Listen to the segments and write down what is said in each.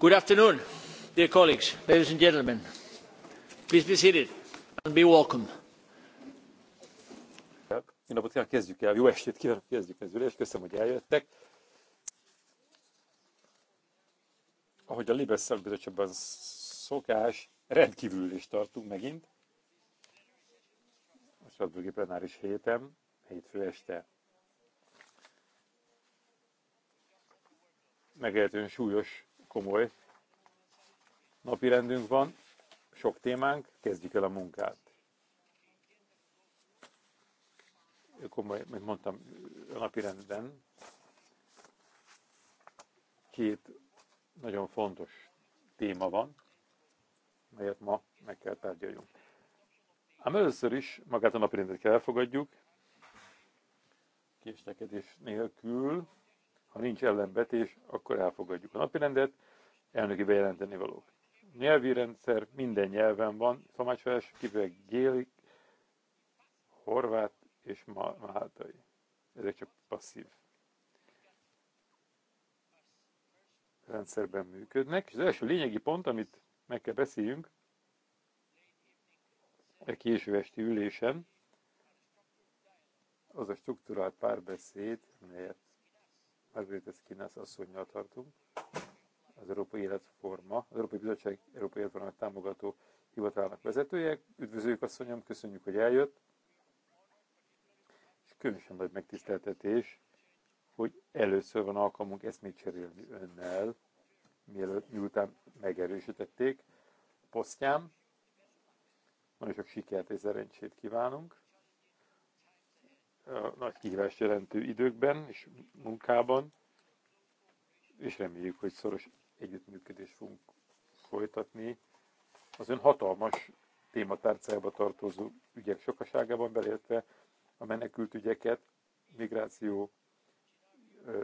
Good afternoon, dear colleagues, ladies and gentlemen. Please be seated and be welcome. Jó estét kívánok, Köszönöm, hogy eljöttek. Ahogy a Libes szakbizottságban szokás, rendkívül is tartunk megint. A Strasbourgi plenáris héten, hétfő este Megértően súlyos, komoly napi rendünk van, sok témánk, kezdjük el a munkát. Komoly, mint mondtam, a napi rendben két nagyon fontos téma van, melyet ma meg kell tárgyaljunk. Ám először is magát a napirendet kell elfogadjuk, késlekedés nélkül, ha nincs ellenvetés, akkor elfogadjuk a napirendet, elnöki bejelenteni való. Nyelvi rendszer minden nyelven van, szomácsfeles, kivéve gélik, horvát és máltai. Ezek csak passzív rendszerben működnek. És az első lényegi pont, amit meg kell beszéljünk, a e késő esti ülésen, az a struktúrált párbeszéd, melyet Margaritas Kinász asszonynal tartunk. Az Európai Életforma, az Európai Bizottság Európai Életforma támogató hivatalának vezetője. Üdvözlőjük asszonyom, köszönjük, hogy eljött. És különösen nagy megtiszteltetés, hogy először van alkalmunk eszmét cserélni önnel, mielőtt, miután megerősítették posztján. Nagyon sok sikert és szerencsét kívánunk nagy kihívást jelentő időkben és munkában, és reméljük, hogy szoros együttműködést fogunk folytatni az ön hatalmas tématárcájába tartozó ügyek sokaságában, beleértve a menekült ügyeket, migráció,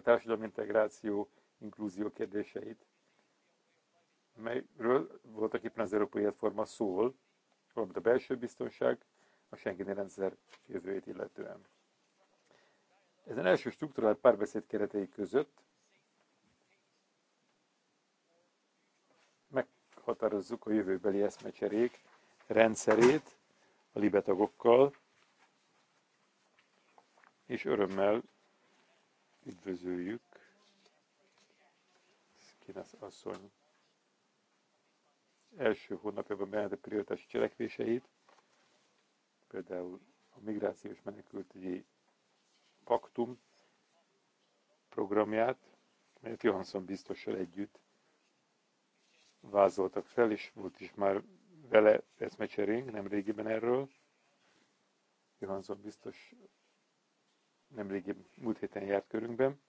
társadalmi integráció, inkluzió kérdéseit, melyről voltak éppen az Európai Egyforma szól, valamint a belső biztonság, a Schengeni rendszer jövőjét illetően. Ezen első struktúrált párbeszéd keretei között meghatározzuk a jövőbeli eszmecserék rendszerét a libetagokkal, és örömmel üdvözöljük Szkinasz asszony első hónapjában bejelentett prioritási cselekvéseit, például a migrációs menekültügyi paktum programját, melyet Johansson biztossal együtt vázoltak fel, és volt is már vele eszmecserénk nem régiben erről. Johansson biztos nem régiben, múlt héten járt körünkben.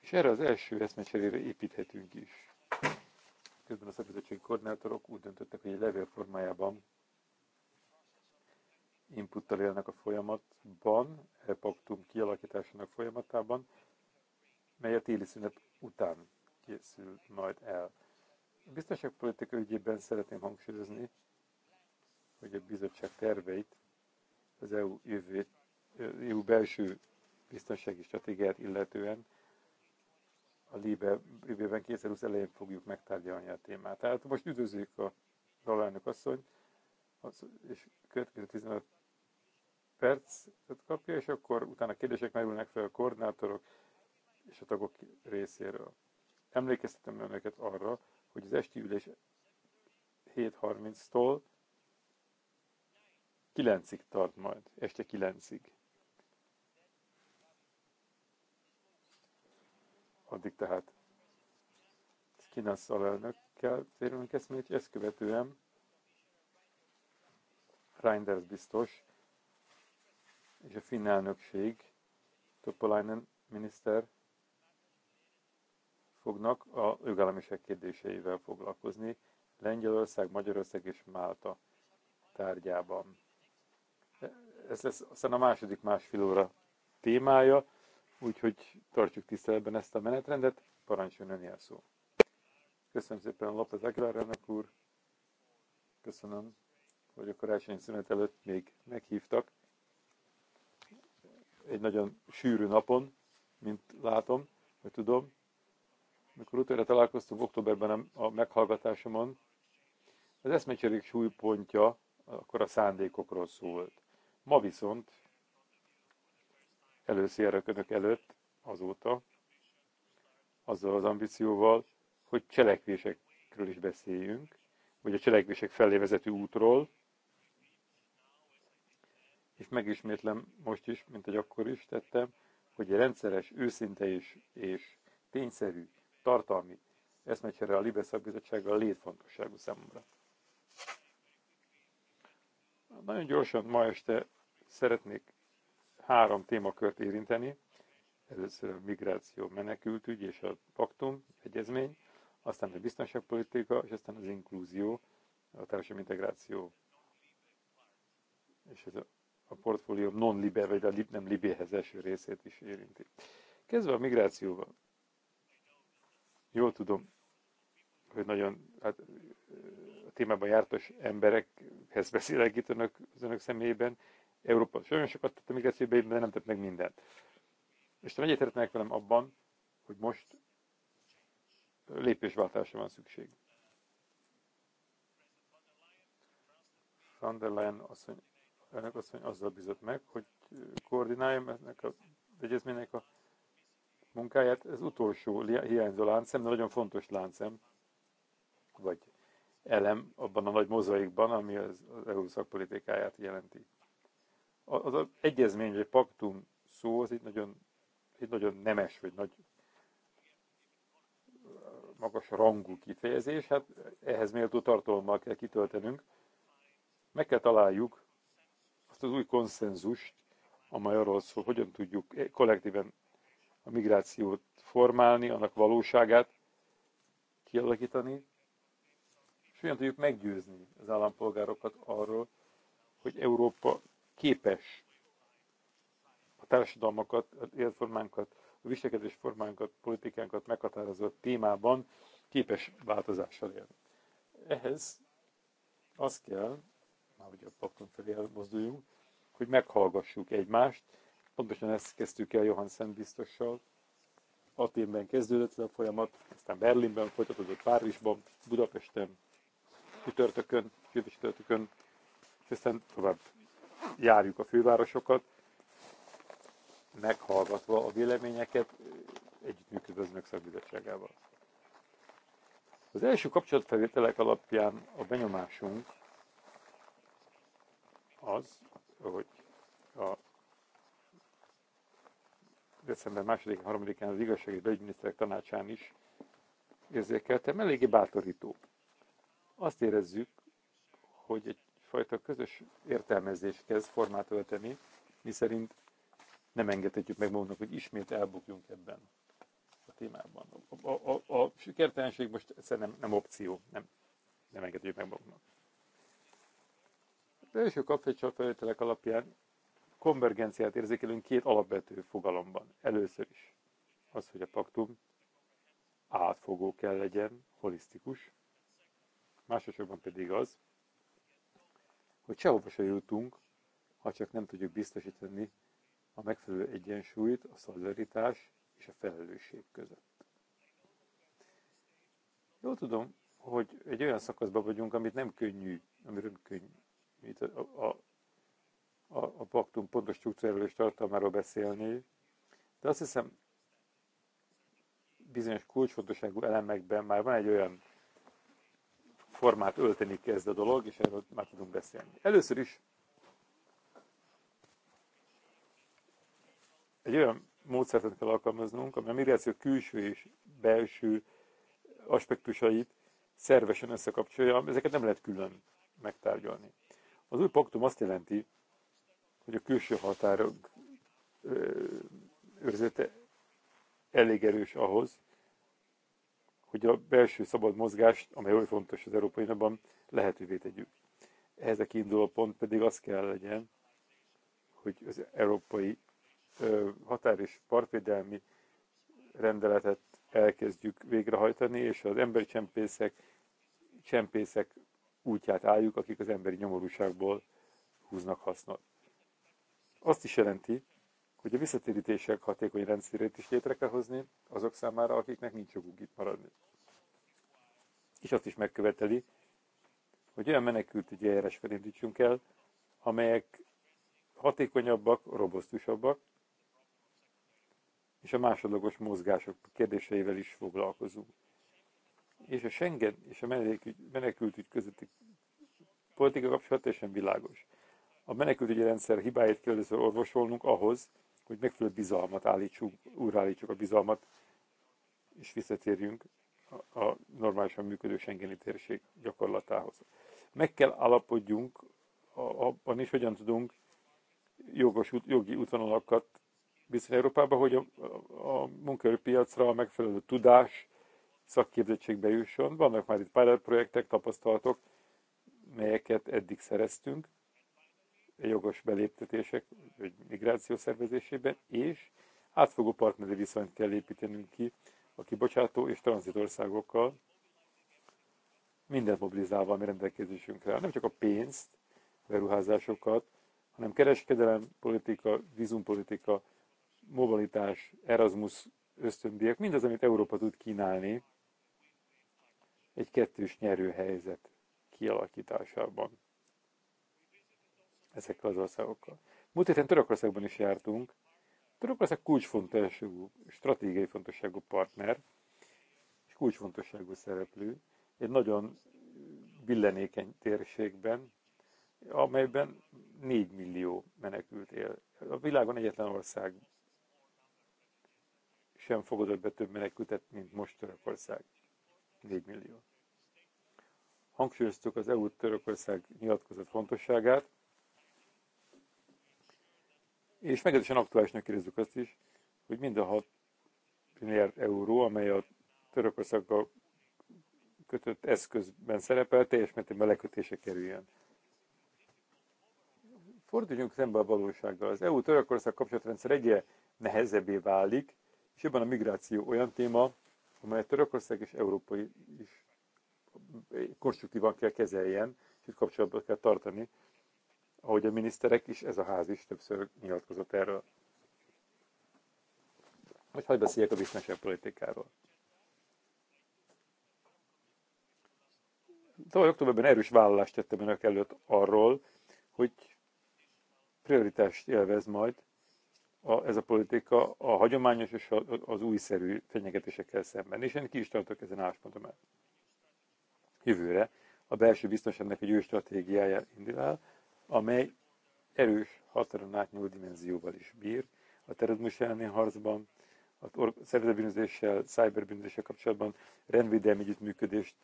És erre az első eszmecserére építhetünk is. Közben a szakbizottsági koordinátorok úgy döntöttek, hogy egy levél formájában inputtal élnek a folyamatban, e paktum kialakításának folyamatában, mely a téli szünet után készül majd el. A biztonságpolitika ügyében szeretném hangsúlyozni, hogy a bizottság terveit, az EU jövőt, EU e belső biztonsági stratégiát illetően a Libe jövőben 2020 elején fogjuk megtárgyalni a témát. Tehát most üdvözlők a alelnök asszony, az, és következő 15 percet kapja, és akkor utána kérdések merülnek fel a koordinátorok és a tagok részéről. Emlékeztetem önöket arra, hogy az esti ülés 7.30-tól 9-ig tart majd, este 9-ig. Addig tehát Kinasz alelnökkel térünk eszmét, ezt követően Reinders biztos, és a finn elnökség, Topolainen miniszter fognak a jogállamiság kérdéseivel foglalkozni Lengyelország, Magyarország és Málta tárgyában. Ez lesz aztán a második másfél óra témája, úgyhogy tartjuk tiszteletben ezt a menetrendet, parancsoljon ön szó. Köszönöm szépen López Aguilar elnök úr, köszönöm, hogy a karácsony szünet előtt még meghívtak egy nagyon sűrű napon, mint látom, vagy tudom. Mikor utána találkoztunk októberben a, meghallgatásomon, az eszmecserék súlypontja akkor a szándékokról szólt. Ma viszont először önök előtt azóta, azzal az ambícióval, hogy cselekvésekről is beszéljünk, vagy a cselekvések felé vezető útról, és megismétlem most is, mint hogy akkor is tettem, hogy egy rendszeres, őszinte és, és tényszerű, tartalmi eszmecsere a Libe szakbizottsággal létfontosságú számomra. Nagyon gyorsan ma este szeretnék három témakört érinteni. Először a migráció menekültügy és a paktum, egyezmény, aztán a biztonságpolitika, és aztán az inklúzió, a társadalmi integráció. És ez a a portfólió non-libe, vagy a lib, nem libéhez eső részét is érinti. Kezdve a migrációval. Jól tudom, hogy nagyon hát, a témában jártas emberekhez beszélek itt önök, az önök személyében. Európa nagyon sokat tett a migrációba, de nem tett meg mindent. És te egyetértenek velem abban, hogy most lépésváltásra van szükség. Van der Leyen mondja, elnök azt mondja, azzal bizott meg, hogy koordináljam ennek a egyezménynek a munkáját. Ez utolsó hiányzó láncem, de nagyon fontos láncem, vagy elem abban a nagy mozaikban, ami az, az EU szakpolitikáját jelenti. Az, az egyezmény vagy paktum szó, az itt nagyon, itt nagyon nemes, vagy nagy magas rangú kifejezés, hát ehhez méltó tartalommal kell kitöltenünk. Meg kell találjuk azt az új konszenzust, amely arról szól, hogyan tudjuk e- kollektíven a migrációt formálni, annak valóságát kialakítani, és hogyan tudjuk meggyőzni az állampolgárokat arról, hogy Európa képes a társadalmakat, az életformánkat, a viselkedés formánkat, politikánkat meghatározó témában képes változással élni. Ehhez az kell, már hogy a paktum felé elmozduljunk, hogy meghallgassuk egymást. Pontosan ezt kezdtük el Szent biztossal. Aténben kezdődött ez a folyamat, aztán Berlinben folytatódott Párizsban, Budapesten, csütörtökön, jövő csütörtökön, és aztán tovább járjuk a fővárosokat, meghallgatva a véleményeket, együttműködve az önök szakbizottságával. Az első kapcsolatfelvételek alapján a benyomásunk, az, hogy a december 2 3-án az igazság és belügyminiszterek tanácsán is érzékeltem, eléggé bátorító. Azt érezzük, hogy egyfajta közös értelmezés kezd formát ölteni, miszerint nem engedhetjük meg magunknak, hogy ismét elbukjunk ebben a témában. A, a, a, a sikertelenség most egyszerűen nem, nem opció, nem, nem engedhetjük meg magunknak belső kapcsolatfelvételek alapján konvergenciát érzékelünk két alapvető fogalomban. Először is az, hogy a paktum átfogó kell legyen, holisztikus, Másosokban pedig az, hogy sehova se jutunk, ha csak nem tudjuk biztosítani a megfelelő egyensúlyt a szolidaritás és a felelősség között. Jól tudom, hogy egy olyan szakaszban vagyunk, amit nem könnyű, amiről könnyű itt a, a, a, a paktum pontos struktúráról és tartalmáról beszélni, de azt hiszem, bizonyos kulcsfontosságú elemekben már van egy olyan formát ölteni kezd a dolog, és erről már tudunk beszélni. Először is egy olyan módszertet kell alkalmaznunk, ami a migráció külső és belső aspektusait szervesen összekapcsolja, ezeket nem lehet külön megtárgyalni. Az új paktum azt jelenti, hogy a külső határok őrzete elég erős ahhoz, hogy a belső szabad mozgást, amely oly fontos az Európai Unióban, lehetővé tegyük. Ehhez a kiinduló pont pedig az kell legyen, hogy az európai ö, határ és partvédelmi rendeletet elkezdjük végrehajtani, és az csempészek, csempészek útját álljuk, akik az emberi nyomorúságból húznak hasznot. Azt is jelenti, hogy a visszatérítések hatékony rendszerét is létre kell hozni azok számára, akiknek nincs joguk itt maradni. És azt is megköveteli, hogy olyan menekült eljárás felindítsunk el, amelyek hatékonyabbak, robosztusabbak, és a másodlagos mozgások kérdéseivel is foglalkozunk és a Schengen és a menekültügy, menekültügy közötti politika kapcsolat teljesen világos. A menekültügyi rendszer hibáit kell először orvosolnunk ahhoz, hogy megfelelő bizalmat állítsuk, újraállítsuk a bizalmat, és visszatérjünk a, a normálisan működő Schengeni térség gyakorlatához. Meg kell alapodjunk abban is, hogyan tudunk jogos, jogi útvonalakat viszont Európába, hogy a, a, a munkaerőpiacra a megfelelő tudás, szakképzettségbe jusson. Vannak már itt pilot projektek, tapasztalatok, melyeket eddig szereztünk, jogos beléptetések, vagy migráció szervezésében, és átfogó partneri viszonyt kell építenünk ki a kibocsátó és tranzitországokkal, mindent mobilizálva, ami rendelkezésünkre Nem csak a pénzt, beruházásokat, hanem kereskedelem, politika, vízumpolitika, mobilitás, Erasmus ösztöndiek, mindaz, amit Európa tud kínálni egy kettős nyerő helyzet kialakításában ezekkel az országokkal. Múlt héten Törökországban is jártunk. Törökország kulcsfontosságú, stratégiai fontosságú partner, és kulcsfontosságú szereplő, egy nagyon billenékeny térségben, amelyben 4 millió menekült él. A világon egyetlen ország sem fogadott be több menekültet, mint most Törökország. 4 Hangsúlyoztuk az EU-Törökország nyilatkozat fontosságát, és meglehetősen aktuálisnak érezzük azt is, hogy mind a 6 milliárd euró, amely a Törökországgal kötött eszközben szerepel, teljes mértékben lekötése kerüljön. Forduljunk szembe a valósággal. Az EU-Törökország kapcsolatrendszer egyre nehezebbé válik, és ebben a migráció olyan téma, amelyet Törökország és Európai is konstruktívan kell kezeljen, és kapcsolatban kell tartani, ahogy a miniszterek is, ez a ház is többször nyilatkozott erről. Hogy hagyd beszéljek a politikáról. Tavaly októberben erős vállalást tettem önök előtt arról, hogy prioritást élvez majd a, ez a politika a hagyományos és a, az újszerű fenyegetésekkel szemben. És én ki is tartok ezen álláspontom el. Jövőre a belső biztonságnak egy új stratégiája indul el, amely erős határon átnyúló dimenzióval is bír, a terrorizmus elleni harcban, a szervezetbűnözéssel, cyberbűnözéssel kapcsolatban rendvédelmi együttműködést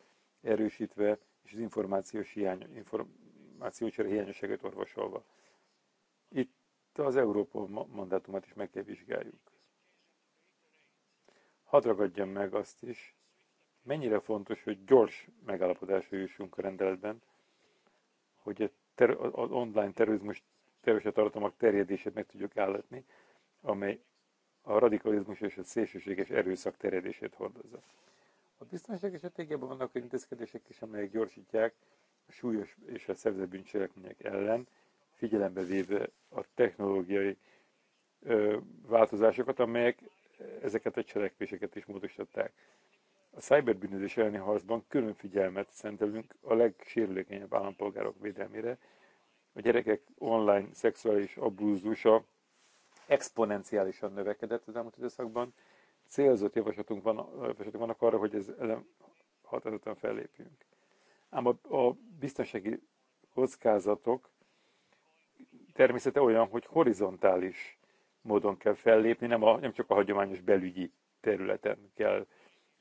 erősítve, és az információs hiány, információcsere hiányosságot orvosolva. Itt de az Európa mandátumát is meg kell vizsgáljuk. Hadd ragadjam meg azt is, mennyire fontos, hogy gyors megállapodásra jussunk a rendeletben, hogy a ter- az online terrorizmus terrorista tartalmak terjedését meg tudjuk állatni, amely a radikalizmus és a szélsőséges erőszak terjedését hordozza. A biztonság esetében vannak intézkedések is, amelyek gyorsítják a súlyos és a szervezett bűncselekmények ellen figyelembe véve a technológiai ö, változásokat, amelyek ezeket a cselekvéseket is módosították. A cyberbűnözés elleni harcban külön figyelmet szentelünk a legsérülékenyebb állampolgárok védelmére. A gyerekek online szexuális abúzusa exponenciálisan növekedett az elmúlt időszakban. Célzott javaslatunk, van, javaslatunk vannak arra, hogy ez ellen határozottan fellépjünk. Ám a, a biztonsági kockázatok természete olyan, hogy horizontális módon kell fellépni, nem, a, nem csak a hagyományos belügyi területen kell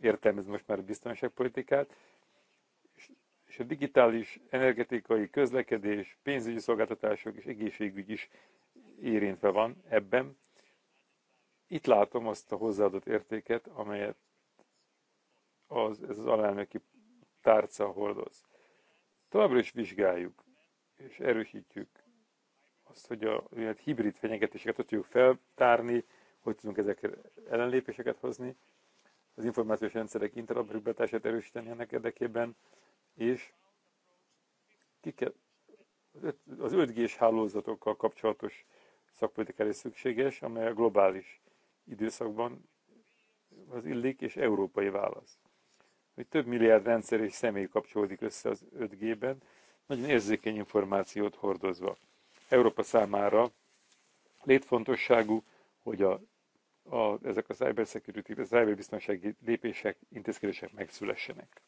értelmezni most már a biztonságpolitikát, és a digitális, energetikai, közlekedés, pénzügyi szolgáltatások és egészségügy is érintve van ebben. Itt látom azt a hozzáadott értéket, amelyet az, ez az alelnöki tárca hordoz. Továbbra is vizsgáljuk és erősítjük azt, hogy a olyan hát hibrid fenyegetéseket ott tudjuk feltárni, hogy tudunk ezekre ellenlépéseket hozni, az információs rendszerek interoperabilitását erősíteni ennek érdekében, és ki kell, az 5G-s hálózatokkal kapcsolatos szakpolitikára is szükséges, amely a globális időszakban az illik és európai válasz. Hogy több milliárd rendszer és személy kapcsolódik össze az 5G-ben, nagyon érzékeny információt hordozva. Európa számára létfontosságú, hogy a, a, ezek a security, a biztonsági lépések, intézkedések megszülessenek.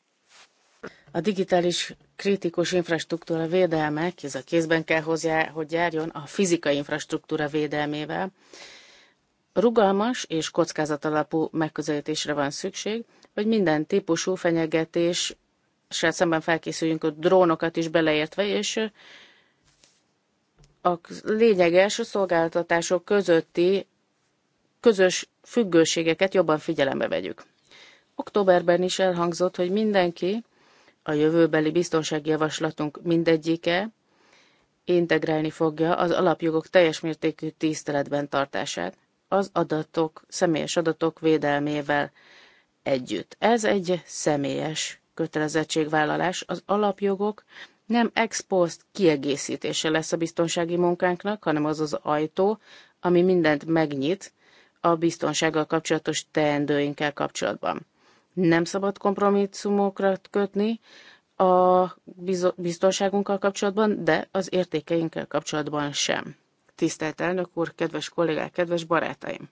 A digitális kritikus infrastruktúra védelme ez a kézben kell hozzá, hogy járjon a fizikai infrastruktúra védelmével. Rugalmas és kockázatalapú megközelítésre van szükség, hogy minden típusú fenyegetés, szemben felkészüljünk a drónokat is beleértve, és a lényeges a szolgáltatások közötti közös függőségeket jobban figyelembe vegyük. Októberben is elhangzott, hogy mindenki, a jövőbeli biztonsági javaslatunk mindegyike integrálni fogja az alapjogok teljes mértékű tiszteletben tartását az adatok, személyes adatok védelmével együtt. Ez egy személyes kötelezettségvállalás. Az alapjogok nem ex post kiegészítése lesz a biztonsági munkánknak, hanem az az ajtó, ami mindent megnyit a biztonsággal kapcsolatos teendőinkkel kapcsolatban. Nem szabad kompromisszumokra kötni a biztonságunkkal kapcsolatban, de az értékeinkkel kapcsolatban sem. Tisztelt elnök úr, kedves kollégák, kedves barátaim!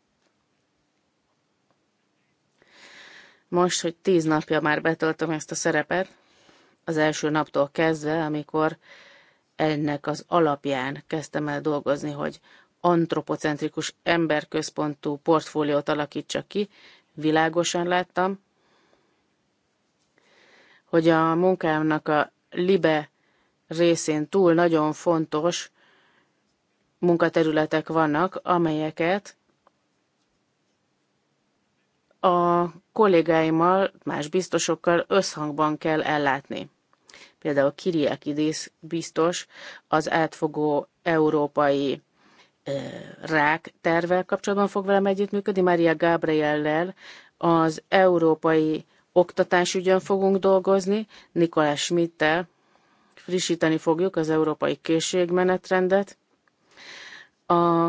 Most, hogy tíz napja már betöltöm ezt a szerepet, az első naptól kezdve, amikor ennek az alapján kezdtem el dolgozni, hogy antropocentrikus, emberközpontú portfóliót alakítsak ki, világosan láttam, hogy a munkámnak a libe részén túl nagyon fontos munkaterületek vannak, amelyeket a kollégáimmal, más biztosokkal összhangban kell ellátni. Például Kiriakidis biztos az átfogó európai rák tervel kapcsolatban fog velem együttműködni, Maria Gabriellel az európai oktatásügyön fogunk dolgozni, Nikolás Schmidtel frissíteni fogjuk az európai készségmenetrendet, a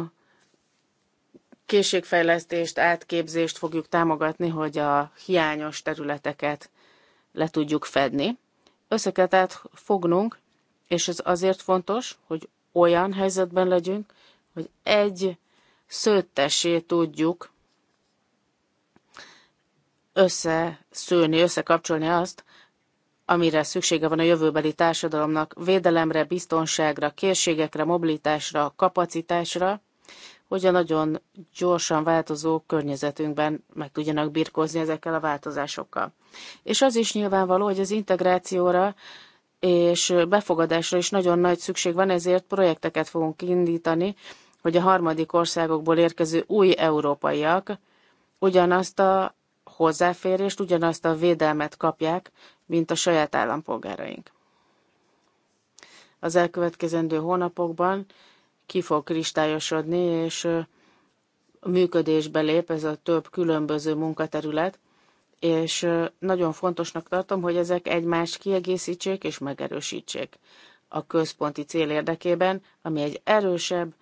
készségfejlesztést, átképzést fogjuk támogatni, hogy a hiányos területeket le tudjuk fedni. Össze kell tehát fognunk, és ez azért fontos, hogy olyan helyzetben legyünk, hogy egy szőttesé tudjuk összeszőni, összekapcsolni azt, amire szüksége van a jövőbeli társadalomnak, védelemre, biztonságra, készségekre, mobilitásra, kapacitásra, hogy a nagyon gyorsan változó környezetünkben meg tudjanak birkózni ezekkel a változásokkal. És az is nyilvánvaló, hogy az integrációra és befogadásra is nagyon nagy szükség van, ezért projekteket fogunk indítani, hogy a harmadik országokból érkező új európaiak ugyanazt a hozzáférést, ugyanazt a védelmet kapják, mint a saját állampolgáraink. Az elkövetkezendő hónapokban ki fog kristályosodni, és működésbe lép ez a több különböző munkaterület, és nagyon fontosnak tartom, hogy ezek egymást kiegészítsék és megerősítsék a központi cél érdekében, ami egy erősebb,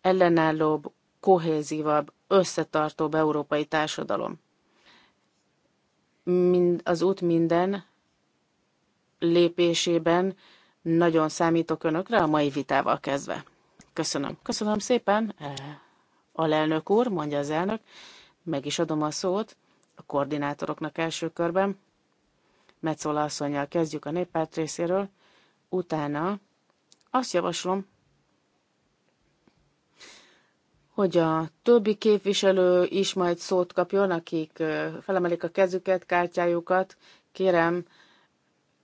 ellenállóbb, kohézívabb, összetartóbb európai társadalom. Mind, az út minden lépésében nagyon számítok önökre a mai vitával kezdve. Köszönöm. Köszönöm szépen, eh, alelnök úr, mondja az elnök. Meg is adom a szót a koordinátoroknak első körben. Metszola asszonynal kezdjük a néppárt részéről. Utána azt javaslom, hogy a többi képviselő is majd szót kapjon, akik eh, felemelik a kezüket, kártyájukat. Kérem,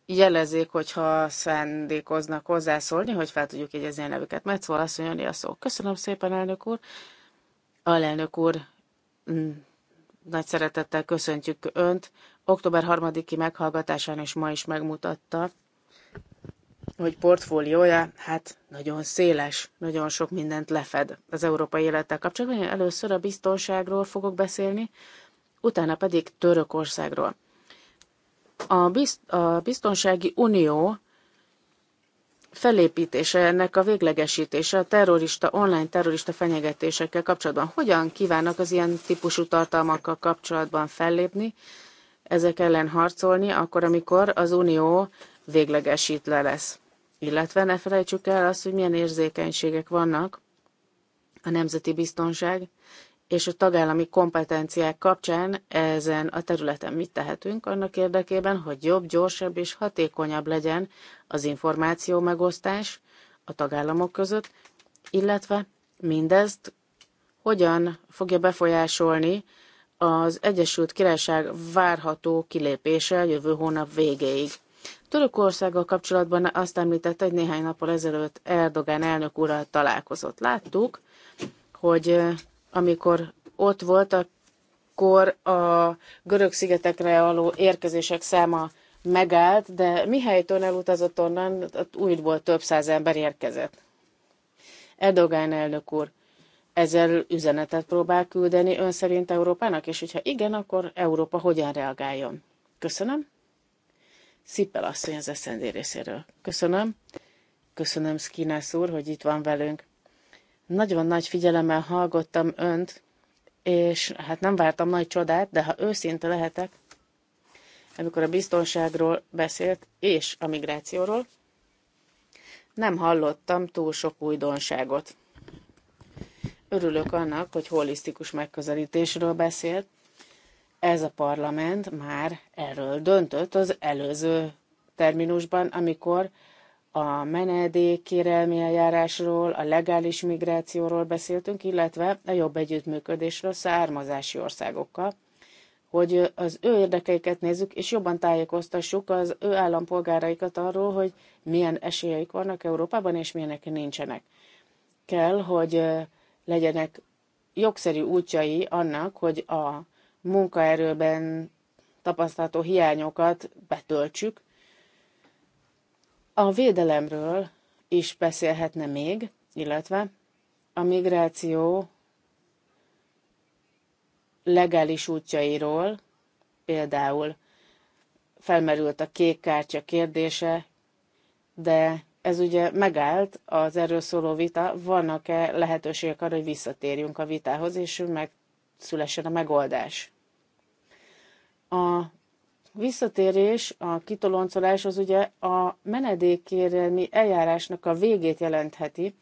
jelezzék, hogyha szándékoznak hozzászólni, hogy fel tudjuk jegyezni a nevüket. azt mondja, a szó. Köszönöm szépen, elnök úr. Alelnök úr, mm, nagy szeretettel köszöntjük Önt. Október 3-i meghallgatásán is ma is megmutatta, hogy portfóliója, hát nagyon széles, nagyon sok mindent lefed az európai élettel kapcsolatban. Én először a biztonságról fogok beszélni, utána pedig Törökországról. A, bizt, a biztonsági unió felépítése, ennek a véglegesítése a terrorista, online terrorista fenyegetésekkel kapcsolatban. Hogyan kívánnak az ilyen típusú tartalmakkal kapcsolatban fellépni, ezek ellen harcolni, akkor, amikor az Unió véglegesít le lesz. Illetve ne felejtsük el azt, hogy milyen érzékenységek vannak a nemzeti biztonság és a tagállami kompetenciák kapcsán ezen a területen mit tehetünk annak érdekében, hogy jobb, gyorsabb és hatékonyabb legyen az információ megosztás a tagállamok között, illetve mindezt hogyan fogja befolyásolni az Egyesült Királyság várható kilépése jövő hónap végéig. Törökországgal kapcsolatban azt említett, egy néhány nappal ezelőtt Erdogán elnök úrral találkozott. Láttuk, hogy amikor ott volt, akkor a görög szigetekre való érkezések száma megállt, de Mihálytól elutazott onnan, újból több száz ember érkezett. Erdogán elnök úr, ezzel üzenetet próbál küldeni ön szerint Európának, és hogyha igen, akkor Európa hogyan reagáljon? Köszönöm. Szippel asszony az eszendé részéről. Köszönöm. Köszönöm Skinász úr, hogy itt van velünk. Nagyon nagy figyelemmel hallgattam önt, és hát nem vártam nagy csodát, de ha őszinte lehetek, amikor a biztonságról beszélt, és a migrációról, nem hallottam túl sok újdonságot. Örülök annak, hogy holisztikus megközelítésről beszélt. Ez a parlament már erről döntött az előző terminusban, amikor a menedék kérelmi eljárásról, a legális migrációról beszéltünk, illetve a jobb együttműködésről származási országokkal, hogy az ő érdekeiket nézzük, és jobban tájékoztassuk az ő állampolgáraikat arról, hogy milyen esélyeik vannak Európában, és milyenek nincsenek. Kell, hogy legyenek jogszerű útjai annak, hogy a munkaerőben tapasztalható hiányokat betöltsük, a védelemről is beszélhetne még, illetve a migráció legális útjairól, például felmerült a kék kártya kérdése, de ez ugye megállt az erről szóló vita, vannak-e lehetőségek arra, hogy visszatérjünk a vitához, és megszülessen a megoldás. A visszatérés, a kitoloncolás az ugye a menedékkérelmi eljárásnak a végét jelentheti.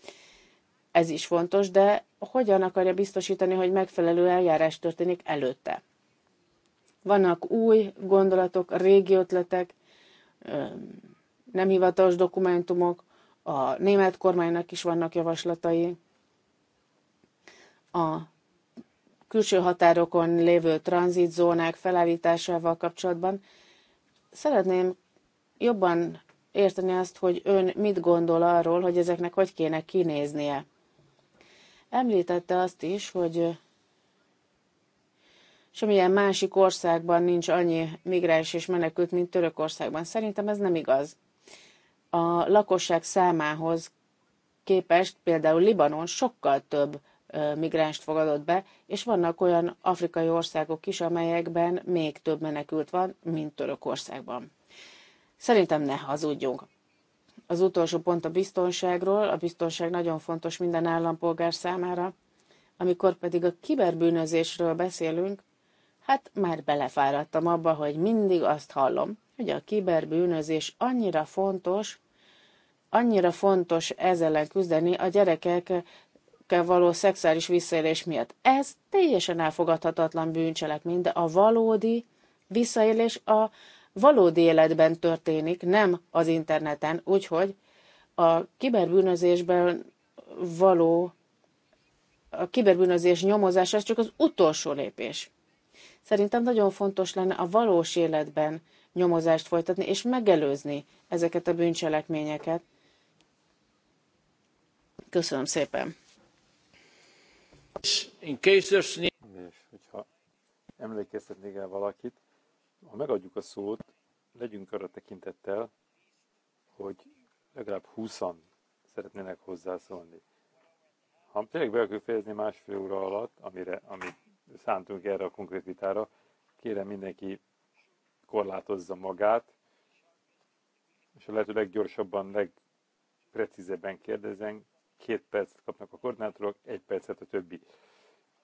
Ez is fontos, de hogyan akarja biztosítani, hogy megfelelő eljárás történik előtte? Vannak új gondolatok, régi ötletek, nem hivatalos dokumentumok, a német kormánynak is vannak javaslatai. A külső határokon lévő tranzitzónák felállításával kapcsolatban. Szeretném jobban érteni azt, hogy ön mit gondol arról, hogy ezeknek hogy kéne kinéznie. Említette azt is, hogy semmilyen másik országban nincs annyi migráns és menekült, mint Törökországban. Szerintem ez nem igaz. A lakosság számához képest például Libanon sokkal több migránst fogadott be, és vannak olyan afrikai országok is, amelyekben még több menekült van, mint Törökországban. Szerintem ne hazudjunk. Az utolsó pont a biztonságról. A biztonság nagyon fontos minden állampolgár számára. Amikor pedig a kiberbűnözésről beszélünk, hát már belefáradtam abba, hogy mindig azt hallom, hogy a kiberbűnözés annyira fontos, annyira fontos ezzel küzdeni, a gyerekek nőkkel való szexuális visszaélés miatt. Ez teljesen elfogadhatatlan bűncselekmény, de a valódi visszaélés a valódi életben történik, nem az interneten, úgyhogy a kiberbűnözésben való a kiberbűnözés nyomozása csak az utolsó lépés. Szerintem nagyon fontos lenne a valós életben nyomozást folytatni és megelőzni ezeket a bűncselekményeket. Köszönöm szépen! És hogyha emlékeztetnék el valakit, ha megadjuk a szót, legyünk arra tekintettel, hogy legalább 20-an szeretnének hozzászólni. Ha tényleg be akarjuk fejezni másfél óra alatt, amire, amit szántunk erre a konkrét vitára, kérem mindenki korlátozza magát, és a lehető leggyorsabban, legprecízebben kérdezzen, két percet kapnak a koordinátorok, egy percet a többi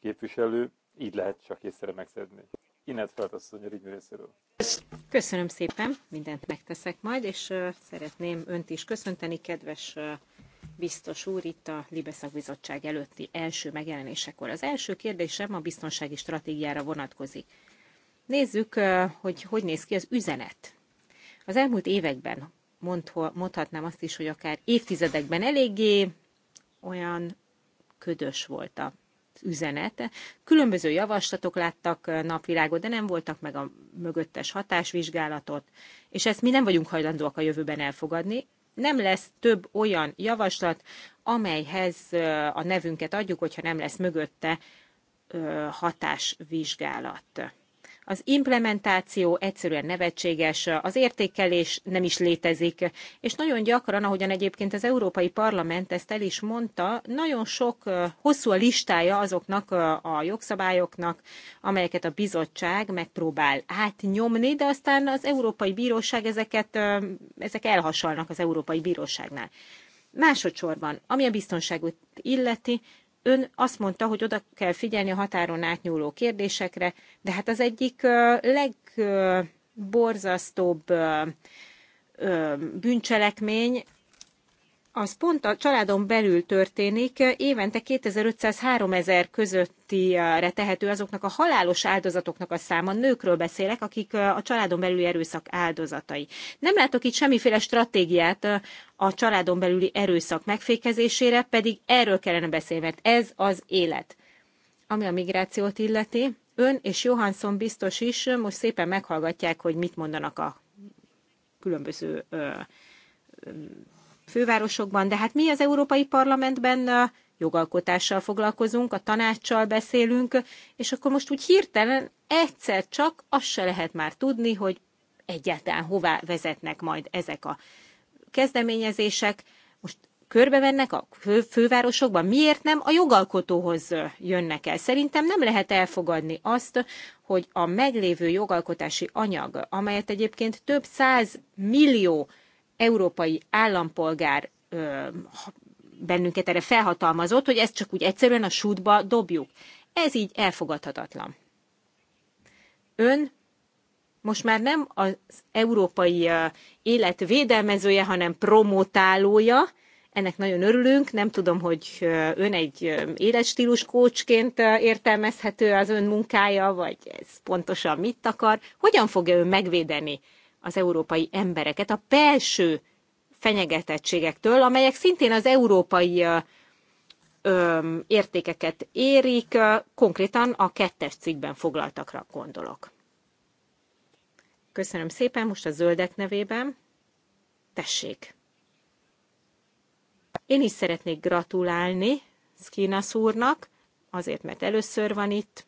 képviselő, így lehet csak észre megszedni. Inet feltasszony a Rinyő részéről. Köszönöm szépen, mindent megteszek majd, és szeretném önt is köszönteni, kedves biztos úr itt a Libeszak Bizottság előtti első megjelenésekor. Az első kérdésem a biztonsági stratégiára vonatkozik. Nézzük, hogy hogy néz ki az üzenet. Az elmúlt években mondhatnám azt is, hogy akár évtizedekben eléggé olyan ködös volt a üzenete. Különböző javaslatok láttak napvilágot, de nem voltak meg a mögöttes hatásvizsgálatot, és ezt mi nem vagyunk hajlandóak a jövőben elfogadni. Nem lesz több olyan javaslat, amelyhez a nevünket adjuk, hogyha nem lesz mögötte hatásvizsgálat. Az implementáció egyszerűen nevetséges, az értékelés nem is létezik, és nagyon gyakran, ahogyan egyébként az Európai Parlament ezt el is mondta, nagyon sok hosszú a listája azoknak a jogszabályoknak, amelyeket a bizottság megpróbál átnyomni, de aztán az Európai Bíróság ezeket, ezek elhasalnak az Európai Bíróságnál. Másodszorban, ami a biztonságot illeti, Ön azt mondta, hogy oda kell figyelni a határon átnyúló kérdésekre, de hát az egyik legborzasztóbb bűncselekmény az pont a családon belül történik, évente 2500-3000 közöttire tehető azoknak a halálos áldozatoknak a száma, nőkről beszélek, akik a családon belüli erőszak áldozatai. Nem látok itt semmiféle stratégiát a családon belüli erőszak megfékezésére, pedig erről kellene beszélni, mert ez az élet. Ami a migrációt illeti, ön és Johansson biztos is most szépen meghallgatják, hogy mit mondanak a különböző ö, ö, fővárosokban, de hát mi az Európai Parlamentben jogalkotással foglalkozunk, a tanácssal beszélünk, és akkor most úgy hirtelen egyszer csak azt se lehet már tudni, hogy egyáltalán hová vezetnek majd ezek a kezdeményezések. Most körbevennek a fő, fővárosokban, miért nem a jogalkotóhoz jönnek el? Szerintem nem lehet elfogadni azt, hogy a meglévő jogalkotási anyag, amelyet egyébként több száz millió európai állampolgár bennünket erre felhatalmazott, hogy ezt csak úgy egyszerűen a sútba dobjuk. Ez így elfogadhatatlan. Ön most már nem az európai élet védelmezője, hanem promotálója. Ennek nagyon örülünk. Nem tudom, hogy ön egy életstílus kócsként értelmezhető az ön munkája, vagy ez pontosan mit akar. Hogyan fogja ön megvédeni az európai embereket a belső fenyegetettségektől, amelyek szintén az európai ö, értékeket érik, konkrétan a kettes cikkben foglaltakra gondolok. Köszönöm szépen, most a zöldek nevében. Tessék! Én is szeretnék gratulálni Skinas úrnak, azért, mert először van itt.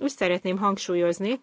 Úgy szeretném hangsúlyozni,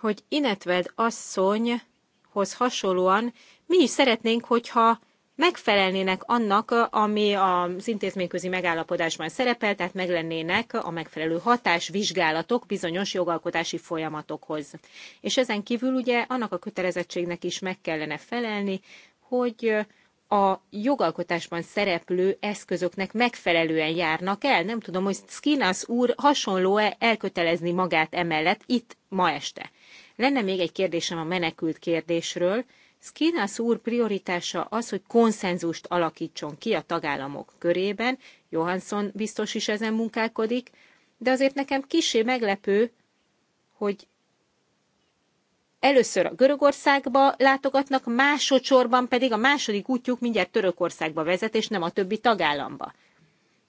hogy Inetveld asszonyhoz hasonlóan mi is szeretnénk, hogyha megfelelnének annak, ami az intézményközi megállapodásban szerepel, tehát meglennének a megfelelő hatásvizsgálatok bizonyos jogalkotási folyamatokhoz. És ezen kívül ugye annak a kötelezettségnek is meg kellene felelni, hogy a jogalkotásban szereplő eszközöknek megfelelően járnak el. Nem tudom, hogy Skinas úr hasonló-e elkötelezni magát emellett itt ma este. Lenne még egy kérdésem a menekült kérdésről. Skinas úr prioritása az, hogy konszenzust alakítson ki a tagállamok körében. Johansson biztos is ezen munkálkodik, de azért nekem kisé meglepő, hogy először a Görögországba látogatnak, másodszorban pedig a második útjuk mindjárt Törökországba vezet, és nem a többi tagállamba.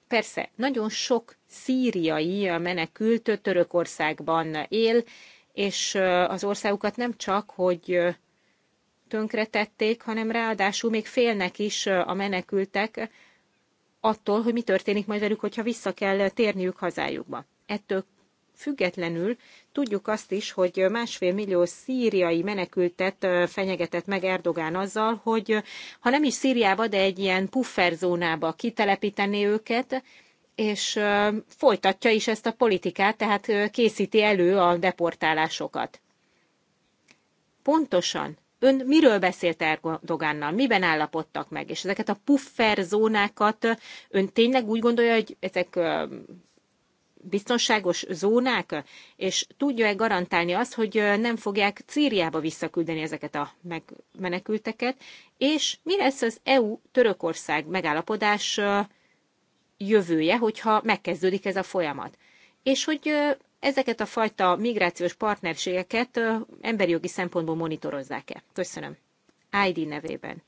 Persze, nagyon sok szíriai menekült Törökországban él, és az országukat nem csak, hogy tönkretették, hanem ráadásul még félnek is a menekültek attól, hogy mi történik majd velük, hogyha vissza kell térniük hazájukba. Ettől függetlenül tudjuk azt is, hogy másfél millió szíriai menekültet fenyegetett meg Erdogán azzal, hogy ha nem is Szíriába, de egy ilyen pufferzónába kitelepítené őket, és folytatja is ezt a politikát, tehát készíti elő a deportálásokat. Pontosan Ön miről beszélt Erdogánnal? Miben állapodtak meg? És ezeket a puffer zónákat ön tényleg úgy gondolja, hogy ezek biztonságos zónák, és tudja-e garantálni azt, hogy nem fogják Círiába visszaküldeni ezeket a menekülteket, és mi lesz az EU-Törökország megállapodás jövője, hogyha megkezdődik ez a folyamat. És hogy ezeket a fajta migrációs partnerségeket emberi jogi szempontból monitorozzák-e. Köszönöm. ID nevében.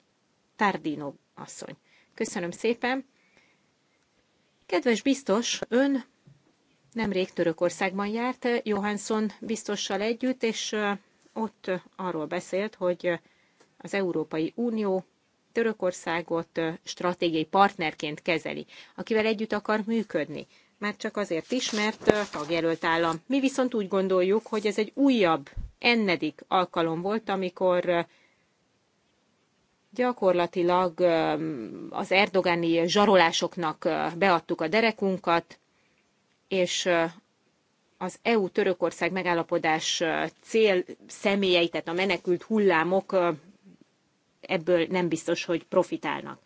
Tardino asszony. Köszönöm szépen. Kedves biztos, ön Nemrég Törökországban járt eh, Johansson biztossal együtt, és eh, ott arról beszélt, hogy eh, az Európai Unió Törökországot stratégiai partnerként kezeli, akivel együtt akar működni. Már csak azért is, mert tagjelölt állam. Mi viszont úgy gondoljuk, hogy ez egy újabb, ennedik alkalom volt, amikor gyakorlatilag az erdogáni zsarolásoknak beadtuk a derekunkat, és az EU-Törökország megállapodás cél személyei, tehát a menekült hullámok ebből nem biztos, hogy profitálnak.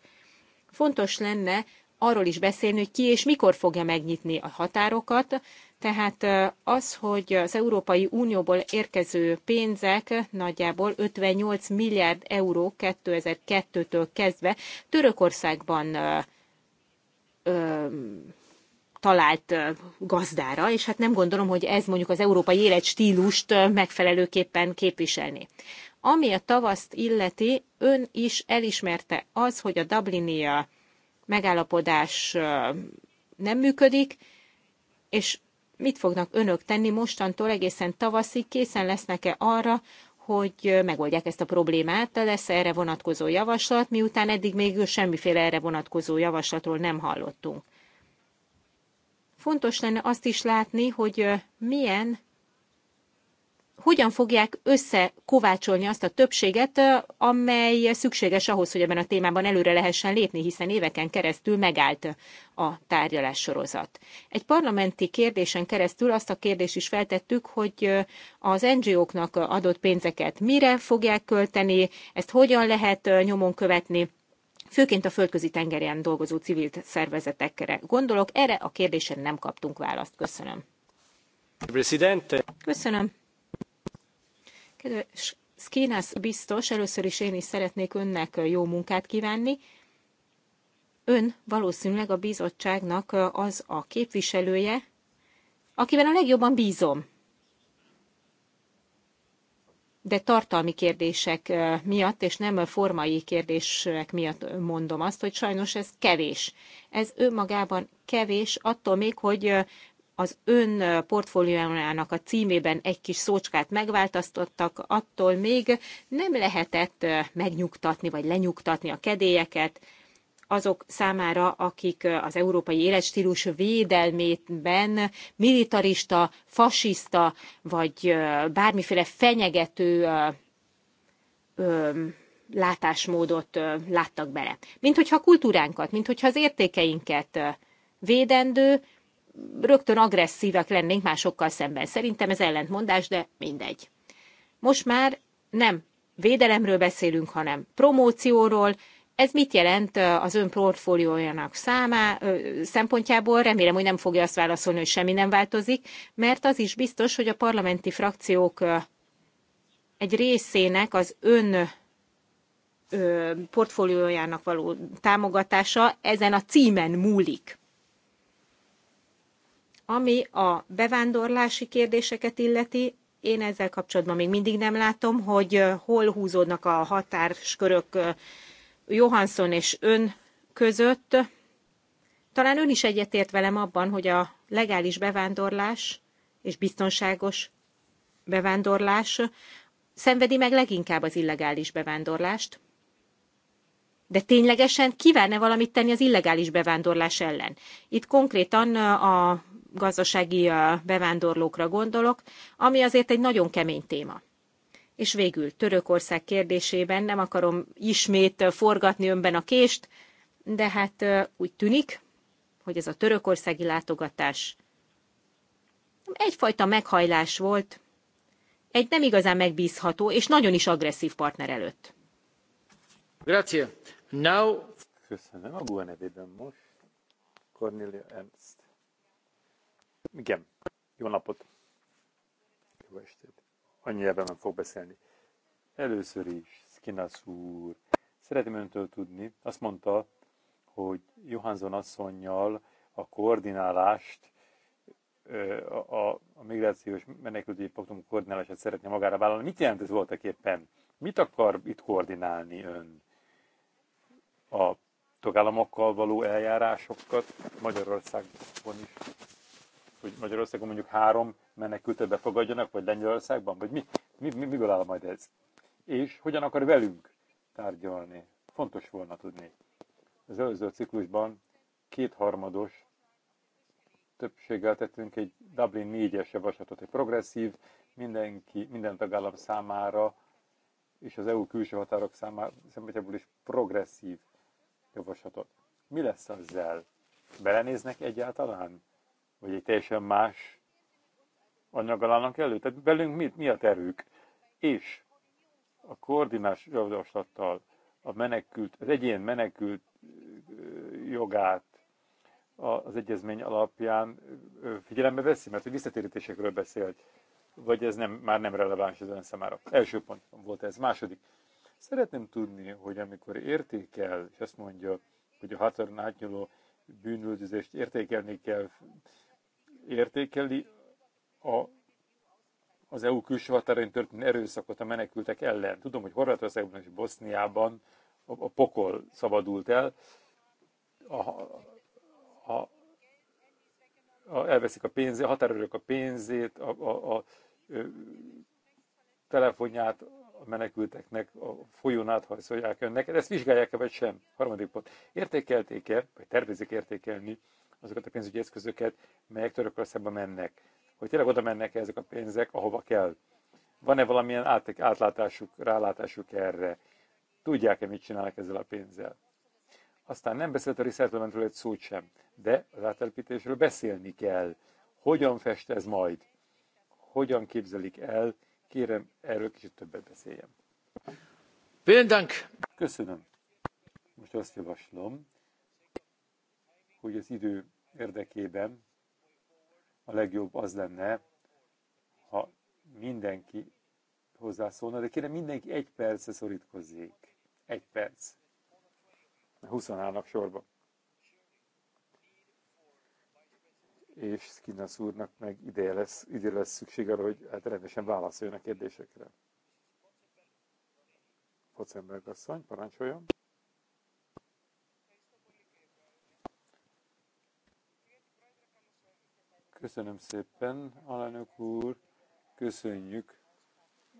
Fontos lenne arról is beszélni, hogy ki és mikor fogja megnyitni a határokat, tehát az, hogy az Európai Unióból érkező pénzek nagyjából 58 milliárd euró 2002-től kezdve Törökországban talált gazdára, és hát nem gondolom, hogy ez mondjuk az európai életstílust megfelelőképpen képviselni. Ami a tavaszt illeti, ön is elismerte az, hogy a Dublini megállapodás nem működik, és mit fognak önök tenni mostantól egészen tavaszig? Készen lesznek-e arra, hogy megoldják ezt a problémát, de lesz erre vonatkozó javaslat, miután eddig még semmiféle erre vonatkozó javaslatról nem hallottunk. Fontos lenne azt is látni, hogy milyen hogyan fogják összekovácsolni azt a többséget, amely szükséges ahhoz, hogy ebben a témában előre lehessen lépni, hiszen éveken keresztül megállt a tárgyalás sorozat. Egy parlamenti kérdésen keresztül azt a kérdést is feltettük, hogy az NGO-knak adott pénzeket mire fogják költeni, ezt hogyan lehet nyomon követni, főként a földközi tengeren dolgozó civil szervezetekre gondolok. Erre a kérdésre nem kaptunk választ. Köszönöm. Presidente. Köszönöm. Kedves Skinas biztos, először is én is szeretnék önnek jó munkát kívánni. Ön valószínűleg a bizottságnak az a képviselője, akivel a legjobban bízom de tartalmi kérdések miatt, és nem formai kérdések miatt mondom azt, hogy sajnos ez kevés. Ez önmagában kevés, attól még, hogy az ön portfóliójának a címében egy kis szócskát megváltoztattak, attól még nem lehetett megnyugtatni vagy lenyugtatni a kedélyeket, azok számára, akik az európai életstílus védelmében militarista, fasiszta vagy bármiféle fenyegető látásmódot láttak bele. Mint hogyha a kultúránkat, mint hogyha az értékeinket védendő, rögtön agresszívek lennénk másokkal szemben. Szerintem ez ellentmondás, de mindegy. Most már nem védelemről beszélünk, hanem promócióról, ez mit jelent az ön portfóliójának számá, szempontjából? Remélem, hogy nem fogja azt válaszolni, hogy semmi nem változik, mert az is biztos, hogy a parlamenti frakciók egy részének az ön portfóliójának való támogatása ezen a címen múlik. Ami a bevándorlási kérdéseket illeti, én ezzel kapcsolatban még mindig nem látom, hogy hol húzódnak a határskörök. Johansson és ön között. Talán ön is egyetért velem abban, hogy a legális bevándorlás és biztonságos bevándorlás szenvedi meg leginkább az illegális bevándorlást. De ténylegesen kívánne valamit tenni az illegális bevándorlás ellen? Itt konkrétan a gazdasági bevándorlókra gondolok, ami azért egy nagyon kemény téma. És végül Törökország kérdésében nem akarom ismét forgatni önben a kést, de hát úgy tűnik, hogy ez a törökországi látogatás egyfajta meghajlás volt egy nem igazán megbízható és nagyon is agresszív partner előtt. Grazie. Now... Köszönöm. A GUA e nevében most Cornelia Ernst. Igen. Jó napot. Jó estét annyi nyelven fog beszélni. Először is, Skinas úr, szeretném öntől tudni, azt mondta, hogy Johansson asszonynal a koordinálást, a, a, a migrációs menekültügyi paktum koordinálását szeretné magára vállalni. Mit jelent ez voltak éppen? Mit akar itt koordinálni ön? A tagállamokkal való eljárásokat Magyarországon is hogy Magyarországon mondjuk három menekültet befogadjanak, vagy Lengyelországban, vagy mi, mi, mi, miből áll majd ez? És hogyan akar velünk tárgyalni? Fontos volna tudni. Az előző ciklusban kétharmados többséggel tettünk egy Dublin 4-es javaslatot, egy progresszív, mindenki, minden tagállam számára és az EU külső határok számára szempontjából is progresszív javaslatot. Mi lesz ezzel? Belenéznek egyáltalán? vagy egy teljesen más anyaggal állnak elő. Tehát belünk mi, mi a terük? És a koordinás javaslattal a menekült, az egyén menekült jogát az egyezmény alapján figyelembe veszi, mert hogy visszatérítésekről beszélt, vagy ez nem, már nem releváns az ön számára. Első pont volt ez. Második. Szeretném tudni, hogy amikor értékel, és azt mondja, hogy a határon átnyúló bűnüldözést értékelni kell, értékeli a, az EU külső határain történő erőszakot a menekültek ellen. Tudom, hogy Horvátországban és Boszniában a, a pokol szabadult el, a, a, a, elveszik a pénzét, a határőrök a pénzét, a, a, a, a telefonját a menekülteknek a folyón áthajszolják önnek. Ezt vizsgálják-e vagy sem? Harmadik pont. Értékelték-e, vagy tervezik értékelni azokat a pénzügyi eszközöket, melyek Törökországba mennek. Hogy tényleg oda mennek -e ezek a pénzek, ahova kell. Van-e valamilyen át, átlátásuk, rálátásuk erre? Tudják-e, mit csinálnak ezzel a pénzzel? Aztán nem beszélt a resettlementről egy szót sem, de az átelepítésről beszélni kell. Hogyan fest ez majd? Hogyan képzelik el? Kérem, erről kicsit többet beszéljem. Vielen Köszönöm. Most azt javaslom, hogy az idő érdekében a legjobb az lenne, ha mindenki hozzászólna, de kérem mindenki egy percre szorítkozzék. Egy perc. 20 állnak sorba. És Skinnas úrnak meg ideje lesz, ide lesz szükség arra, hogy hát rendesen válaszoljon a kérdésekre. Focenberg asszony, parancsoljon. Köszönöm szépen, alelnök úr, köszönjük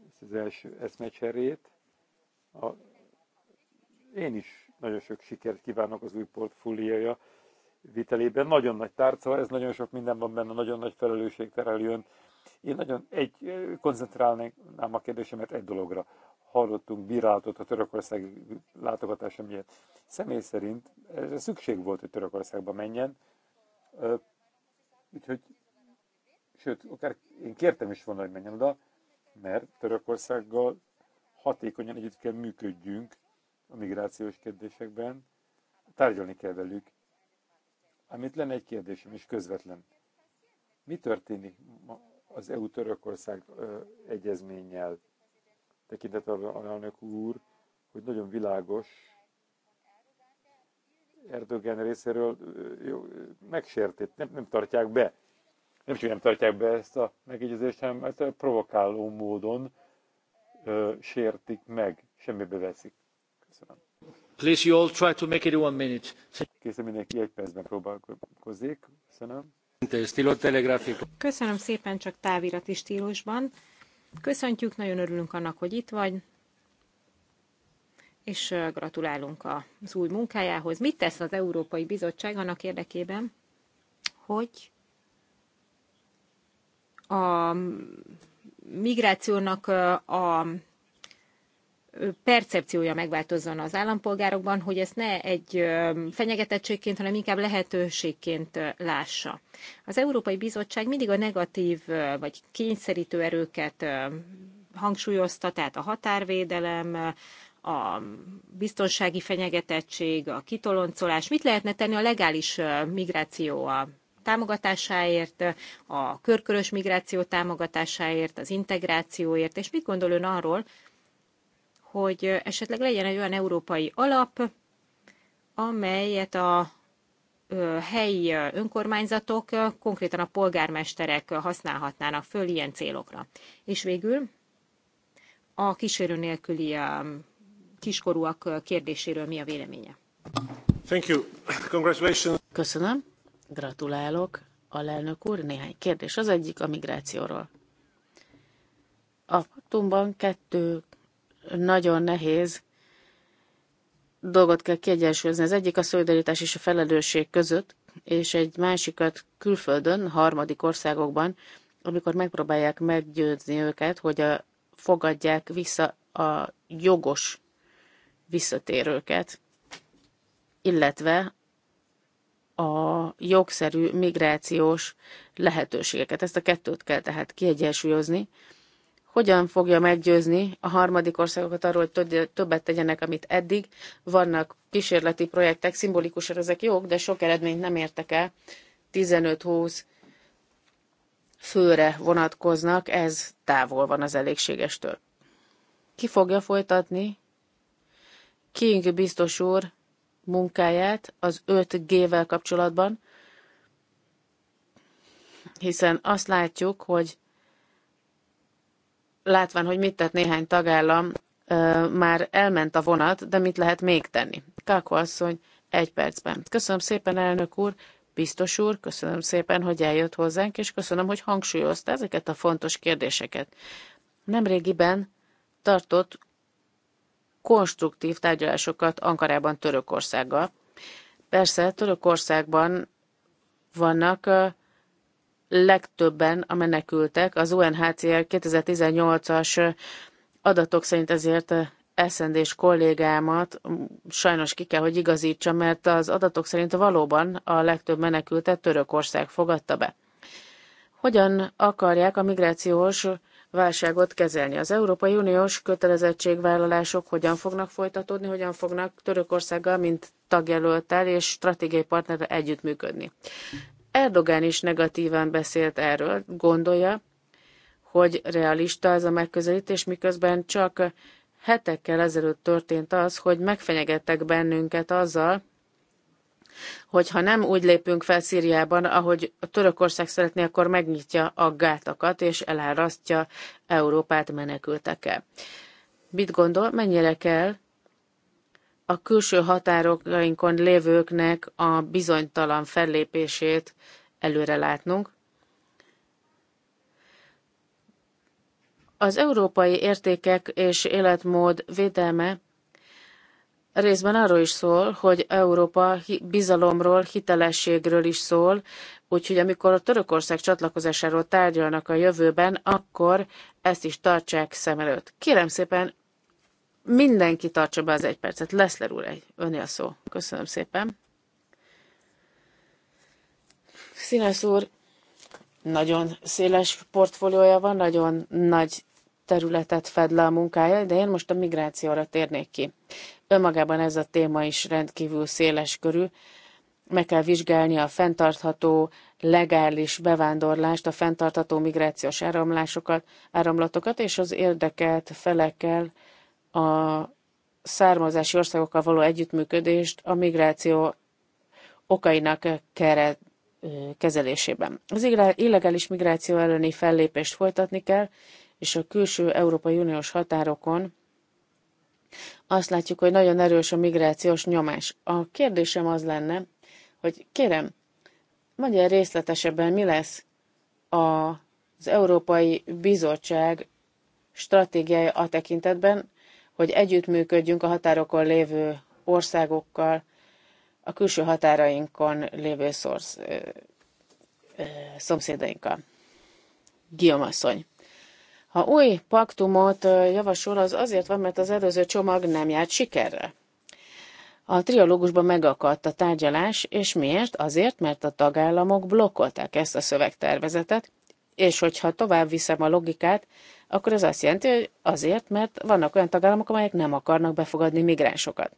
ezt az első eszmecserét. A, én is nagyon sok sikert kívánok az új portfóliója vitelében. Nagyon nagy tárca, ez nagyon sok minden van benne, nagyon nagy felelősség terel Én nagyon egy, koncentrálnám a kérdésemet egy dologra. Hallottunk bírálatot a Törökország látogatása miatt. Személy szerint ez szükség volt, hogy Törökországba menjen. Úgyhogy, sőt, akár én kértem is volna, hogy menjen oda, mert Törökországgal hatékonyan együtt kell működjünk a migrációs kérdésekben, tárgyalni kell velük. Amit lenne egy kérdésem is közvetlen. Mi történik az EU-Törökország egyezménnyel? Tekintet arra, elnök úr, hogy nagyon világos Erdogan részéről megsértett, nem, nem tartják be. Nem csak nem tartják be ezt a megegyezést, hanem ezt hát a provokáló módon ö, sértik meg, semmibe veszik. Köszönöm. Please, you all try to make it one minute. Készen mindenki egy percben próbálkozik. Köszönöm. Köszönöm szépen, csak távirati stílusban. Köszöntjük, nagyon örülünk annak, hogy itt vagy és gratulálunk az új munkájához. Mit tesz az Európai Bizottság annak érdekében, hogy a migrációnak a percepciója megváltozzon az állampolgárokban, hogy ezt ne egy fenyegetettségként, hanem inkább lehetőségként lássa. Az Európai Bizottság mindig a negatív vagy kényszerítő erőket hangsúlyozta, tehát a határvédelem, a biztonsági fenyegetettség, a kitoloncolás, mit lehetne tenni a legális migráció a támogatásáért, a körkörös migráció támogatásáért, az integrációért, és mit gondol ön arról, hogy esetleg legyen egy olyan európai alap, amelyet a helyi önkormányzatok, konkrétan a polgármesterek használhatnának föl ilyen célokra. És végül a kísérő nélküli kiskorúak kérdéséről mi a véleménye. Thank you. Congratulations. Köszönöm. Gratulálok. Alelnök úr, néhány kérdés. Az egyik a migrációról. A paktumban kettő nagyon nehéz dolgot kell kiegyensúlyozni. Az egyik a szolidaritás és a felelősség között, és egy másikat külföldön, harmadik országokban, amikor megpróbálják meggyőzni őket, hogy a, fogadják vissza a jogos visszatérőket, illetve a jogszerű migrációs lehetőségeket. Ezt a kettőt kell tehát kiegyensúlyozni. Hogyan fogja meggyőzni a harmadik országokat arról, hogy többet tegyenek, amit eddig? Vannak kísérleti projektek, szimbolikusan ezek jók, de sok eredményt nem értek el. 15-20 főre vonatkoznak, ez távol van az elégségestől. Ki fogja folytatni King biztos úr munkáját az 5G-vel kapcsolatban, hiszen azt látjuk, hogy látván, hogy mit tett néhány tagállam, már elment a vonat, de mit lehet még tenni? Kako asszony, egy percben. Köszönöm szépen, elnök úr, biztos úr, köszönöm szépen, hogy eljött hozzánk, és köszönöm, hogy hangsúlyozta ezeket a fontos kérdéseket. Nemrégiben tartott konstruktív tárgyalásokat Ankarában Törökországgal. Persze Törökországban vannak legtöbben a menekültek. Az UNHCR 2018-as adatok szerint ezért eszendés kollégámat sajnos ki kell, hogy igazítsa, mert az adatok szerint valóban a legtöbb menekültet Törökország fogadta be. Hogyan akarják a migrációs válságot kezelni. Az Európai Uniós kötelezettségvállalások hogyan fognak folytatódni, hogyan fognak Törökországgal, mint tagjelöltel és stratégiai partnerrel együttműködni. Erdogán is negatívan beszélt erről, gondolja, hogy realista ez a megközelítés, miközben csak hetekkel ezelőtt történt az, hogy megfenyegettek bennünket azzal, hogyha nem úgy lépünk fel Szíriában, ahogy a Törökország szeretné, akkor megnyitja a gátakat, és elárasztja Európát menekültekkel. Mit gondol, mennyire kell a külső határokainkon lévőknek a bizonytalan fellépését előre látnunk. Az európai értékek és életmód védelme részben arról is szól, hogy Európa bizalomról, hitelességről is szól, úgyhogy amikor a Törökország csatlakozásáról tárgyalnak a jövőben, akkor ezt is tartsák szem előtt. Kérem szépen, mindenki tartsa be az egy percet. Leszler úr, egy, öné a szó. Köszönöm szépen. Színes úr, nagyon széles portfóliója van, nagyon nagy területet fed le a munkája, de én most a migrációra térnék ki. Önmagában ez a téma is rendkívül széles körül. Meg kell vizsgálni a fenntartható, legális bevándorlást, a fenntartható migrációs áramlásokat, áramlatokat, és az érdekelt felekkel a származási országokkal való együttműködést a migráció okainak keret, kezelésében. Az illegális migráció elleni fellépést folytatni kell, és a külső Európai Uniós határokon azt látjuk, hogy nagyon erős a migrációs nyomás. A kérdésem az lenne, hogy kérem, magyar részletesebben, mi lesz az Európai Bizottság stratégiája a tekintetben, hogy együttműködjünk a határokon lévő országokkal, a külső határainkon lévő szorsz, ö, ö, szomszédainkkal. Guillaume asszony. Ha új paktumot javasol, az azért van, mert az előző csomag nem járt sikerre. A trialógusban megakadt a tárgyalás, és miért? Azért, mert a tagállamok blokkolták ezt a szövegtervezetet, és hogyha tovább viszem a logikát, akkor ez azt jelenti, hogy azért, mert vannak olyan tagállamok, amelyek nem akarnak befogadni migránsokat.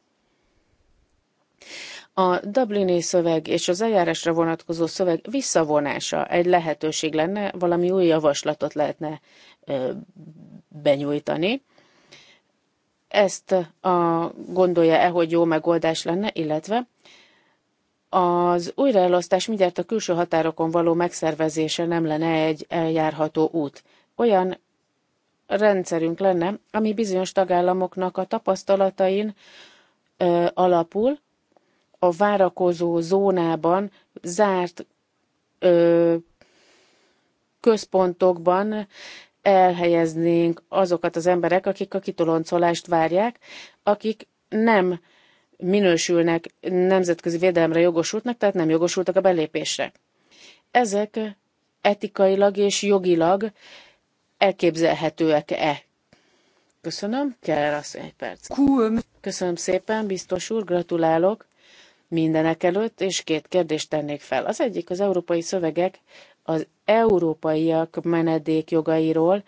A Dublini szöveg és az eljárásra vonatkozó szöveg visszavonása egy lehetőség lenne, valami új javaslatot lehetne ö, benyújtani. Ezt a, gondolja-e, hogy jó megoldás lenne, illetve az újraelosztás mindjárt a külső határokon való megszervezése nem lenne egy eljárható út. Olyan rendszerünk lenne, ami bizonyos tagállamoknak a tapasztalatain ö, alapul, a várakozó zónában zárt ö, központokban elhelyeznénk azokat az emberek, akik a kitoloncolást várják, akik nem minősülnek nemzetközi védelemre jogosultnak, tehát nem jogosultak a belépésre. Ezek etikailag és jogilag elképzelhetőek-e? Köszönöm, kell az egy perc. Köszönöm szépen, biztos úr, gratulálok mindenek előtt, és két kérdést tennék fel. Az egyik az európai szövegek az európaiak menedék jogairól,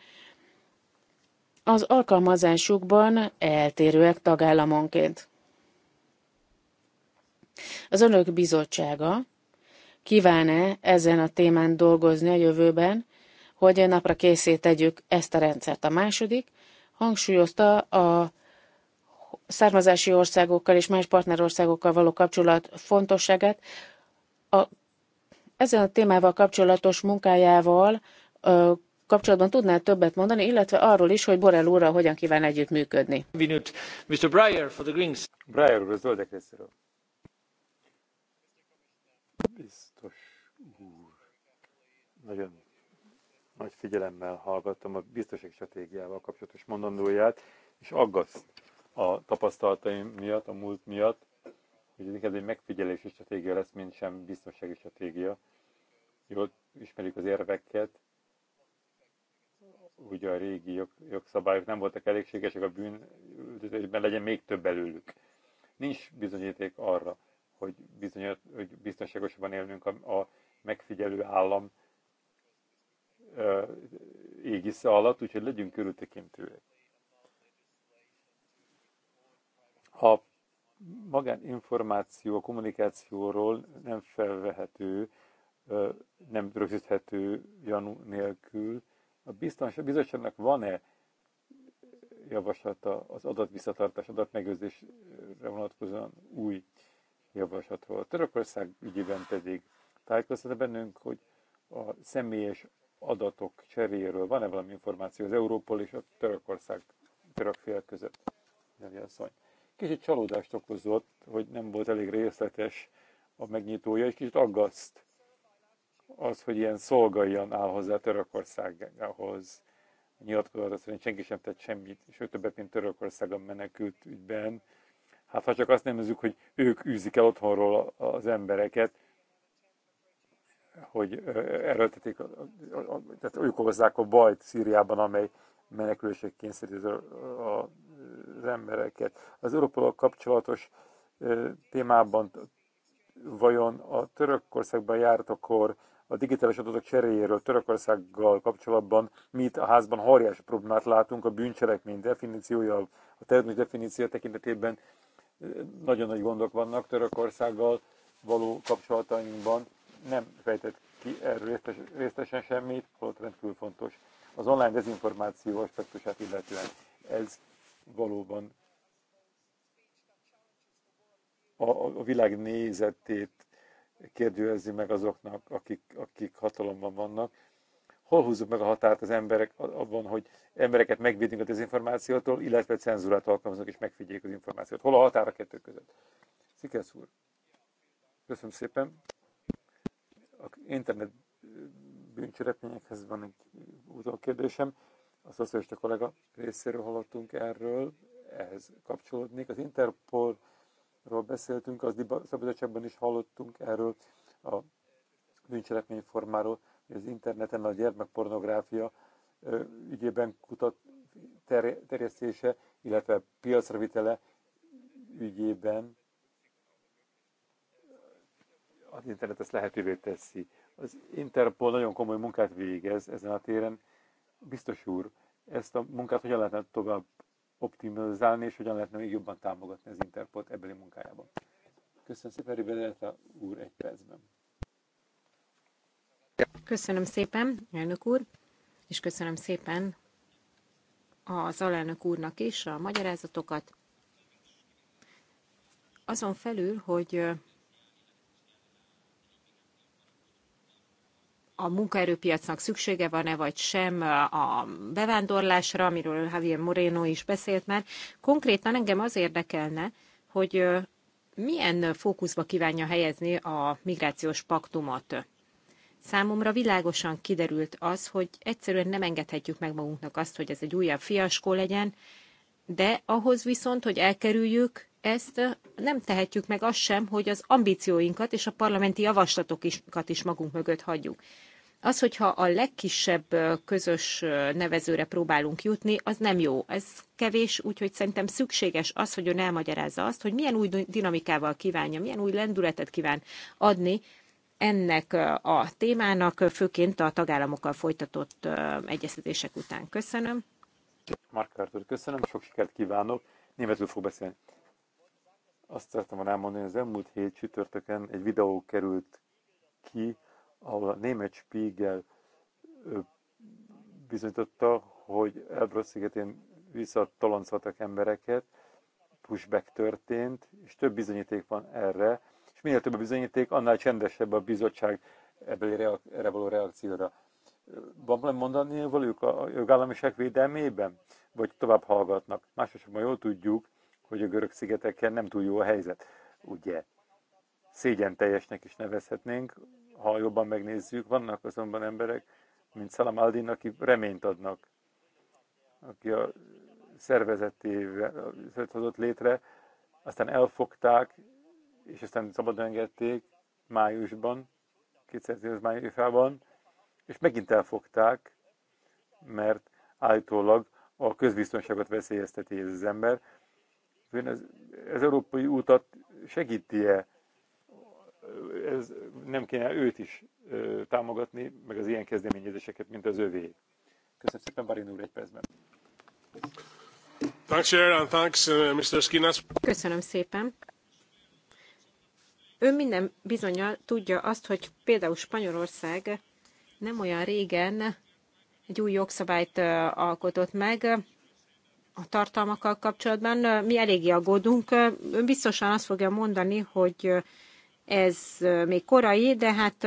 az alkalmazásukban eltérőek tagállamonként. Az önök bizottsága kíván-e ezen a témán dolgozni a jövőben, hogy napra készé tegyük ezt a rendszert. A második hangsúlyozta a származási országokkal és más partnerországokkal való kapcsolat fontosságát. A, ezen a témával kapcsolatos munkájával ö, kapcsolatban tudnál többet mondani, illetve arról is, hogy Borrell úrral hogyan kíván együttműködni. Minut. Mr. Breyer for the Greens. Breyer úr, zöldek részéről. Biztos úr. Nagyon nagy figyelemmel hallgattam a biztonság stratégiával kapcsolatos mondandóját, és aggaszt a tapasztalataim miatt, a múlt miatt, hogy ez egy megfigyelési stratégia lesz, mint sem biztonsági stratégia. Jól ismerjük az érveket, ugye a régi jog, jogszabályok nem voltak elégségesek a bűn, bűnözésben, legyen még több belőlük. Nincs bizonyíték arra, hogy, bizonyos, hogy biztonságosabban élnünk a, a megfigyelő állam égisze alatt, úgyhogy legyünk körültekintőek. A magáninformáció a kommunikációról nem felvehető, nem rögzíthető janú nélkül. A, biztons, a bizottságnak van-e javaslata az adatvisszatartás, adatmegőrzésre vonatkozóan új javaslatról? Törökország ügyében pedig tájékoztat bennünk, hogy a személyes adatok cseréjéről van-e valami információ az Európol és a Törökország török fél között? Jani Kicsit csalódást okozott, hogy nem volt elég részletes a megnyitója, és kicsit aggaszt az, hogy ilyen szolgaljan áll hozzá Törökországhoz. A nyilatkozat szerint senki sem tett semmit, és ő többet, mint Törökországon menekült ügyben. Hát ha csak azt nemezzük, hogy ők űzik el otthonról az embereket, hogy erőltetik, tehát ők hozzák a bajt Szíriában, amely menekülések kényszerít a az embereket. Az Európolal kapcsolatos témában vajon a Törökországban jártakor a digitális adatok cseréjéről Törökországgal kapcsolatban mi itt a házban harjás problémát látunk a bűncselekmény definíciója, a terrorizmus definíció tekintetében nagyon nagy gondok vannak Törökországgal való kapcsolatainkban. Nem fejtett ki erről részletesen semmit, holott rendkívül fontos. Az online dezinformáció aspektusát illetően ez valóban a, a világ nézetét kérdőjezi meg azoknak, akik, akik hatalomban vannak. Hol húzzuk meg a határt az emberek abban, hogy embereket megvédünk a dezinformációtól, illetve cenzúrát alkalmazunk és megfigyeljük az információt? Hol a határ a kettő között? Szikesz úr, köszönöm szépen. A internet bűncselekményekhez van egy utolsó kérdésem a szocialista kollega részéről hallottunk erről, ehhez kapcsolódnék. Az Interpolról beszéltünk, az szabadságban is hallottunk erről a bűncselekmény formáról, hogy az interneten a gyermekpornográfia ügyében kutat ter, terjesztése, illetve piacra vitele ügyében az internet ezt lehetővé teszi. Az Interpol nagyon komoly munkát végez ezen a téren, Biztos úr, ezt a munkát hogyan lehetne tovább optimalizálni, és hogyan lehetne még jobban támogatni az Interpot ebbeli munkájában? Köszönöm szépen, a úr, egy percben. Köszönöm szépen, elnök úr, és köszönöm szépen az alelnök úrnak is a magyarázatokat. Azon felül, hogy a munkaerőpiacnak szüksége van-e vagy sem a bevándorlásra, amiről Javier Moreno is beszélt már. Konkrétan engem az érdekelne, hogy milyen fókuszba kívánja helyezni a migrációs paktumot. Számomra világosan kiderült az, hogy egyszerűen nem engedhetjük meg magunknak azt, hogy ez egy újabb fiaskó legyen, de ahhoz viszont, hogy elkerüljük ezt, nem tehetjük meg azt sem, hogy az ambícióinkat és a parlamenti javaslatokat is magunk mögött hagyjuk az, hogyha a legkisebb közös nevezőre próbálunk jutni, az nem jó. Ez kevés, úgyhogy szerintem szükséges az, hogy ön elmagyarázza azt, hogy milyen új dinamikával kívánja, milyen új lendületet kíván adni ennek a témának, főként a tagállamokkal folytatott egyeztetések után. Köszönöm. Mark Carter, köszönöm, sok sikert kívánok. Németül fog beszélni. Azt szeretném elmondani, hogy az elmúlt hét csütörtökön egy videó került ki, ahol a német Spiegel bizonyította, hogy Elbrus szigetén visszatoloncoltak embereket, pushback történt, és több bizonyíték van erre, és minél több a bizonyíték, annál csendesebb a bizottság ebből erre való reakcióra. Van valami mondani velük a jogállamiság védelmében? Vagy tovább hallgatnak? Másosabban jól tudjuk, hogy a görög szigeteken nem túl jó a helyzet, ugye? Szégyen teljesnek is nevezhetnénk, ha jobban megnézzük. Vannak azonban emberek, mint Salam Aldin, aki reményt adnak, aki a szervezetével hozott létre, aztán elfogták, és aztán szabadon engedték májusban, 2010 májusában, és megint elfogták, mert állítólag a közbiztonságot veszélyezteti ez az ember. Az, az európai útat segíti-e ez nem kéne őt is ö, támogatni, meg az ilyen kezdeményezéseket, mint az övé. Köszönöm szépen, Barin úr, egy percben. Uh, Köszönöm szépen. Ön minden bizonyal tudja azt, hogy például Spanyolország nem olyan régen egy új jogszabályt alkotott meg a tartalmakkal kapcsolatban. Mi eléggé aggódunk. Ön biztosan azt fogja mondani, hogy ez még korai, de hát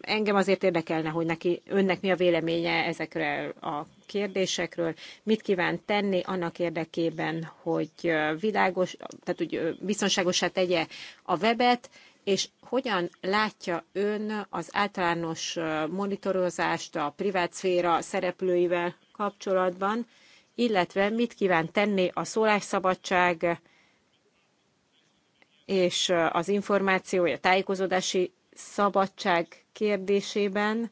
engem azért érdekelne, hogy neki, önnek mi a véleménye ezekről a kérdésekről, mit kíván tenni annak érdekében, hogy világos, tehát úgy biztonságosá tegye a webet, és hogyan látja ön az általános monitorozást a privát szféra szereplőivel kapcsolatban, illetve mit kíván tenni a szólásszabadság és az információja, a tájékozódási szabadság kérdésében.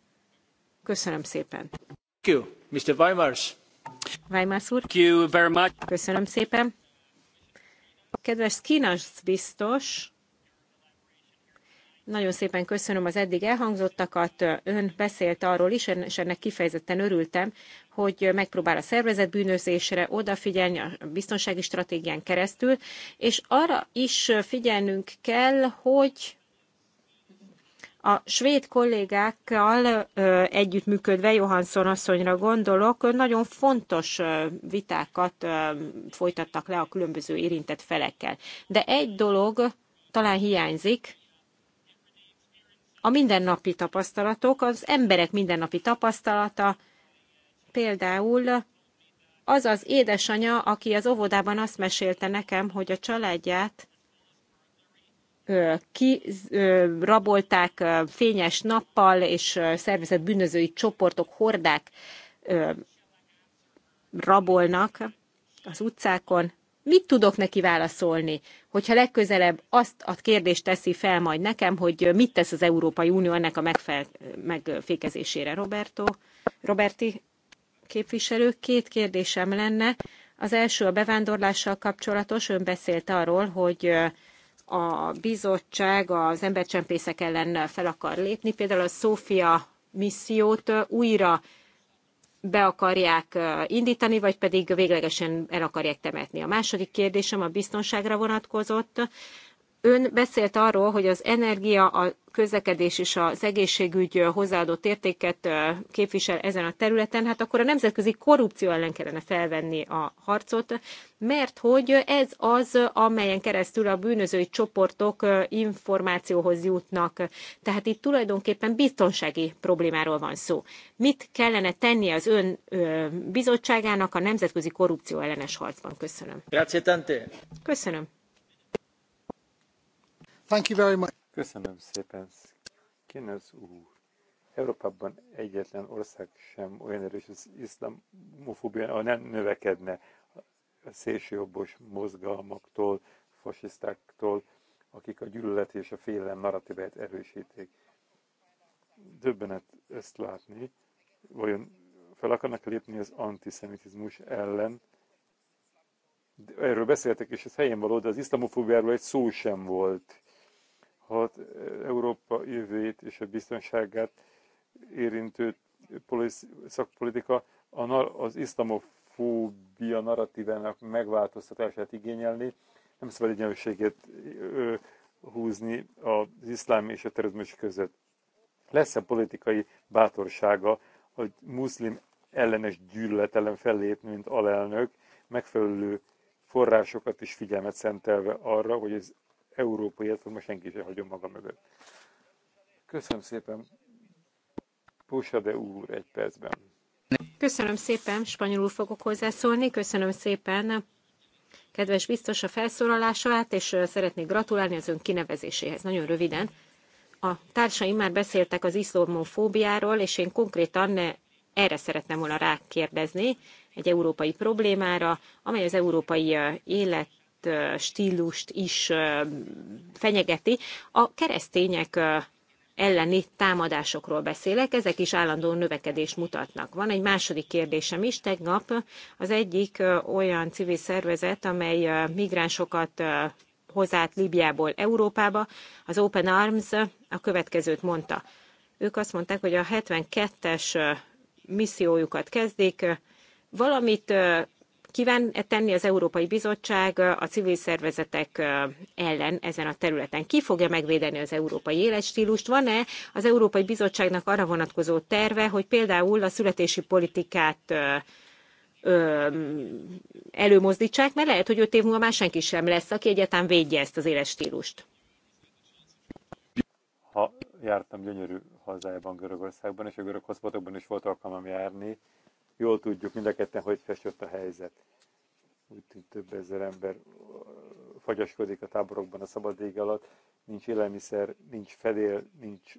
Köszönöm szépen. Thank you, Mr. Weimars. Weimars úr. Thank you very much. Köszönöm szépen. Kedves Skinas biztos, nagyon szépen köszönöm az eddig elhangzottakat. Ön beszélt arról is, és ennek kifejezetten örültem, hogy megpróbál a szervezet bűnözésre odafigyelni a biztonsági stratégián keresztül, és arra is figyelnünk kell, hogy a svéd kollégákkal együttműködve, Johansson asszonyra gondolok, nagyon fontos vitákat folytattak le a különböző érintett felekkel. De egy dolog talán hiányzik, a mindennapi tapasztalatok, az emberek mindennapi tapasztalata, például az az édesanya, aki az óvodában azt mesélte nekem, hogy a családját kirabolták fényes nappal, és szervezett bűnözői csoportok, hordák rabolnak az utcákon, mit tudok neki válaszolni, hogyha legközelebb azt a kérdést teszi fel majd nekem, hogy mit tesz az Európai Unió ennek a megfel, megfékezésére, Roberto, Roberti képviselő. Két kérdésem lenne. Az első a bevándorlással kapcsolatos. Ön beszélt arról, hogy a bizottság az embercsempészek ellen fel akar lépni. Például a Szófia missziót újra be akarják indítani, vagy pedig véglegesen el akarják temetni. A második kérdésem a biztonságra vonatkozott. Ön beszélt arról, hogy az energia, a közlekedés és az egészségügy hozzáadott értéket képvisel ezen a területen, hát akkor a nemzetközi korrupció ellen kellene felvenni a harcot, mert hogy ez az, amelyen keresztül a bűnözői csoportok információhoz jutnak. Tehát itt tulajdonképpen biztonsági problémáról van szó. Mit kellene tenni az ön bizottságának a nemzetközi korrupció ellenes harcban? Köszönöm. Grazie tante. Köszönöm. Thank you very much. Köszönöm szépen, az úr. Európában egyetlen ország sem olyan erős az iszlamofóbia, ahol nem növekedne a szélsőjobbos mozgalmaktól, fasisztáktól, akik a gyűlölet és a félelem narratívát erősítik. Döbbenet ezt látni, vajon fel akarnak lépni az antiszemitizmus ellen, de erről beszéltek, és ez helyén való, de az iszlamofóbiáról egy szó sem volt az eh, Európa jövőjét és a biztonságát érintő szakpolitika az iszlamofóbia narratívának megváltoztatását igényelni. Nem szabad egyenlőséget húzni az iszlám és a terrorizmus között. Lesz-e politikai bátorsága, hogy muszlim ellenes gyűlölet ellen fellépni, mint alelnök, megfelelő forrásokat és figyelmet szentelve arra, hogy az európai, ezt most senki sem hagyom maga mögött. Köszönöm szépen. Pusa de úr, egy percben. Köszönöm szépen, spanyolul fogok hozzászólni. Köszönöm szépen, kedves biztos a felszólalását, és szeretnék gratulálni az ön kinevezéséhez. Nagyon röviden. A társaim már beszéltek az iszlomofóbiáról, és én konkrétan erre szeretném volna rákérdezni, egy európai problémára, amely az európai élet stílust is fenyegeti. A keresztények elleni támadásokról beszélek, ezek is állandó növekedést mutatnak. Van egy második kérdésem is, tegnap az egyik olyan civil szervezet, amely migránsokat hozát Libiából Európába, az Open Arms a következőt mondta. Ők azt mondták, hogy a 72-es missziójukat kezdik, valamit kíván -e tenni az Európai Bizottság a civil szervezetek ellen ezen a területen? Ki fogja megvédeni az európai életstílust? Van-e az Európai Bizottságnak arra vonatkozó terve, hogy például a születési politikát előmozdítsák, mert lehet, hogy öt év múlva már senki sem lesz, aki egyáltalán védje ezt az éles stílust. Ha jártam gyönyörű hazájában, Görögországban, és a görög is volt alkalmam járni, jól tudjuk mind a ketten, hogy festett a helyzet. Úgy tűnt több ezer ember fagyaskodik a táborokban a szabad ég alatt, nincs élelmiszer, nincs fedél, nincs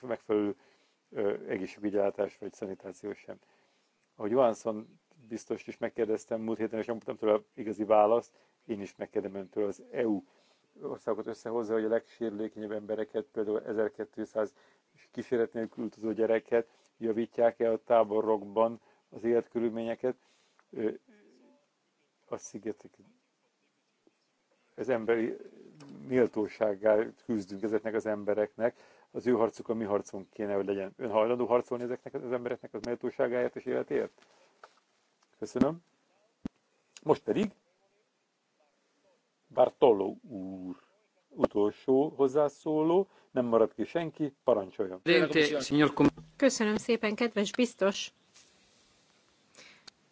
megfelelő egészségügyellátás vagy szanitáció sem. Ahogy Johansson biztos is megkérdeztem múlt héten, és nem tudtam tőle igazi választ, én is megkérdem öntől az EU országokat összehozza, hogy a legsérülékenyebb embereket, például 1200 kísérlet nélkül utazó gyereket javítják el a táborokban, az életkörülményeket. A szigetek, az emberi méltósággal küzdünk ezeknek az embereknek, az ő harcuk a mi harcunk kéne, hogy legyen. Ön hajlandó harcolni ezeknek az embereknek az méltóságáért és életért? Köszönöm. Most pedig Bartolo úr utolsó hozzászóló, nem marad ki senki, parancsoljon. Köszönöm szépen, kedves biztos!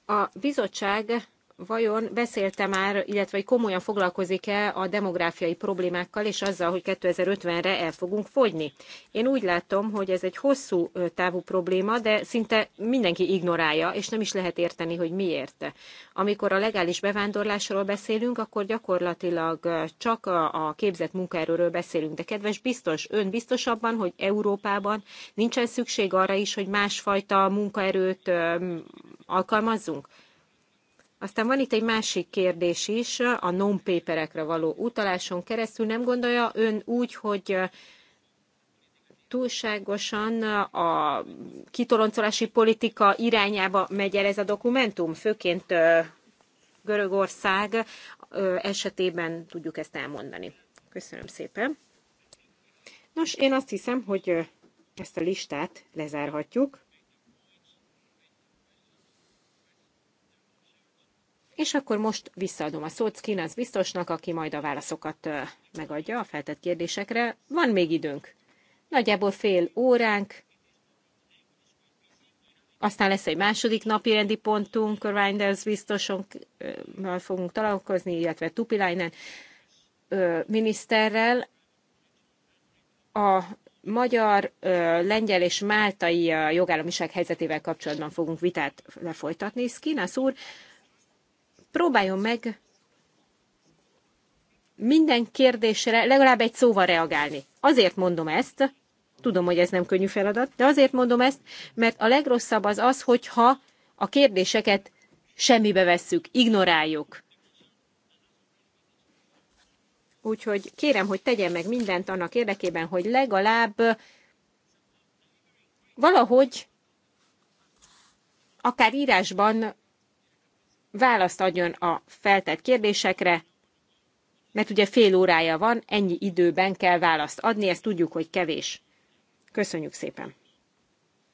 a bizottság vajon beszélte már, illetve hogy komolyan foglalkozik-e a demográfiai problémákkal és azzal, hogy 2050-re el fogunk fogyni. Én úgy látom, hogy ez egy hosszú távú probléma, de szinte mindenki ignorálja, és nem is lehet érteni, hogy miért. Amikor a legális bevándorlásról beszélünk, akkor gyakorlatilag csak a képzett munkaerőről beszélünk. De kedves biztos, ön biztos abban, hogy Európában nincsen szükség arra is, hogy másfajta munkaerőt alkalmazzunk? Aztán van itt egy másik kérdés is, a non-paperekre való utaláson keresztül. Nem gondolja ön úgy, hogy túlságosan a kitoloncolási politika irányába megy el ez a dokumentum? Főként Görögország esetében tudjuk ezt elmondani. Köszönöm szépen. Nos, én azt hiszem, hogy ezt a listát lezárhatjuk. És akkor most visszaadom a szót az biztosnak, aki majd a válaszokat megadja a feltett kérdésekre. Van még időnk. Nagyjából fél óránk. Aztán lesz egy második napi rendi pontunk, Reinders biztosunkkal fogunk találkozni, illetve Tupilainen miniszterrel. A magyar, lengyel és máltai jogállamiság helyzetével kapcsolatban fogunk vitát lefolytatni. Skinász úr, próbáljon meg minden kérdésre legalább egy szóval reagálni. Azért mondom ezt, tudom, hogy ez nem könnyű feladat, de azért mondom ezt, mert a legrosszabb az az, hogyha a kérdéseket semmibe vesszük, ignoráljuk. Úgyhogy kérem, hogy tegyen meg mindent annak érdekében, hogy legalább valahogy akár írásban választ adjon a feltett kérdésekre, mert ugye fél órája van, ennyi időben kell választ adni, ezt tudjuk, hogy kevés. Köszönjük szépen.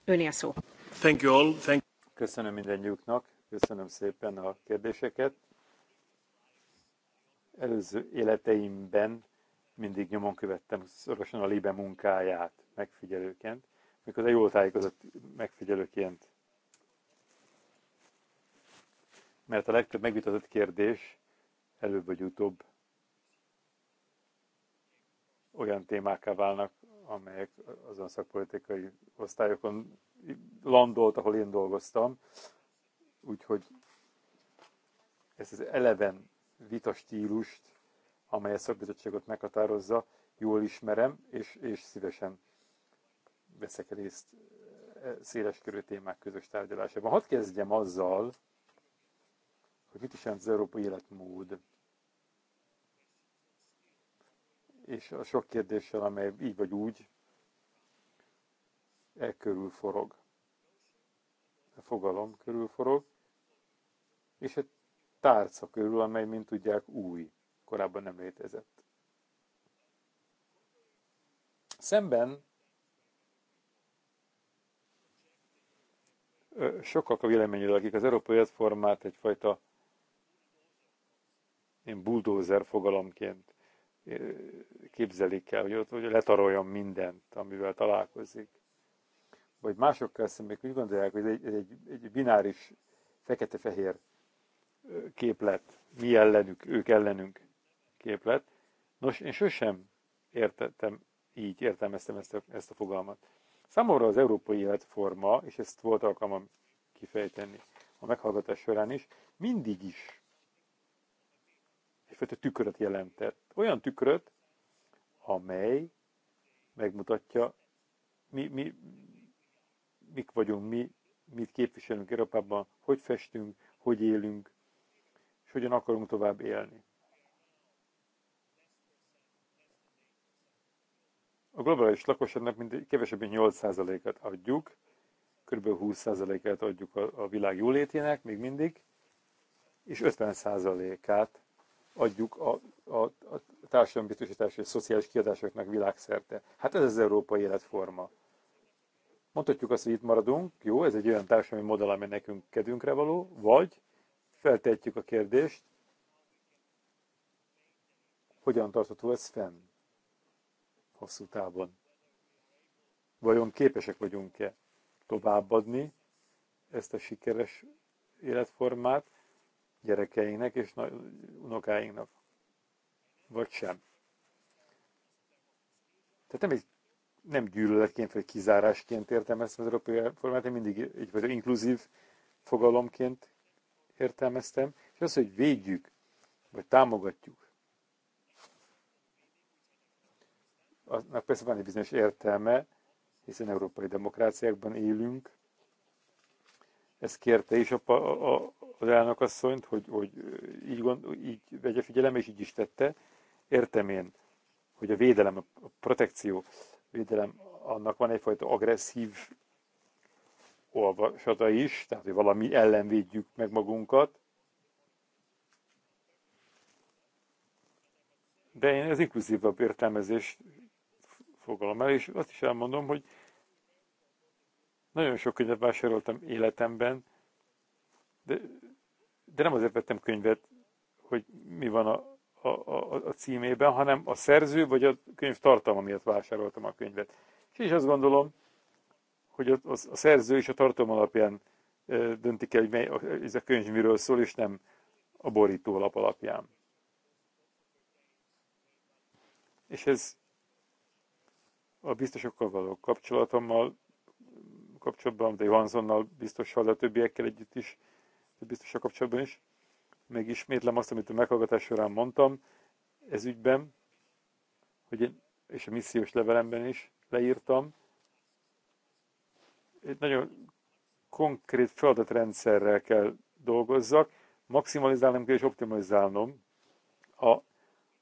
Öné a szó. Thank you all. Thank Köszönöm mindenjüknek, köszönöm szépen a kérdéseket. Előző életeimben mindig nyomon követtem szorosan a Libe munkáját megfigyelőként, mikor a jól tájékozott megfigyelőként mert a legtöbb megvitatott kérdés előbb vagy utóbb olyan témákká válnak, amelyek azon szakpolitikai osztályokon landolt, ahol én dolgoztam. Úgyhogy ezt az eleven vita stílust, amely a szakbizottságot meghatározza, jól ismerem, és, és szívesen veszek részt e, széles körű témák közös tárgyalásában. Hadd kezdjem azzal, hogy mit is jelent az európai életmód. És a sok kérdéssel, amely így vagy úgy, e körül forog. A e fogalom körül forog, és egy tárca körül, amely, mint tudják, új, korábban nem létezett. Szemben sokak a véleményed, akik az európai platformát egyfajta én buldózer fogalomként eh, képzelik el, hogy ott hogy letaroljon mindent, amivel találkozik. Vagy másokkal szemben úgy gondolják, hogy ez egy, egy, egy bináris, fekete-fehér eh, képlet, mi ellenük, ők ellenünk képlet. Nos, én sosem értettem, így értelmeztem ezt a, ezt a fogalmat. Számomra az európai életforma, és ezt volt alkalmam kifejteni a meghallgatás során is, mindig is egyfajta tükröt jelentett. Olyan tükröt, amely megmutatja, mi, mi, mik vagyunk mi, mit képviselünk Európában, hogy festünk, hogy élünk, és hogyan akarunk tovább élni. A globális lakosságnak mindig kevesebb, mint 8%-et adjuk, kb. 20 át adjuk a, a világ jólétének még mindig, és 50%-át adjuk a, a, a társadalombiztosítási és szociális kiadásoknak világszerte. Hát ez az európai életforma. Mondhatjuk azt, hogy itt maradunk, jó, ez egy olyan társadalmi modell, amely nekünk kedünkre való, vagy feltehetjük a kérdést, hogyan tartható ez fenn hosszú távon. Vajon képesek vagyunk-e továbbadni ezt a sikeres életformát, gyerekeinek és unokáinknak. Vagy sem. Tehát nem egy nem gyűlöletként vagy kizárásként értelmeztem az európai formát, én mindig egyfajta inkluzív fogalomként értelmeztem, és az, hogy védjük, vagy támogatjuk, aznak persze van egy bizonyos értelme, hiszen európai demokráciákban élünk. Ezt kérte is a, a, az elnökasszonyt, hogy, hogy így, gond, így vegye figyelem, és így is tette. Értem én, hogy a védelem, a protekció védelem, annak van egyfajta agresszív olvasata is, tehát hogy valami ellen védjük meg magunkat. De én az inkluzívabb értelmezést fogalom el, és azt is elmondom, hogy nagyon sok könyvet vásároltam életemben, de de nem azért vettem könyvet, hogy mi van a, a, a, a címében, hanem a szerző vagy a könyv tartalma miatt vásároltam a könyvet. És is azt gondolom, hogy a, a, a szerző és a tartalom alapján e, döntik el, hogy mely, ez a könyv miről szól, és nem a borító lap alapján. És ez a biztosokkal való kapcsolatommal, kapcsolatban, de Johanssonnal biztossal, de a többiekkel együtt is biztos a kapcsolatban is. Meg ismétlem azt, amit a meghallgatás során mondtam, ez ügyben, hogy én, és a missziós levelemben is leírtam, egy nagyon konkrét feladatrendszerrel kell dolgozzak, maximalizálnom kell és optimalizálnom a,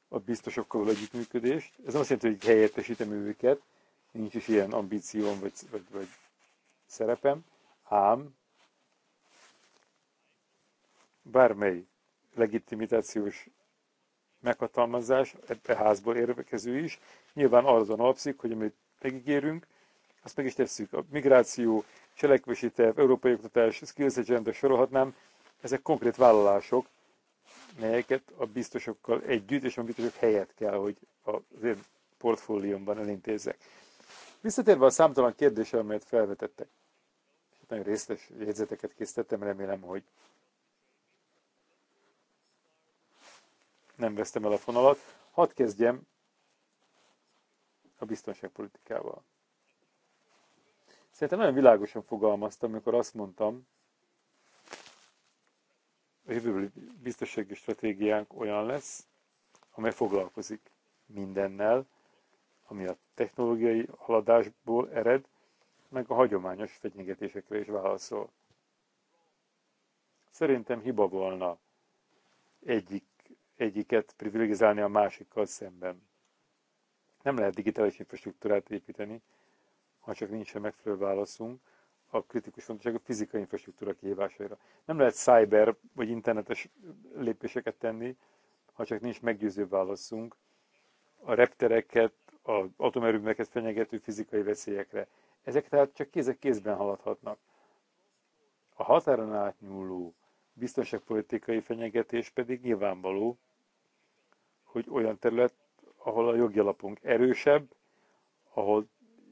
a biztosokkal való együttműködést. Ez nem azt jelenti, hogy helyettesítem őket, nincs is ilyen ambícióm vagy, vagy, vagy szerepem, ám bármely legitimitációs meghatalmazás, ebbe házból érvekező is, nyilván azon alapszik, hogy amit megígérünk, azt meg is tesszük. A migráció, cselekvési terv, európai oktatás, skills agenda sorolhatnám, ezek konkrét vállalások, melyeket a biztosokkal együtt és a biztosok helyett kell, hogy az én portfóliómban elintézzek. Visszatérve a számtalan kérdésre, amelyet felvetettek, nagyon részletes jegyzeteket készítettem, remélem, hogy nem vesztem el a fonalat. Hadd kezdjem a biztonságpolitikával. Szerintem nagyon világosan fogalmaztam, amikor azt mondtam, a jövőbeli biztonsági stratégiánk olyan lesz, amely foglalkozik mindennel, ami a technológiai haladásból ered, meg a hagyományos fenyegetésekre is válaszol. Szerintem hiba volna egyik egyiket privilegizálni a másikkal szemben. Nem lehet digitális infrastruktúrát építeni, ha csak nincsen megfelelő válaszunk a kritikus fontosságú fizikai infrastruktúra kihívásaira. Nem lehet cyber vagy internetes lépéseket tenni, ha csak nincs meggyőző válaszunk a reptereket, az atomerőműveket fenyegető fizikai veszélyekre. Ezek tehát csak kézek kézben haladhatnak. A határon átnyúló biztonságpolitikai fenyegetés pedig nyilvánvaló, hogy olyan terület, ahol a jogi alapunk erősebb, ahol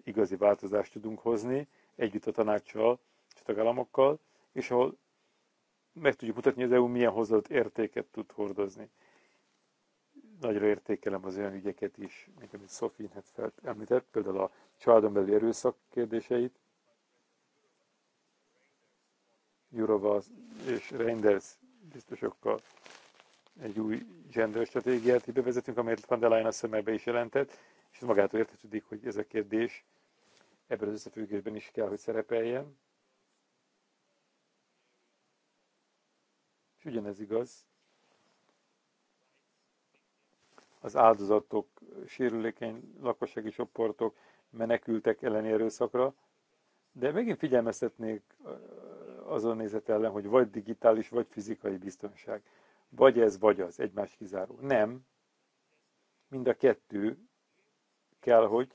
igazi változást tudunk hozni, együtt a tanácssal és a tagállamokkal, és ahol meg tudjuk mutatni, hogy az EU milyen hozzáadott értéket tud hordozni. Nagyra értékelem az olyan ügyeket is, mint amit Sophie Hetfeld említett, például a családon belüli erőszak kérdéseit, Jurova és Reinders biztosokkal egy új gender stratégiát bevezetünk, amelyet van der Leyen a szemekbe is jelentett, és ez magától értetődik, hogy ez a kérdés ebben az összefüggésben is kell, hogy szerepeljen. És ugyanez igaz az áldozatok, sérülékeny lakossági csoportok, menekültek elleni erőszakra, de megint figyelmeztetnék azon nézet ellen, hogy vagy digitális, vagy fizikai biztonság vagy ez, vagy az, egymás kizáró. Nem. Mind a kettő kell, hogy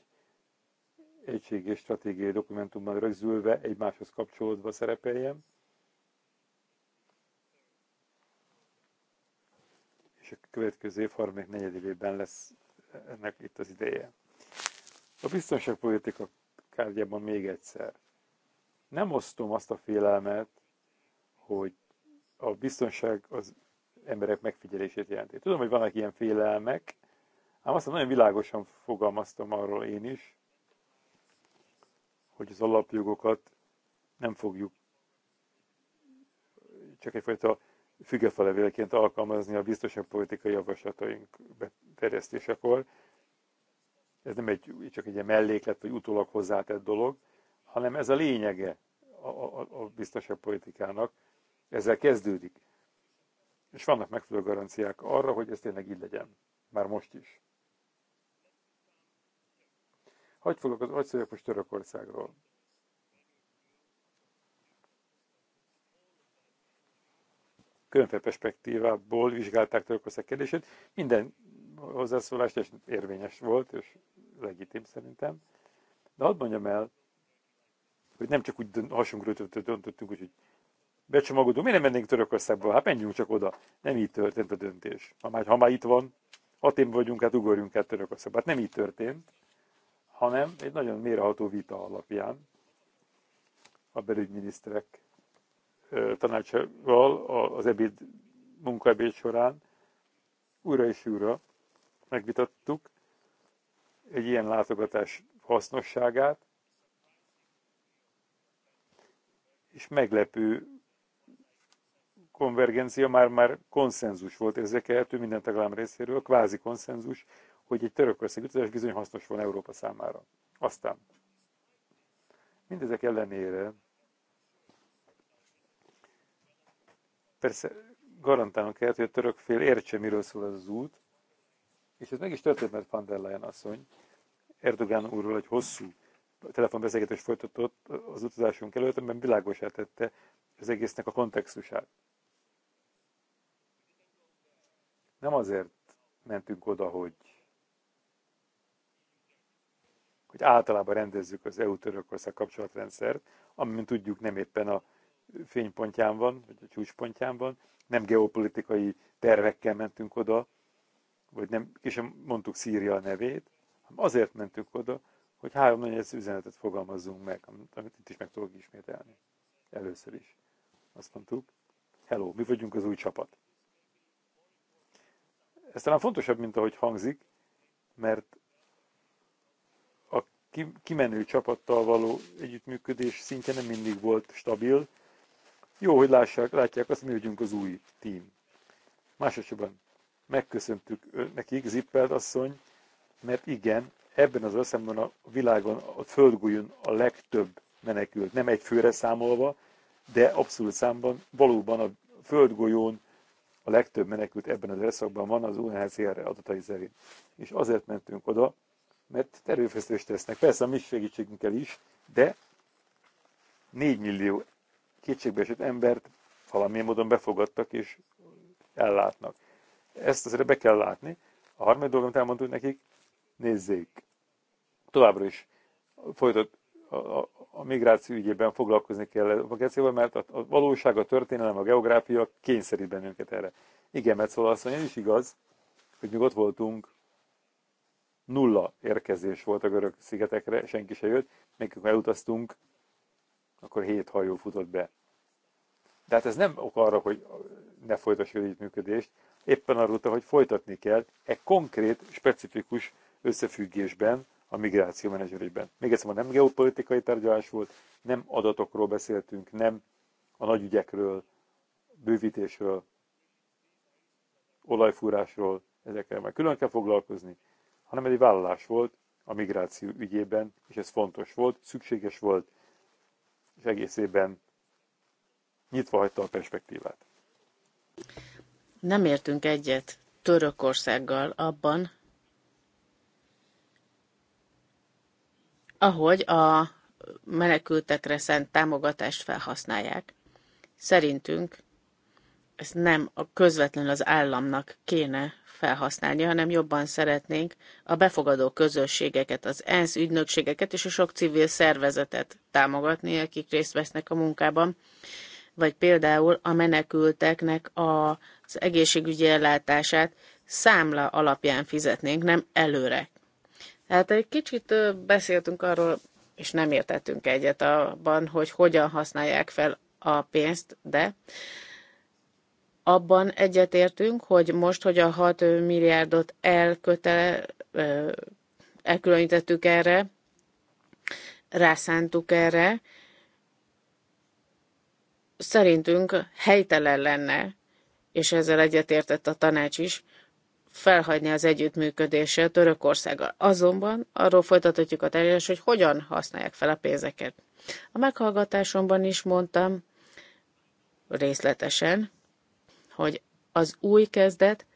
és stratégiai dokumentumban rögzülve, egymáshoz kapcsolódva szerepeljen. És a következő év harmadik évben lesz ennek itt az ideje. A biztonságpolitika kártyában még egyszer. Nem osztom azt a félelmet, hogy a biztonság az emberek megfigyelését jelenti. Tudom, hogy vannak ilyen félelmek, ám aztán nagyon világosan fogalmaztam arról én is, hogy az alapjogokat nem fogjuk csak egyfajta függetfelevéleként alkalmazni a biztosabb politikai javaslataink terjesztésekor. Ez nem egy, csak egy ilyen melléklet, vagy utólag hozzátett dolog, hanem ez a lényege a, a, a biztosabb politikának. Ezzel kezdődik és vannak megfelelő garanciák arra, hogy ez tényleg így legyen. Már most is. Hogy fogok az agyszerűek most Törökországról? Különféle perspektívából vizsgálták Törökország kérdését. Minden hozzászólás és érvényes volt, és legitim szerintem. De hadd mondjam el, hogy nem csak úgy hasonló döntöttünk, hogy becsomagodunk, miért nem mennénk Törökországba? Hát menjünk csak oda. Nem így történt a döntés. Ha már, ha már itt van, Aténban vagyunk, hát ugorjunk el Törökországba. Hát nem így történt, hanem egy nagyon méreható vita alapján a belügyminiszterek tanácsával az ebéd munkaebéd során újra és újra megvitattuk egy ilyen látogatás hasznosságát, és meglepő konvergencia, már-már konszenzus volt érzékelhető minden tagállam részéről, kvázi konszenzus, hogy egy törökország utazás bizony hasznos volna Európa számára. Aztán mindezek ellenére persze garantálnak kell, hogy a török fél értse, miről szól ez az út, és ez meg is történt, mert van der Leyen asszony Erdogán úrról egy hosszú telefonbeszélgetést folytatott az utazásunk előtt, amiben világosá tette az egésznek a kontextusát. Nem azért mentünk oda, hogy, hogy általában rendezzük az EU-Törökország kapcsolatrendszert, ami, mint tudjuk, nem éppen a fénypontján van, vagy a csúcspontján van, nem geopolitikai tervekkel mentünk oda, vagy nem, és sem mondtuk Szíria nevét, hanem azért mentünk oda, hogy három nagy üzenetet fogalmazzunk meg, amit itt is meg tudok ismételni. Először is. Azt mondtuk, hello, mi vagyunk az új csapat. Ez talán fontosabb, mint ahogy hangzik, mert a kimenő csapattal való együttműködés szintje nem mindig volt stabil. Jó, hogy lássák, látják azt, mi vagyunk az új tím. Másodszorban megköszöntük nekik, Zippelt asszony, mert igen, ebben az összemben a világon a földgolyón a legtöbb menekült, nem egy főre számolva, de abszolút számban valóban a földgolyón a legtöbb menekült ebben az erőszakban van az UNHCR adatai szerint. És azért mentünk oda, mert erőfeszítést tesznek. Persze a mi segítségünkkel is, de 4 millió kétségbeesett embert valamilyen módon befogadtak és ellátnak. Ezt azért be kell látni. A harmadik dolgot elmondtuk nekik, nézzék, továbbra is folytat a, a, a migráció ügyében foglalkozni kell a Gecivel, mert a, a valóság, a történelem, a geográfia kényszerít bennünket erre. Igen, szóval azt mondja, is igaz, hogy még ott voltunk, nulla érkezés volt a görög szigetekre, senki se jött, még amikor elutaztunk, akkor hét hajó futott be. De hát ez nem ok arra, hogy ne folytassuk együttműködést, éppen arról hogy folytatni kell egy konkrét, specifikus összefüggésben, a migráció menedzserésben. Még egyszer, nem geopolitikai tárgyalás volt, nem adatokról beszéltünk, nem a nagy ügyekről, bővítésről, olajfúrásról, ezekkel már külön kell foglalkozni, hanem egy vállalás volt a migráció ügyében, és ez fontos volt, szükséges volt, és egészében nyitva hagyta a perspektívát. Nem értünk egyet Törökországgal abban, ahogy a menekültekre szent támogatást felhasználják. Szerintünk ezt nem a közvetlenül az államnak kéne felhasználni, hanem jobban szeretnénk a befogadó közösségeket, az ENSZ ügynökségeket és a sok civil szervezetet támogatni, akik részt vesznek a munkában, vagy például a menekülteknek az egészségügyi ellátását számla alapján fizetnénk, nem előre Hát egy kicsit beszéltünk arról, és nem értettünk egyet abban, hogy hogyan használják fel a pénzt, de abban egyetértünk, hogy most, hogy a 6 milliárdot elkötele, elkülönítettük erre, rászántuk erre, szerintünk helytelen lenne, és ezzel egyetértett a tanács is, felhagyni az együttműködéssel Törökországgal. Azonban arról folytatjuk a terjes, hogy hogyan használják fel a pénzeket. A meghallgatásomban is mondtam részletesen, hogy az új kezdet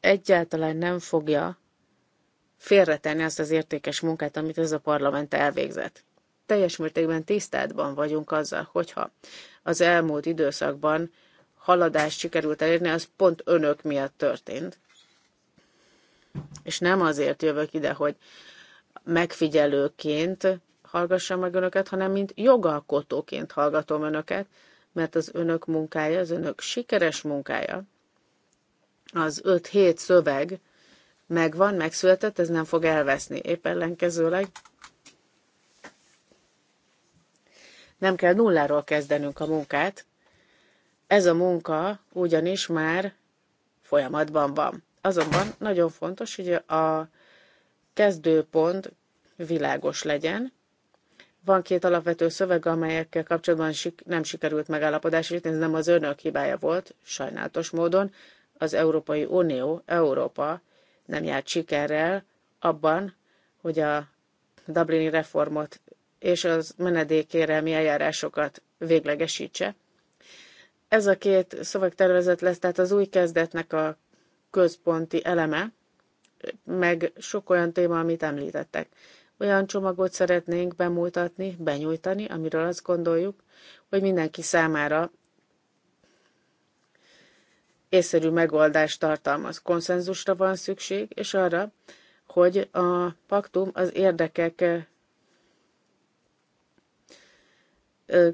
egyáltalán nem fogja félretenni azt az értékes munkát, amit ez a parlament elvégzett. Teljes mértékben tisztátban vagyunk azzal, hogyha az elmúlt időszakban haladást sikerült elérni, az pont önök miatt történt. És nem azért jövök ide, hogy megfigyelőként hallgassam meg önöket, hanem mint jogalkotóként hallgatom önöket, mert az önök munkája, az önök sikeres munkája, az 5-7 szöveg megvan, megszületett, ez nem fog elveszni. Épp ellenkezőleg nem kell nulláról kezdenünk a munkát, ez a munka ugyanis már folyamatban van. Azonban nagyon fontos, hogy a kezdőpont világos legyen. Van két alapvető szöveg, amelyekkel kapcsolatban nem sikerült megállapodás, jutni, ez nem az önök hibája volt, sajnálatos módon. Az Európai Unió, Európa nem járt sikerrel abban, hogy a Dublini reformot és az menedékérelmi eljárásokat véglegesítse. Ez a két szövegtervezet lesz tehát az új kezdetnek a központi eleme, meg sok olyan téma, amit említettek. Olyan csomagot szeretnénk bemutatni, benyújtani, amiről azt gondoljuk, hogy mindenki számára észszerű megoldást tartalmaz. Konszenzusra van szükség, és arra, hogy a paktum az érdekek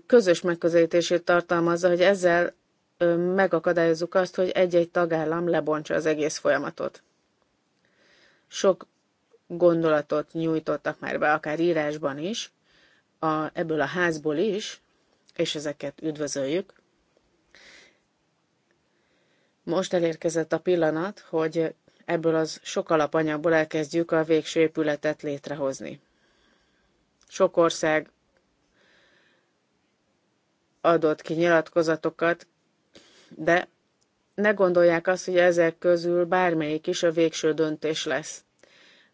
közös megközelítését tartalmazza, hogy ezzel megakadályozzuk azt, hogy egy-egy tagállam lebontsa az egész folyamatot. Sok gondolatot nyújtottak már be, akár írásban is, a, ebből a házból is, és ezeket üdvözöljük. Most elérkezett a pillanat, hogy ebből az sok alapanyagból elkezdjük a végső épületet létrehozni. Sok ország adott ki nyilatkozatokat, de ne gondolják azt, hogy ezek közül bármelyik is a végső döntés lesz.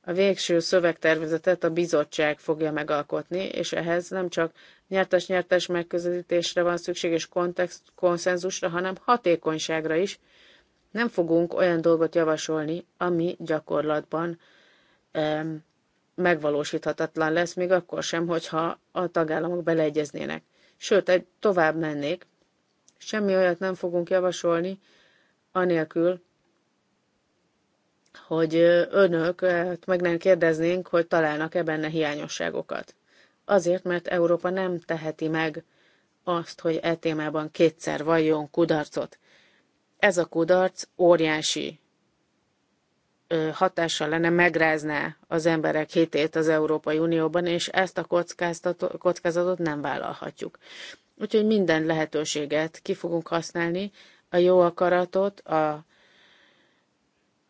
A végső szövegtervezetet a bizottság fogja megalkotni, és ehhez nem csak nyertes-nyertes megközelítésre van szükség és kontext, konszenzusra, hanem hatékonyságra is. Nem fogunk olyan dolgot javasolni, ami gyakorlatban em, megvalósíthatatlan lesz, még akkor sem, hogyha a tagállamok beleegyeznének. Sőt, egy tovább mennék. Semmi olyat nem fogunk javasolni, anélkül, hogy önök hát meg nem kérdeznénk, hogy találnak-e benne hiányosságokat. Azért, mert Európa nem teheti meg azt, hogy e témában kétszer valljon kudarcot. Ez a kudarc óriási hatással lenne, megrázná az emberek hitét az Európai Unióban, és ezt a kockázatot nem vállalhatjuk. Úgyhogy minden lehetőséget ki fogunk használni, a jó akaratot, a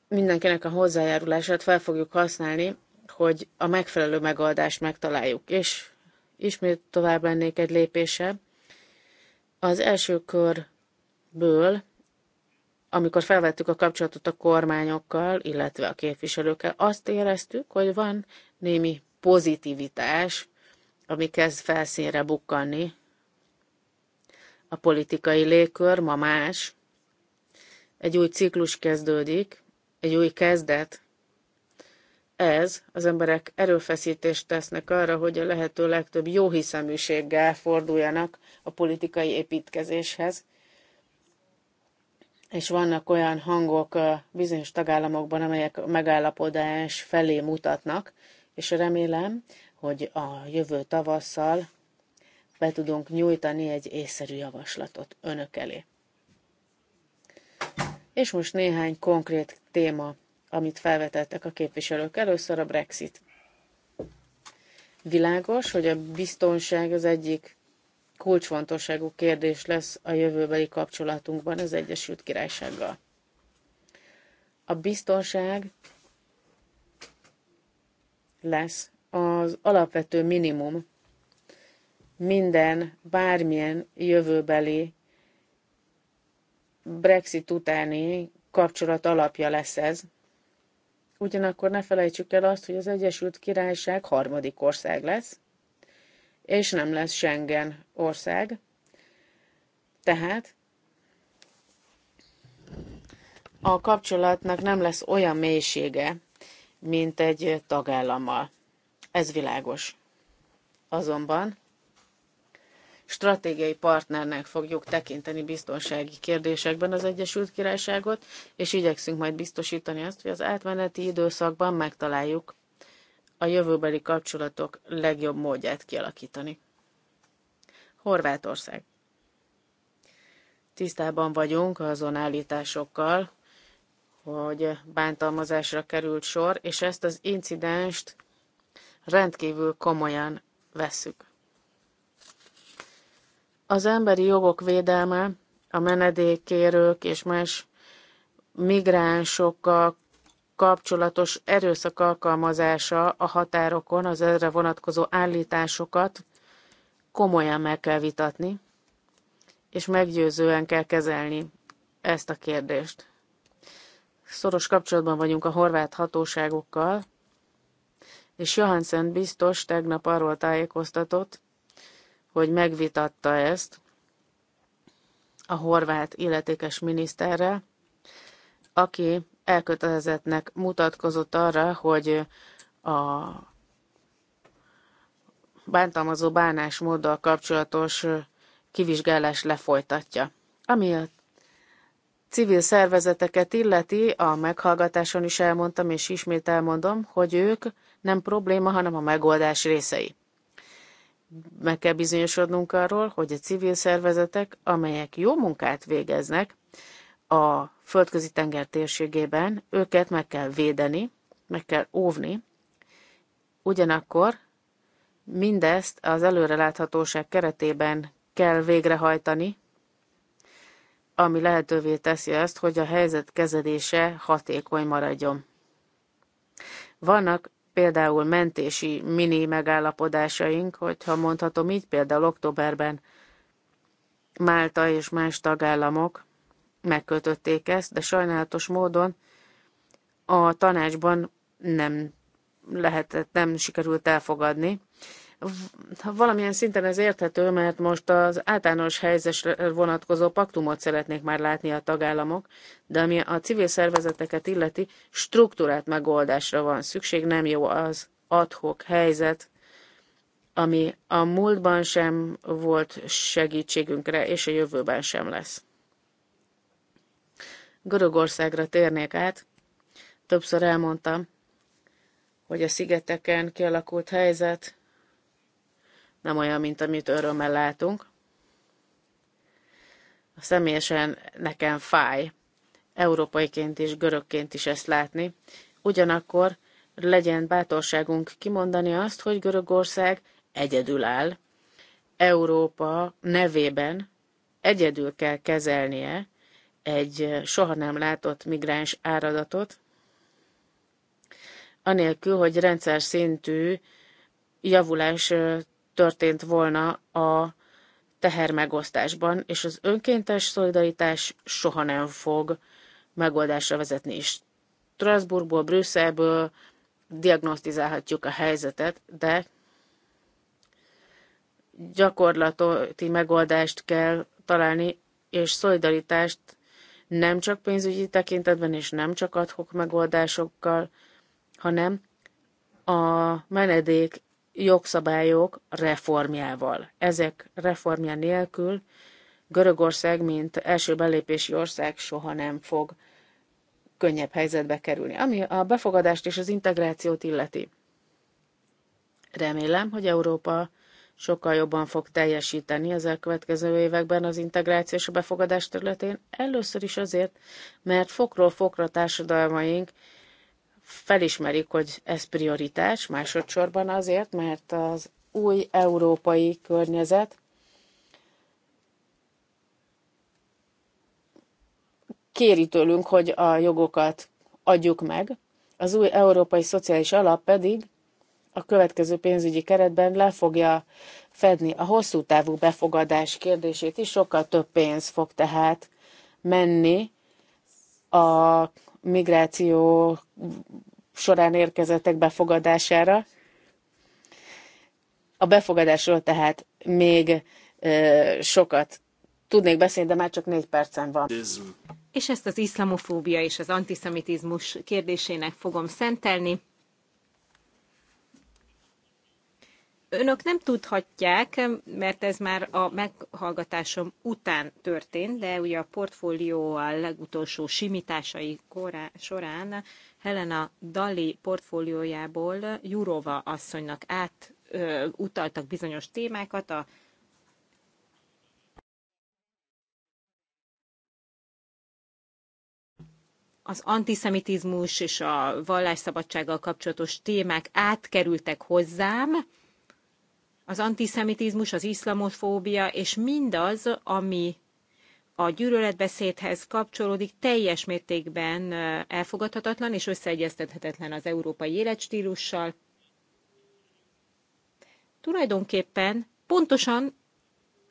mindenkinek a hozzájárulását fel fogjuk használni, hogy a megfelelő megoldást megtaláljuk. És ismét tovább lennék egy lépése. Az első körből amikor felvettük a kapcsolatot a kormányokkal, illetve a képviselőkkel, azt éreztük, hogy van némi pozitivitás, ami kezd felszínre bukkanni. A politikai légkör ma más. Egy új ciklus kezdődik, egy új kezdet. Ez az emberek erőfeszítést tesznek arra, hogy a lehető legtöbb jóhiszeműséggel forduljanak a politikai építkezéshez, és vannak olyan hangok bizonyos tagállamokban, amelyek megállapodás felé mutatnak, és remélem, hogy a jövő tavasszal be tudunk nyújtani egy észszerű javaslatot önök elé. És most néhány konkrét téma, amit felvetettek a képviselők. Először a Brexit. Világos, hogy a biztonság az egyik kulcsfontosságú kérdés lesz a jövőbeli kapcsolatunkban az Egyesült Királysággal. A biztonság lesz az alapvető minimum minden, bármilyen jövőbeli Brexit utáni kapcsolat alapja lesz ez. Ugyanakkor ne felejtsük el azt, hogy az Egyesült Királyság harmadik ország lesz, és nem lesz Schengen ország. Tehát a kapcsolatnak nem lesz olyan mélysége, mint egy tagállammal. Ez világos. Azonban stratégiai partnernek fogjuk tekinteni biztonsági kérdésekben az Egyesült Királyságot, és igyekszünk majd biztosítani azt, hogy az átmeneti időszakban megtaláljuk a jövőbeli kapcsolatok legjobb módját kialakítani. Horvátország. Tisztában vagyunk azon állításokkal, hogy bántalmazásra került sor, és ezt az incidenst rendkívül komolyan vesszük. Az emberi jogok védelme, a menedékkérők és más migránsokkal kapcsolatos erőszak alkalmazása a határokon, az erre vonatkozó állításokat komolyan meg kell vitatni, és meggyőzően kell kezelni ezt a kérdést. Szoros kapcsolatban vagyunk a horvát hatóságokkal, és Johansen biztos tegnap arról tájékoztatott, hogy megvitatta ezt a horvát illetékes miniszterrel, aki elkötelezettnek mutatkozott arra, hogy a bántalmazó bánásmóddal kapcsolatos kivizsgálás lefolytatja. Ami a civil szervezeteket illeti, a meghallgatáson is elmondtam, és ismét elmondom, hogy ők nem probléma, hanem a megoldás részei. Meg kell bizonyosodnunk arról, hogy a civil szervezetek, amelyek jó munkát végeznek, a földközi tenger térségében, őket meg kell védeni, meg kell óvni, ugyanakkor mindezt az előreláthatóság keretében kell végrehajtani, ami lehetővé teszi azt, hogy a helyzet kezedése hatékony maradjon. Vannak például mentési mini megállapodásaink, hogyha mondhatom így, például októberben Málta és más tagállamok megkötötték ezt, de sajnálatos módon a tanácsban nem lehetett, nem sikerült elfogadni. Valamilyen szinten ez érthető, mert most az általános helyzetre vonatkozó paktumot szeretnék már látni a tagállamok, de ami a civil szervezeteket illeti, struktúrát megoldásra van szükség, nem jó az adhok helyzet, ami a múltban sem volt segítségünkre, és a jövőben sem lesz. Görögországra térnék át, többször elmondtam, hogy a szigeteken kialakult helyzet nem olyan, mint amit örömmel látunk. Személyesen nekem fáj, európaiként és görögként is ezt látni. Ugyanakkor legyen bátorságunk kimondani azt, hogy Görögország egyedül áll. Európa nevében egyedül kell kezelnie egy soha nem látott migráns áradatot, anélkül, hogy rendszer szintű javulás történt volna a tehermegosztásban, és az önkéntes szolidaritás soha nem fog megoldásra vezetni is. Strasbourgból, Brüsszelből diagnosztizálhatjuk a helyzetet, de gyakorlati megoldást kell találni, és szolidaritást nem csak pénzügyi tekintetben és nem csak adhok megoldásokkal, hanem a menedék jogszabályok reformjával. Ezek reformja nélkül Görögország, mint első belépési ország soha nem fog könnyebb helyzetbe kerülni, ami a befogadást és az integrációt illeti. Remélem, hogy Európa sokkal jobban fog teljesíteni az elkövetkező években az integráció és a befogadás területén. Először is azért, mert fokról fokra társadalmaink felismerik, hogy ez prioritás, másodszorban azért, mert az új európai környezet kéri tőlünk, hogy a jogokat adjuk meg, az új európai szociális alap pedig a következő pénzügyi keretben le fogja fedni a hosszú távú befogadás kérdését is, sokkal több pénz fog tehát menni a migráció során érkezettek befogadására. A befogadásról tehát még ö, sokat tudnék beszélni, de már csak négy percen van. És ezt az iszlamofóbia és az antiszemitizmus kérdésének fogom szentelni. Önök nem tudhatják, mert ez már a meghallgatásom után történt, de ugye a portfólió a legutolsó simításai korán, során Helena Dali portfóliójából Jurova asszonynak át ö, utaltak bizonyos témákat, a az antiszemitizmus és a vallásszabadsággal kapcsolatos témák átkerültek hozzám, az antiszemitizmus, az iszlamofóbia, és mindaz, ami a gyűlöletbeszédhez kapcsolódik, teljes mértékben elfogadhatatlan és összeegyeztethetetlen az európai életstílussal. Tulajdonképpen pontosan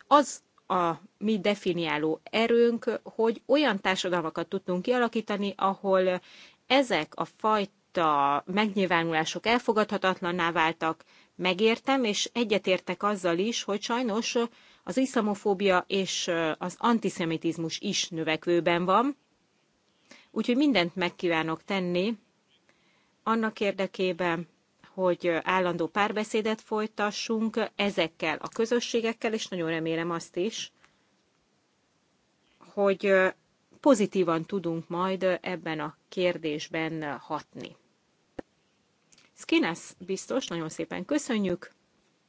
az a mi definiáló erőnk, hogy olyan társadalmakat tudtunk kialakítani, ahol ezek a fajta megnyilvánulások elfogadhatatlanná váltak, megértem, és egyetértek azzal is, hogy sajnos az iszlamofóbia és az antiszemitizmus is növekvőben van, úgyhogy mindent megkívánok tenni annak érdekében, hogy állandó párbeszédet folytassunk ezekkel a közösségekkel, és nagyon remélem azt is, hogy pozitívan tudunk majd ebben a kérdésben hatni. Skinas biztos, nagyon szépen köszönjük.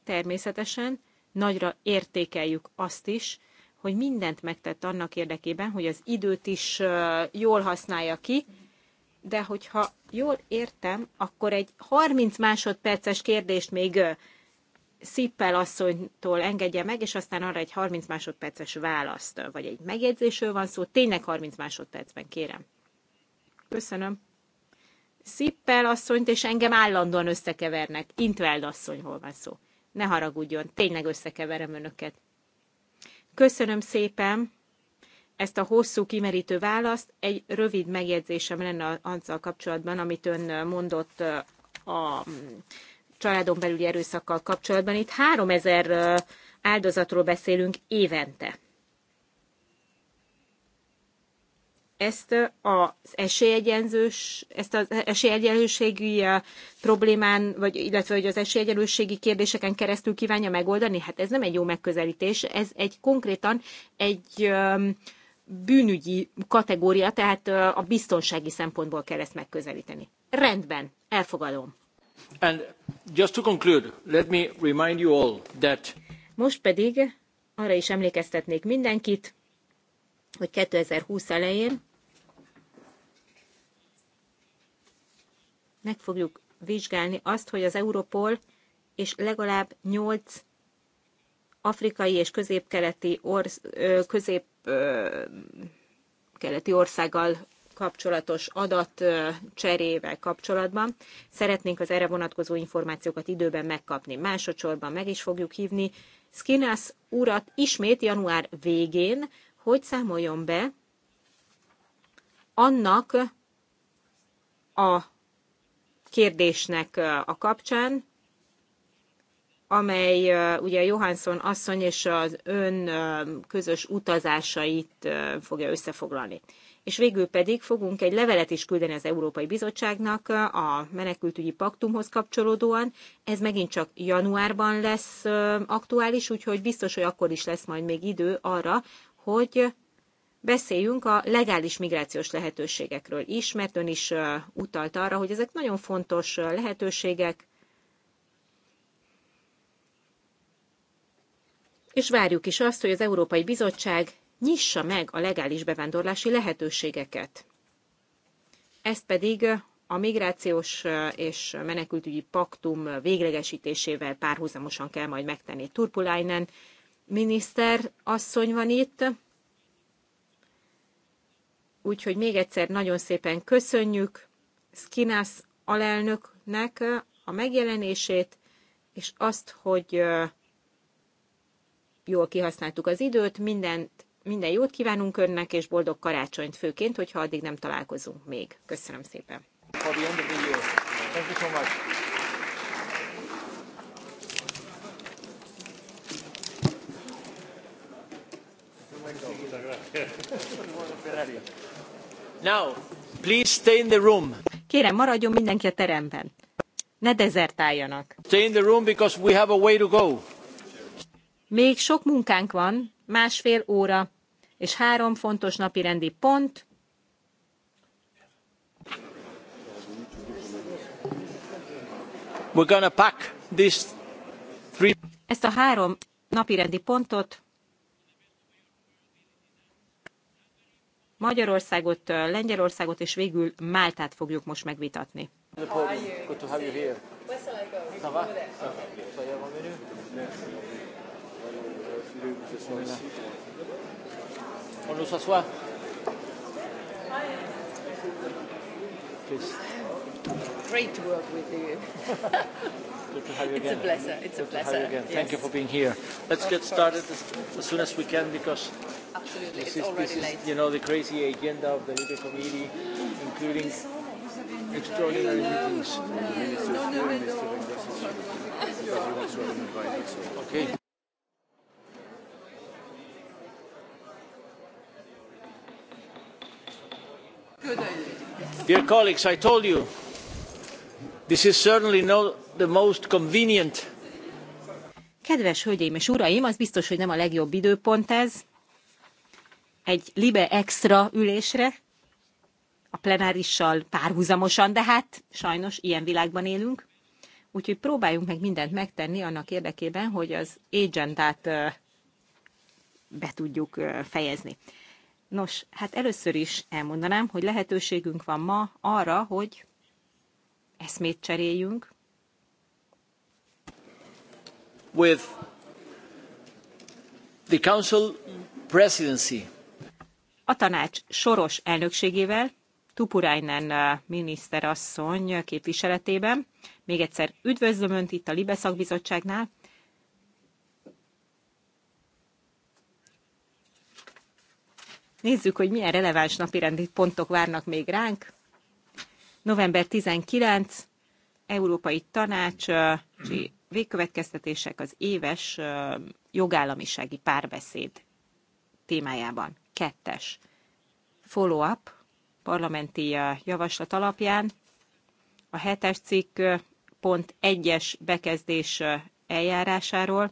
Természetesen nagyra értékeljük azt is, hogy mindent megtett annak érdekében, hogy az időt is jól használja ki, de hogyha jól értem, akkor egy 30 másodperces kérdést még Szippel asszonytól engedje meg, és aztán arra egy 30 másodperces választ, vagy egy megjegyzésről van szó. Tényleg 30 másodpercben kérem. Köszönöm. Szippel asszonyt, és engem állandóan összekevernek. Intveld hol van szó. Ne haragudjon, tényleg összekeverem önöket. Köszönöm szépen ezt a hosszú, kimerítő választ. Egy rövid megjegyzésem lenne azzal kapcsolatban, amit ön mondott a mm, családon belüli erőszakkal kapcsolatban. Itt 3000 áldozatról beszélünk évente. ezt az esélyegyenzős, ezt az esélyegyenlőségű problémán, vagy illetve hogy az esélyegyenlőségi kérdéseken keresztül kívánja megoldani, hát ez nem egy jó megközelítés, ez egy konkrétan egy bűnügyi kategória, tehát a biztonsági szempontból kell ezt megközelíteni. Rendben, elfogadom. And just to conclude, let me remind you all that... Most pedig arra is emlékeztetnék mindenkit, hogy 2020 elején meg fogjuk vizsgálni azt, hogy az Europol és legalább nyolc afrikai és középkeleti orsz, közép, keleti országgal kapcsolatos adat cserével kapcsolatban. Szeretnénk az erre vonatkozó információkat időben megkapni. Másodszorban meg is fogjuk hívni Skinas urat ismét január végén, hogy számoljon be annak a kérdésnek a kapcsán, amely ugye Johansson asszony és az ön közös utazásait fogja összefoglalni. És végül pedig fogunk egy levelet is küldeni az Európai Bizottságnak a menekültügyi paktumhoz kapcsolódóan. Ez megint csak januárban lesz aktuális, úgyhogy biztos, hogy akkor is lesz majd még idő arra, hogy beszéljünk a legális migrációs lehetőségekről is, mert ön is utalt arra, hogy ezek nagyon fontos lehetőségek, és várjuk is azt, hogy az Európai Bizottság nyissa meg a legális bevándorlási lehetőségeket. Ezt pedig a migrációs és menekültügyi paktum véglegesítésével párhuzamosan kell majd megtenni. Turpulainen miniszter asszony van itt, Úgyhogy még egyszer nagyon szépen köszönjük Skinas alelnöknek a megjelenését, és azt, hogy jól kihasználtuk az időt, mindent, minden jót kívánunk önnek, és boldog karácsonyt főként, hogyha addig nem találkozunk még. Köszönöm szépen! Now, please stay in the room. Kérem, maradjon mindenki a teremben. Ne dezertáljanak. Stay in the room because we have a way to go. Még sok munkánk van, másfél óra, és három fontos napi rendi pont. We're gonna pack this three... Ezt a három napirendi pontot Magyarországot, Lengyelországot és végül Máltát fogjuk most megvitatni. Great to work with you. Good to have you again. It's a pleasure. It's Good a pleasure. To have you again. Yes. Thank you for being here. Let's get started as, as soon as we can because Absolutely, this it's is, already this late. Is, you know the crazy agenda of the Libre Committee, including extraordinary meetings. No, no, no. Okay. Dear colleagues, I told you, this is certainly not the most convenient. Kedves hölgyeim és uraim, az biztos, hogy nem a legjobb időpont ez, egy libe extra ülésre, a plenárissal párhuzamosan, de hát sajnos ilyen világban élünk. Úgyhogy próbáljunk meg mindent megtenni annak érdekében, hogy az agendát be tudjuk fejezni. Nos, hát először is elmondanám, hogy lehetőségünk van ma arra, hogy eszmét cseréljünk. With the Council Presidency a tanács soros elnökségével, Tupurainen eh, miniszterasszony képviseletében. Még egyszer üdvözlöm Önt itt a Libe szakbizottságnál. Nézzük, hogy milyen releváns napirendi pontok várnak még ránk. November 19, Európai Tanács eh, végkövetkeztetések az éves eh, jogállamisági párbeszéd témájában. Kettes. Follow-up parlamenti eh, javaslat alapján a hetes cikk eh, pont egyes bekezdés eh, eljárásáról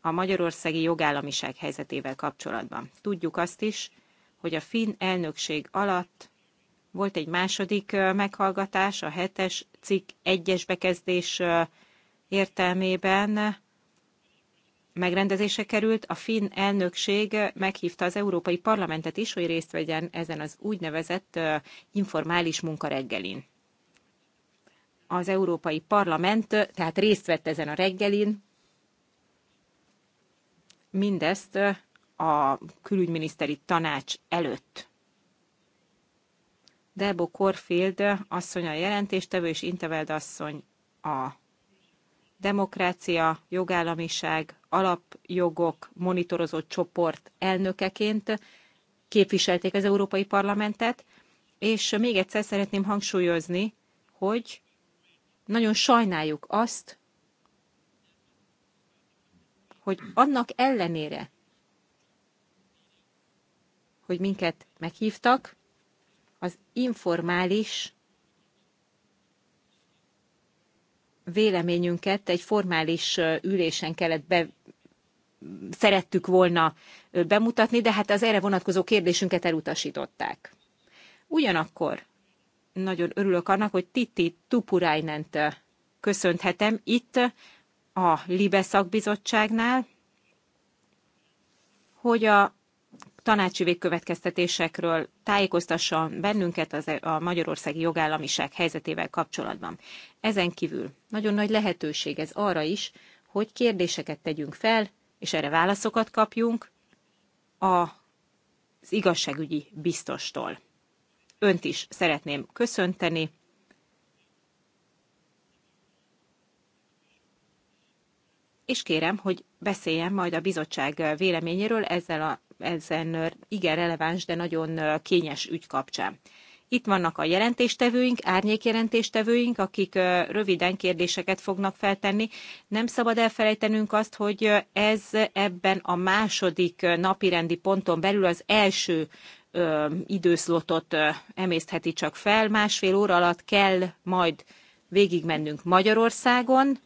a magyarországi jogállamiság helyzetével kapcsolatban. Tudjuk azt is, hogy a finn elnökség alatt volt egy második meghallgatás a hetes cikk egyes bekezdés értelmében megrendezése került, a finn elnökség meghívta az Európai Parlamentet is, hogy részt vegyen ezen az úgynevezett informális munkareggelin. Az Európai Parlament tehát részt vett ezen a reggelin, mindezt a külügyminiszteri tanács előtt. Debo Corfield asszony a jelentéstevő, és Inteveld asszony a demokrácia, jogállamiság, alapjogok monitorozó csoport elnökeként képviselték az Európai Parlamentet, és még egyszer szeretném hangsúlyozni, hogy nagyon sajnáljuk azt, hogy annak ellenére, hogy minket meghívtak, az informális véleményünket egy formális ülésen kellett be, szerettük volna bemutatni, de hát az erre vonatkozó kérdésünket elutasították. Ugyanakkor nagyon örülök annak, hogy Titi Tupurájnent köszönhetem itt a Libe szakbizottságnál, hogy a tanácsi végkövetkeztetésekről tájékoztassa bennünket az e- a magyarországi jogállamiság helyzetével kapcsolatban. Ezen kívül nagyon nagy lehetőség ez arra is, hogy kérdéseket tegyünk fel, és erre válaszokat kapjunk az igazságügyi biztostól. Önt is szeretném köszönteni. és kérem, hogy beszéljen majd a bizottság véleményéről ezzel a ezen igen releváns, de nagyon kényes ügy kapcsán. Itt vannak a jelentéstevőink, árnyékjelentéstevőink, akik röviden kérdéseket fognak feltenni. Nem szabad elfelejtenünk azt, hogy ez ebben a második napirendi ponton belül az első időszlotot emésztheti csak fel. Másfél óra alatt kell majd végigmennünk Magyarországon,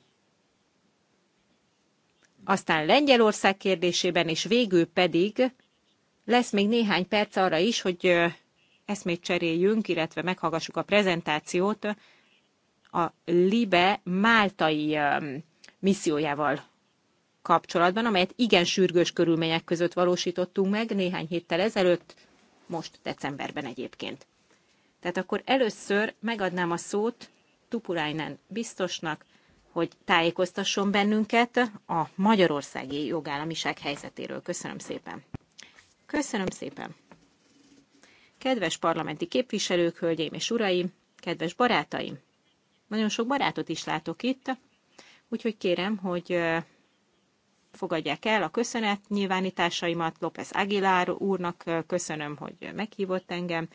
aztán Lengyelország kérdésében, és végül pedig lesz még néhány perc arra is, hogy eszmét cseréljünk, illetve meghallgassuk a prezentációt a LIBE máltai missziójával kapcsolatban, amelyet igen sürgős körülmények között valósítottunk meg néhány héttel ezelőtt, most decemberben egyébként. Tehát akkor először megadnám a szót Tupulainen biztosnak, hogy tájékoztasson bennünket a magyarországi jogállamiság helyzetéről. Köszönöm szépen! Köszönöm szépen! Kedves parlamenti képviselők, hölgyeim és uraim, kedves barátaim! Nagyon sok barátot is látok itt, úgyhogy kérem, hogy fogadják el a köszönet nyilvánításaimat. López Aguilar úrnak köszönöm, hogy meghívott engem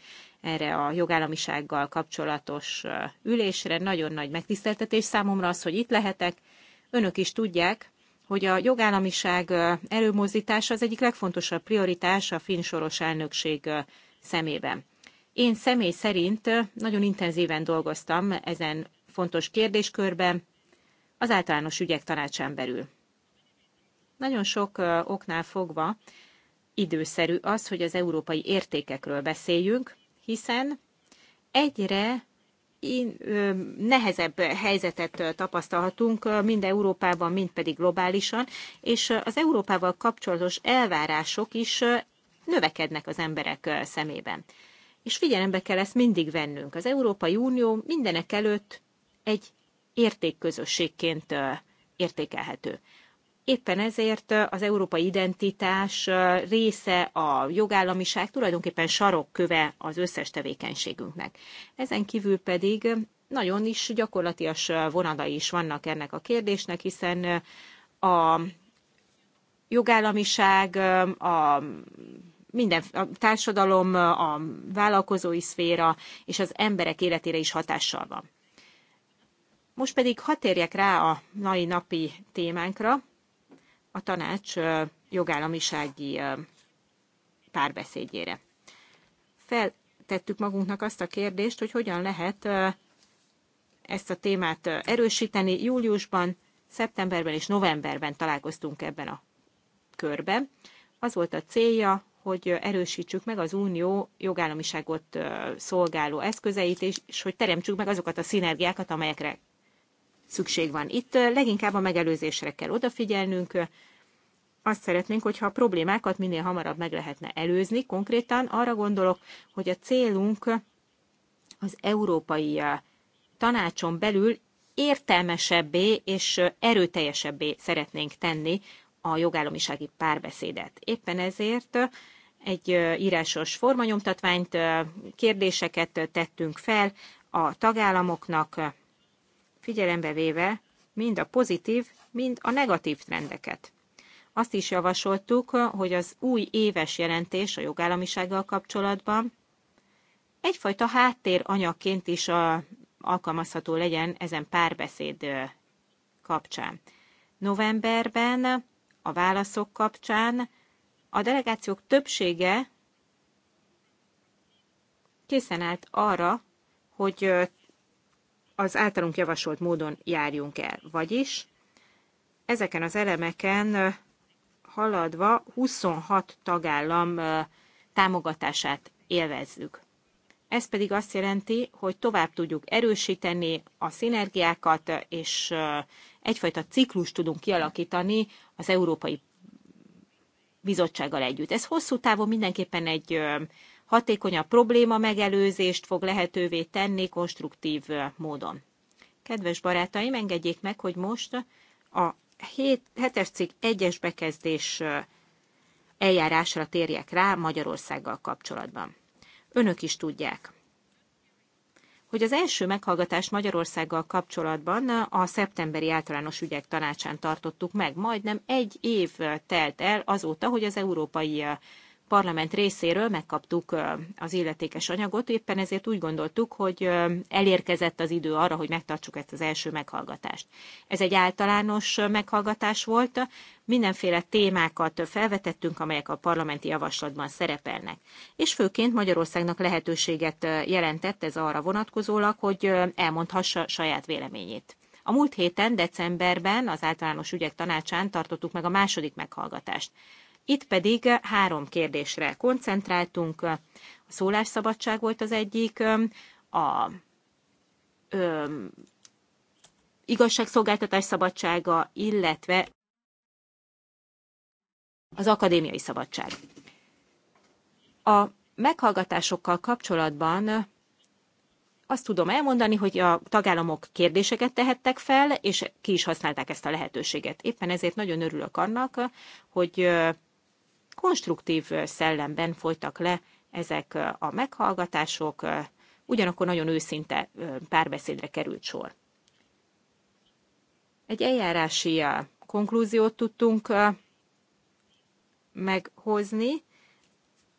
erre a jogállamisággal kapcsolatos ülésre. Nagyon nagy megtiszteltetés számomra az, hogy itt lehetek. Önök is tudják, hogy a jogállamiság előmozdítása az egyik legfontosabb prioritás a finn soros elnökség szemében. Én személy szerint nagyon intenzíven dolgoztam ezen fontos kérdéskörben az általános ügyek tanácsán belül. Nagyon sok oknál fogva időszerű az, hogy az európai értékekről beszéljünk, hiszen egyre nehezebb helyzetet tapasztalhatunk mind Európában, mind pedig globálisan, és az Európával kapcsolatos elvárások is növekednek az emberek szemében. És figyelembe kell ezt mindig vennünk. Az Európai Unió mindenek előtt egy értékközösségként értékelhető. Éppen ezért az európai identitás része a jogállamiság tulajdonképpen sarokköve az összes tevékenységünknek. Ezen kívül pedig nagyon is gyakorlatias vonalai is vannak ennek a kérdésnek, hiszen a jogállamiság, a minden a társadalom, a vállalkozói szféra és az emberek életére is hatással van. Most pedig hat térjek rá a mai napi témánkra, a tanács jogállamisági párbeszédjére. Feltettük magunknak azt a kérdést, hogy hogyan lehet ezt a témát erősíteni. Júliusban, szeptemberben és novemberben találkoztunk ebben a körben. Az volt a célja, hogy erősítsük meg az unió jogállamiságot szolgáló eszközeit, és hogy teremtsük meg azokat a szinergiákat, amelyekre szükség van. Itt leginkább a megelőzésre kell odafigyelnünk, azt szeretnénk, hogyha a problémákat minél hamarabb meg lehetne előzni. Konkrétan arra gondolok, hogy a célunk az európai eh, tanácson belül értelmesebbé és eh, erőteljesebbé szeretnénk tenni a jogállamisági párbeszédet. Éppen ezért eh, egy írásos formanyomtatványt, kérdéseket tettünk fel a tagállamoknak, figyelembe véve mind a pozitív, mind a negatív trendeket. Azt is javasoltuk, hogy az új éves jelentés a jogállamisággal kapcsolatban egyfajta háttéranyagként is a, alkalmazható legyen ezen párbeszéd kapcsán. Novemberben a válaszok kapcsán a delegációk többsége készen állt arra, hogy az általunk javasolt módon járjunk el. Vagyis ezeken az elemeken haladva 26 tagállam támogatását élvezzük. Ez pedig azt jelenti, hogy tovább tudjuk erősíteni a szinergiákat, és egyfajta ciklus tudunk kialakítani az Európai Bizottsággal együtt. Ez hosszú távon mindenképpen egy hatékonyabb probléma megelőzést fog lehetővé tenni konstruktív módon. Kedves barátaim, engedjék meg, hogy most a 7 cikk 1-es bekezdés eljárásra térjek rá Magyarországgal kapcsolatban. Önök is tudják, hogy az első meghallgatást Magyarországgal kapcsolatban a szeptemberi általános ügyek tanácsán tartottuk meg. Majdnem egy év telt el azóta, hogy az Európai parlament részéről megkaptuk az illetékes anyagot, éppen ezért úgy gondoltuk, hogy elérkezett az idő arra, hogy megtartsuk ezt az első meghallgatást. Ez egy általános meghallgatás volt, mindenféle témákat felvetettünk, amelyek a parlamenti javaslatban szerepelnek. És főként Magyarországnak lehetőséget jelentett ez arra vonatkozólag, hogy elmondhassa saját véleményét. A múlt héten, decemberben az általános ügyek tanácsán tartottuk meg a második meghallgatást. Itt pedig három kérdésre koncentráltunk. A szólásszabadság volt az egyik, a ö, igazságszolgáltatás szabadsága, illetve az akadémiai szabadság. A meghallgatásokkal kapcsolatban azt tudom elmondani, hogy a tagállamok kérdéseket tehettek fel, és ki is használták ezt a lehetőséget. Éppen ezért nagyon örülök annak, hogy konstruktív szellemben folytak le ezek a meghallgatások, ugyanakkor nagyon őszinte párbeszédre került sor. Egy eljárási konklúziót tudtunk meghozni,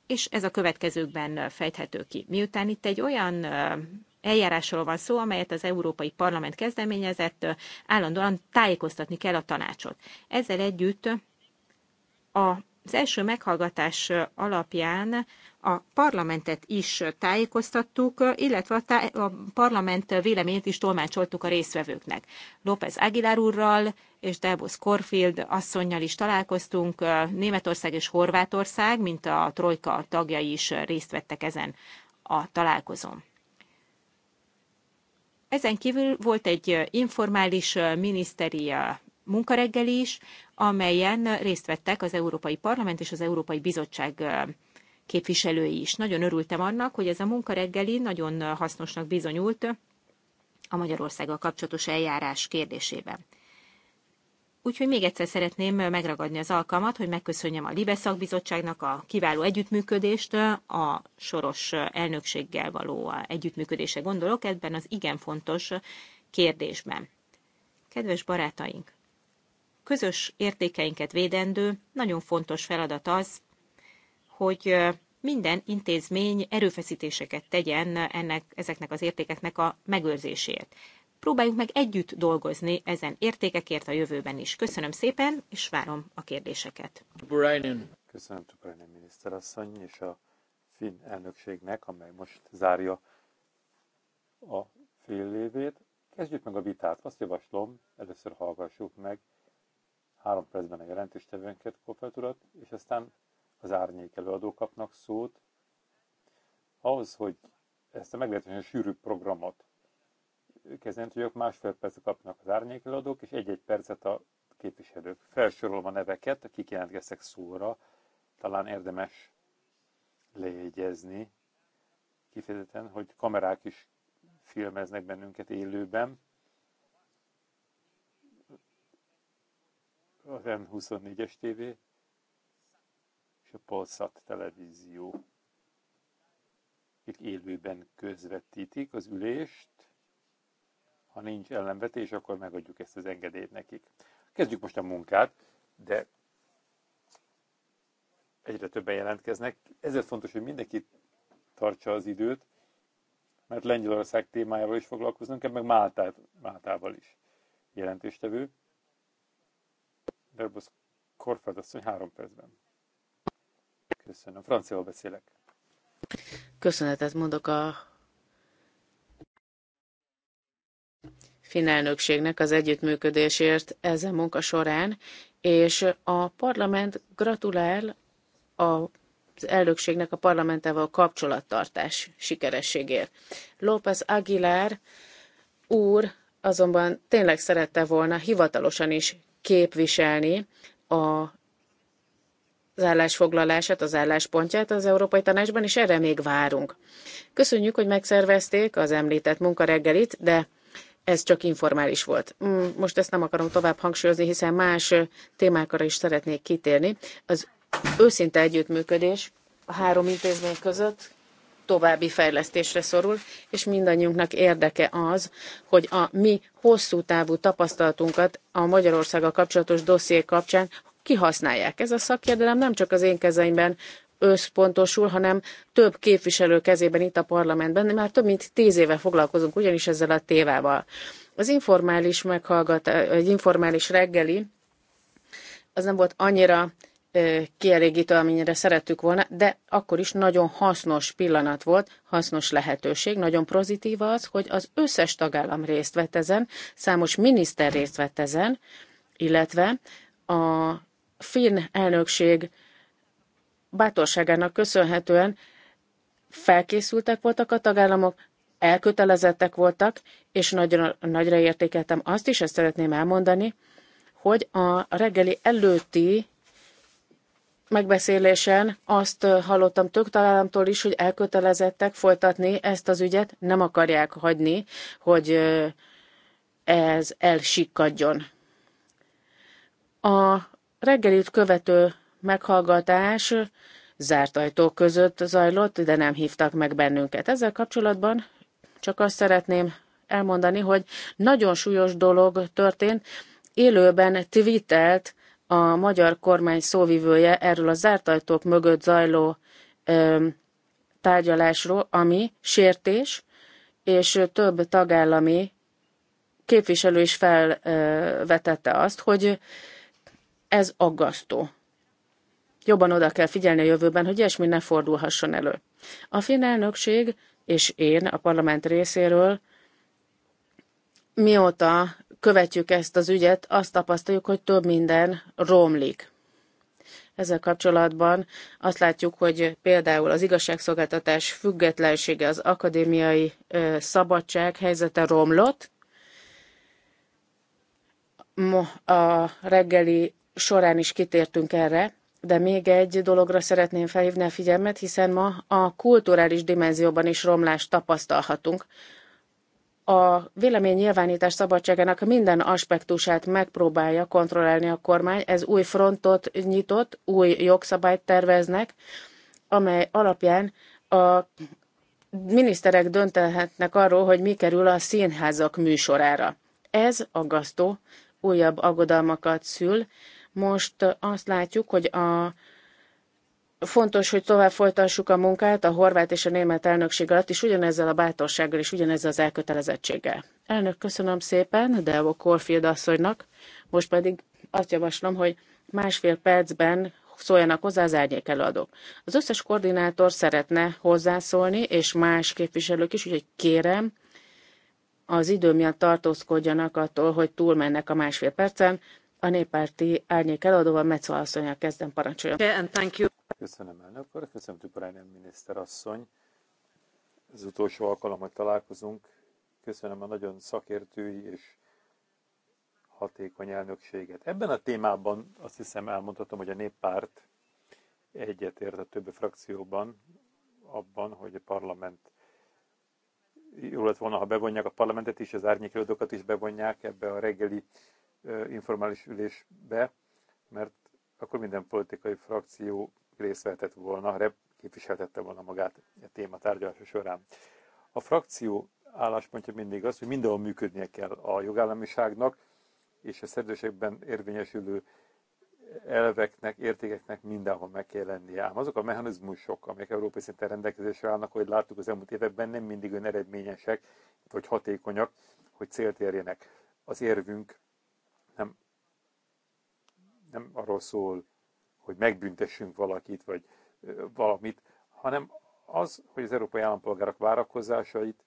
és ez a következőkben fejthető ki. Miután itt egy olyan eljárásról van szó, amelyet az Európai Parlament kezdeményezett, állandóan tájékoztatni kell a tanácsot. Ezzel együtt a az első meghallgatás alapján a parlamentet is tájékoztattuk, illetve a, tá- a parlament véleményét is tolmácsoltuk a résztvevőknek. López Aguilar úrral és Debus Corfield asszonynal is találkoztunk. Németország és Horvátország, mint a Trojka tagjai is részt vettek ezen a találkozón. Ezen kívül volt egy informális miniszteri munkareggeli is, amelyen részt vettek az Európai Parlament és az Európai Bizottság képviselői is. Nagyon örültem annak, hogy ez a munkareggeli nagyon hasznosnak bizonyult a Magyarországgal kapcsolatos eljárás kérdésében. Úgyhogy még egyszer szeretném megragadni az alkalmat, hogy megköszönjem a Libe szakbizottságnak a kiváló együttműködést, a soros elnökséggel való együttműködése gondolok ebben az igen fontos kérdésben. Kedves barátaink, közös értékeinket védendő, nagyon fontos feladat az, hogy minden intézmény erőfeszítéseket tegyen ennek, ezeknek az értékeknek a megőrzéséért. Próbáljuk meg együtt dolgozni ezen értékekért a jövőben is. Köszönöm szépen, és várom a kérdéseket. Brian. Köszönöm Tuprainen miniszterasszony és a finn elnökségnek, amely most zárja a fél évét. Kezdjük meg a vitát. Azt javaslom, először hallgassuk meg Három percben a jelentéstevőnket Koffert urat, és aztán az árnyék előadó kapnak szót. Ahhoz, hogy ezt a meglehetősen sűrű programot kezdeni tudjuk, másfél percet kapnak az árnyék előadók, és egy-egy percet a képviselők. Felsorolom a neveket, akik jelentkeztek szóra, talán érdemes lejegyezni, kifejezetten, hogy kamerák is filmeznek bennünket élőben, az M24-es TV és a Polsat televízió. Itt élőben közvetítik az ülést. Ha nincs ellenvetés, akkor megadjuk ezt az engedélyt nekik. Kezdjük most a munkát, de egyre többen jelentkeznek. Ezért fontos, hogy mindenki tartsa az időt, mert Lengyelország témájával is foglalkoznunk, meg Máltát, Máltával is jelentéstevő. Verbus Korfeld asszony három percben. Köszönöm. Franciaul beszélek. Köszönetet mondok a finálnökségnek az együttműködésért ezen munka során, és a parlament gratulál a az elnökségnek a parlamentával kapcsolattartás sikerességért. López Aguilar úr azonban tényleg szerette volna hivatalosan is képviselni a az állásfoglalását, az álláspontját az Európai Tanácsban, és erre még várunk. Köszönjük, hogy megszervezték az említett munkareggelit, de ez csak informális volt. Mm, most ezt nem akarom tovább hangsúlyozni, hiszen más témákra is szeretnék kitérni. Az őszinte együttműködés a három intézmény között további fejlesztésre szorul, és mindannyiunknak érdeke az, hogy a mi hosszú távú tapasztalatunkat a Magyarországgal kapcsolatos dosszié kapcsán kihasználják. Ez a szakérdelem nem csak az én kezeimben összpontosul, hanem több képviselő kezében itt a parlamentben, már több mint tíz éve foglalkozunk ugyanis ezzel a tévával. Az informális meghallgatás, egy informális reggeli, az nem volt annyira kielégítő, amennyire szerettük volna, de akkor is nagyon hasznos pillanat volt, hasznos lehetőség. Nagyon pozitív az, hogy az összes tagállam részt vett ezen, számos miniszter részt vett ezen, illetve a finn elnökség bátorságának köszönhetően felkészültek voltak a tagállamok, elkötelezettek voltak, és nagyon, nagyra értékeltem azt is, ezt szeretném elmondani, hogy a reggeli előtti megbeszélésen azt hallottam több találamtól is, hogy elkötelezettek folytatni ezt az ügyet, nem akarják hagyni, hogy ez elsikkadjon. A reggelit követő meghallgatás zárt ajtók között zajlott, de nem hívtak meg bennünket. Ezzel kapcsolatban csak azt szeretném elmondani, hogy nagyon súlyos dolog történt. Élőben twittelt a magyar kormány szóvivője erről a zárt ajtók mögött zajló ö, tárgyalásról, ami sértés, és több tagállami képviselő is felvetette azt, hogy ez aggasztó. Jobban oda kell figyelni a jövőben, hogy ilyesmi ne fordulhasson elő. A finn elnökség és én a parlament részéről mióta követjük ezt az ügyet, azt tapasztaljuk, hogy több minden romlik. Ezzel kapcsolatban azt látjuk, hogy például az igazságszolgáltatás függetlensége, az akadémiai szabadság helyzete romlott. A reggeli során is kitértünk erre, de még egy dologra szeretném felhívni a figyelmet, hiszen ma a kulturális dimenzióban is romlást tapasztalhatunk, a véleménynyilvánítás szabadságának minden aspektusát megpróbálja kontrollálni a kormány. Ez új frontot nyitott, új jogszabályt terveznek, amely alapján a miniszterek döntelhetnek arról, hogy mi kerül a színházak műsorára. Ez aggasztó, újabb aggodalmakat szül. Most azt látjuk, hogy a Fontos, hogy tovább folytassuk a munkát a horvát és a német elnökség alatt is ugyanezzel a bátorsággal és ugyanezzel az elkötelezettséggel. Elnök, köszönöm szépen Delvo Corfield asszonynak, most pedig azt javaslom, hogy másfél percben szóljanak hozzá az árnyék előadók. Az összes koordinátor szeretne hozzászólni, és más képviselők is, úgyhogy kérem, az idő miatt tartózkodjanak attól, hogy túlmennek a másfél percen. A néppárti árnyék előadóval Metszó asszonyjal kezdem parancsoljon. Köszönöm, elnök úr, köszönöm, miniszter asszony. Ez utolsó alkalom, hogy találkozunk. Köszönöm a nagyon szakértői és hatékony elnökséget. Ebben a témában azt hiszem elmondhatom, hogy a néppárt egyetért a többi frakcióban abban, hogy a parlament jó lett volna, ha bevonják a parlamentet is, az árnyékelődokat is bevonják ebbe a reggeli informális ülésbe, mert akkor minden politikai frakció részt vehetett volna, képviseltette volna magát a e téma tárgyalása során. A frakció álláspontja mindig az, hogy mindenhol működnie kell a jogállamiságnak, és a szerzőségben érvényesülő elveknek, értékeknek mindenhol meg kell lennie. Ám azok a mechanizmusok, amelyek európai szinten rendelkezésre állnak, hogy láttuk az elmúlt években, nem mindig ön eredményesek vagy hatékonyak, hogy célt érjenek. Az érvünk nem, nem arról szól, hogy megbüntessünk valakit, vagy valamit, hanem az, hogy az európai állampolgárok várakozásait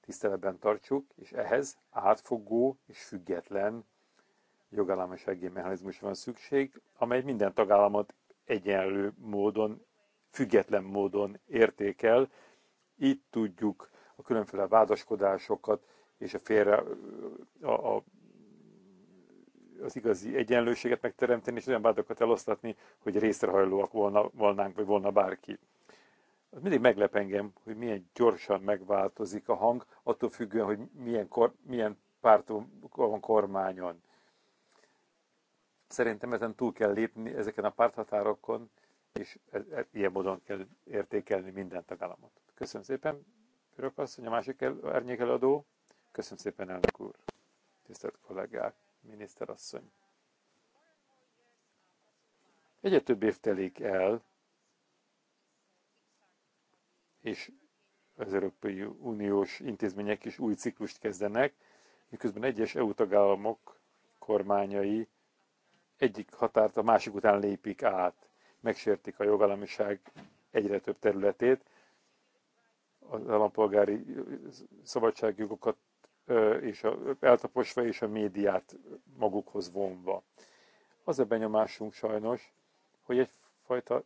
tiszteletben tartsuk, és ehhez átfogó és független jogállamisági mechanizmus van szükség, amely minden tagállamot egyenlő módon, független módon értékel. itt tudjuk a különféle vádaskodásokat és a félre a, a az igazi egyenlőséget megteremteni, és olyan vádokat elosztatni, hogy részrehajlóak volna, volnánk, vagy volna bárki. Az mindig meglep engem, hogy milyen gyorsan megváltozik a hang, attól függően, hogy milyen, kor, milyen pártunk van kormányon. Szerintem ezen túl kell lépni ezeken a párthatárokon, és e, e, ilyen módon kell értékelni minden tagállamot. Köszönöm szépen, Örök asszony, a másik el, árnyék előadó. Köszönöm szépen, elnök úr, tisztelt kollégák! miniszterasszony. Egyre több év telik el, és az Európai Uniós intézmények is új ciklust kezdenek, miközben egyes EU tagállamok kormányai egyik határt a másik után lépik át, megsértik a jogállamiság egyre több területét, az állampolgári szabadságjogokat és a, eltaposva és a médiát magukhoz vonva. Az a benyomásunk sajnos, hogy egyfajta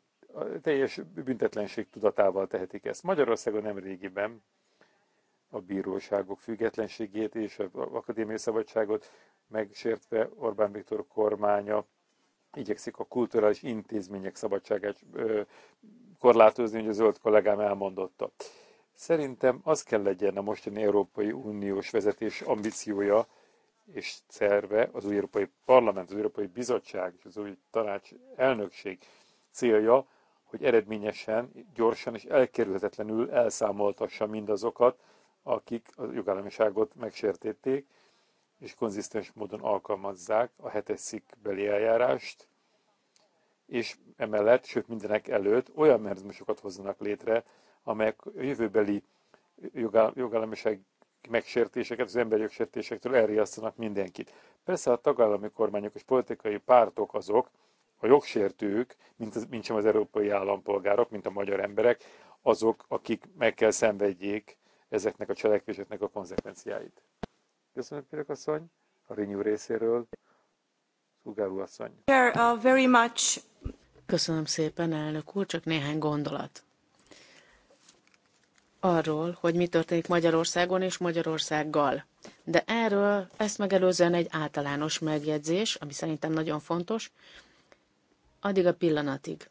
teljes büntetlenség tudatával tehetik ezt. Magyarországon nem régiben a bíróságok függetlenségét és az akadémiai szabadságot megsértve Orbán Viktor kormánya igyekszik a kulturális intézmények szabadságát korlátozni, hogy a zöld kollégám elmondotta. Szerintem az kell legyen a mostani Európai Uniós vezetés ambíciója és szerve, az új Európai Parlament, az Európai Bizottság és az új tanács elnökség célja, hogy eredményesen, gyorsan és elkerülhetetlenül elszámoltassa mindazokat, akik a jogállamiságot megsértették, és konzisztens módon alkalmazzák a hetes beli eljárást, és emellett, sőt mindenek előtt olyan mechanizmusokat hozzanak létre, amelyek a jövőbeli jogállamiság megsértéseket, az emberi jogsértésektől elriasztanak mindenkit. Persze a tagállami kormányok és politikai pártok azok, a jogsértők, mint, az, mint sem az európai állampolgárok, mint a magyar emberek, azok, akik meg kell szenvedjék ezeknek a cselekvéseknek a konzekvenciáit. Köszönöm, Pirek asszony, a Rinyú részéről, Ugáru asszony. Uh, Köszönöm szépen, elnök úr, csak néhány gondolat arról, hogy mi történik Magyarországon és Magyarországgal. De erről ezt megelőzően egy általános megjegyzés, ami szerintem nagyon fontos, addig a pillanatig,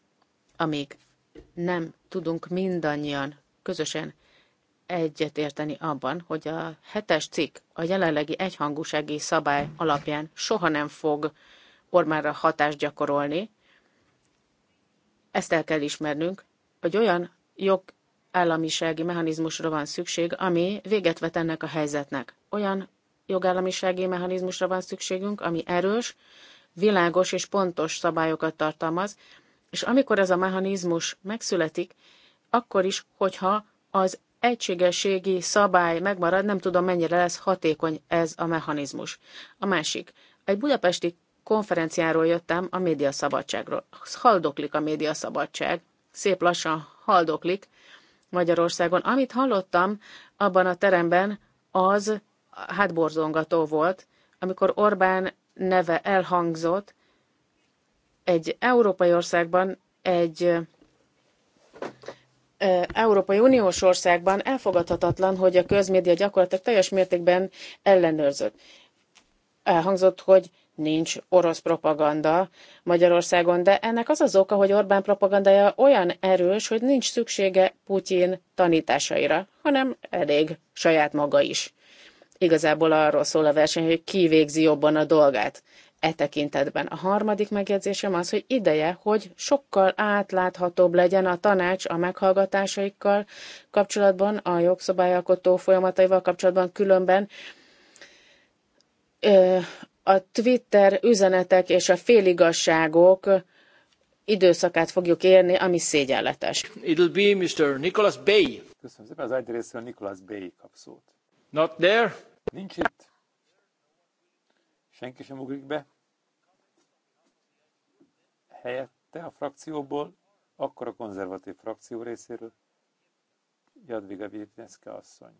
amíg nem tudunk mindannyian közösen egyetérteni abban, hogy a hetes cikk a jelenlegi egyhangúsági szabály alapján soha nem fog ormára hatást gyakorolni. Ezt el kell ismernünk, hogy olyan jog jogállamisági mechanizmusra van szükség, ami véget vet ennek a helyzetnek. Olyan jogállamisági mechanizmusra van szükségünk, ami erős, világos és pontos szabályokat tartalmaz, és amikor ez a mechanizmus megszületik, akkor is, hogyha az egységességi szabály megmarad, nem tudom mennyire lesz hatékony ez a mechanizmus. A másik. Egy budapesti konferenciáról jöttem a médiaszabadságról. Haldoklik a médiaszabadság, szép lassan haldoklik, Magyarországon. Amit hallottam abban a teremben, az hát borzongató volt, amikor Orbán neve elhangzott, egy európai országban, egy Európai Uniós országban elfogadhatatlan, hogy a közmédia gyakorlatilag teljes mértékben ellenőrzött. Elhangzott, hogy nincs orosz propaganda Magyarországon, de ennek az az oka, hogy Orbán propagandája olyan erős, hogy nincs szüksége Putyin tanításaira, hanem elég saját maga is. Igazából arról szól a verseny, hogy ki végzi jobban a dolgát e tekintetben. A harmadik megjegyzésem az, hogy ideje, hogy sokkal átláthatóbb legyen a tanács a meghallgatásaikkal kapcsolatban, a jogszabályalkotó folyamataival kapcsolatban, különben a Twitter üzenetek és a féligasságok időszakát fogjuk érni, ami szégyenletes. It'll be Mr. Nicholas Bay. Köszönöm szépen, az egy részről Nicholas Bay kap szót. Not there. Nincs itt. Senki sem ugrik be. Helyette a frakcióból, akkor a konzervatív frakció részéről Jadwiga Wietniewska asszony.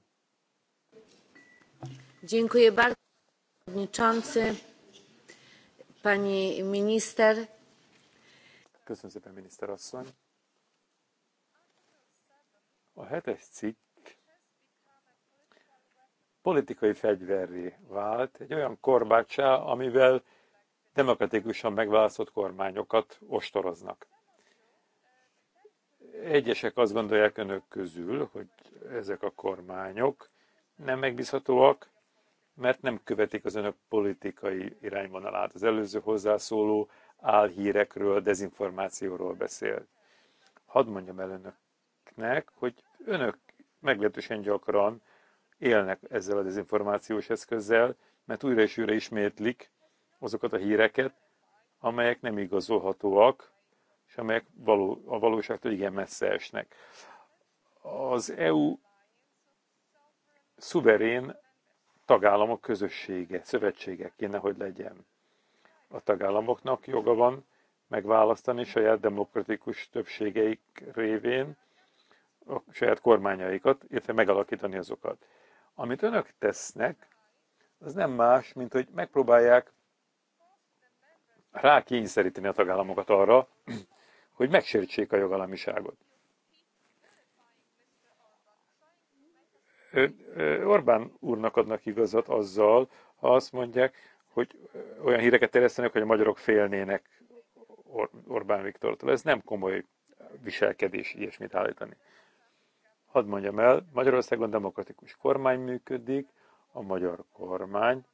Dziękuję bardzo. Köszönöm szépen, miniszter asszony. A hetes cikk politikai fegyverré vált, egy olyan korbácsá, amivel demokratikusan megválasztott kormányokat ostoroznak. Egyesek azt gondolják önök közül, hogy ezek a kormányok nem megbízhatóak, mert nem követik az önök politikai irányvonalát. Az előző hozzászóló álhírekről, dezinformációról beszélt. Hadd mondjam el önöknek, hogy önök meglehetősen gyakran élnek ezzel a dezinformációs eszközzel, mert újra és újra ismétlik azokat a híreket, amelyek nem igazolhatóak, és amelyek való, a valóságtól igen messze esnek. Az EU szuverén tagállamok közössége, szövetsége kéne, hogy legyen. A tagállamoknak joga van megválasztani saját demokratikus többségeik révén a saját kormányaikat, illetve megalakítani azokat. Amit önök tesznek, az nem más, mint hogy megpróbálják rákényszeríteni a tagállamokat arra, hogy megsértsék a jogalamiságot. Orbán úrnak adnak igazat azzal, ha azt mondják, hogy olyan híreket terjesztenek, hogy a magyarok félnének Or Orbán Viktortól. Ez nem komoly viselkedés ilyesmit állítani. Hadd mondjam el, Magyarországon demokratikus kormány működik, a magyar kormány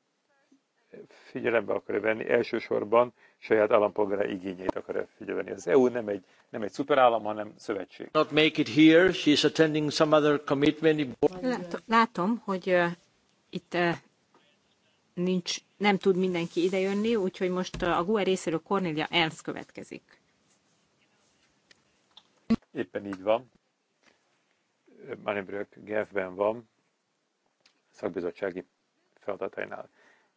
figyelembe akarja venni, elsősorban saját állampolgára igényeit akarja figyelni. Az EU nem egy, nem egy szuperállam, hanem szövetség. Not make it here. She is attending some other commitment. Látom, hogy uh, itt uh, nincs, nem tud mindenki idejönni, úgyhogy most uh, a GUE részéről Cornelia Ernst következik. Éppen így van. Manebrők Genfben van, szakbizottsági feladatainál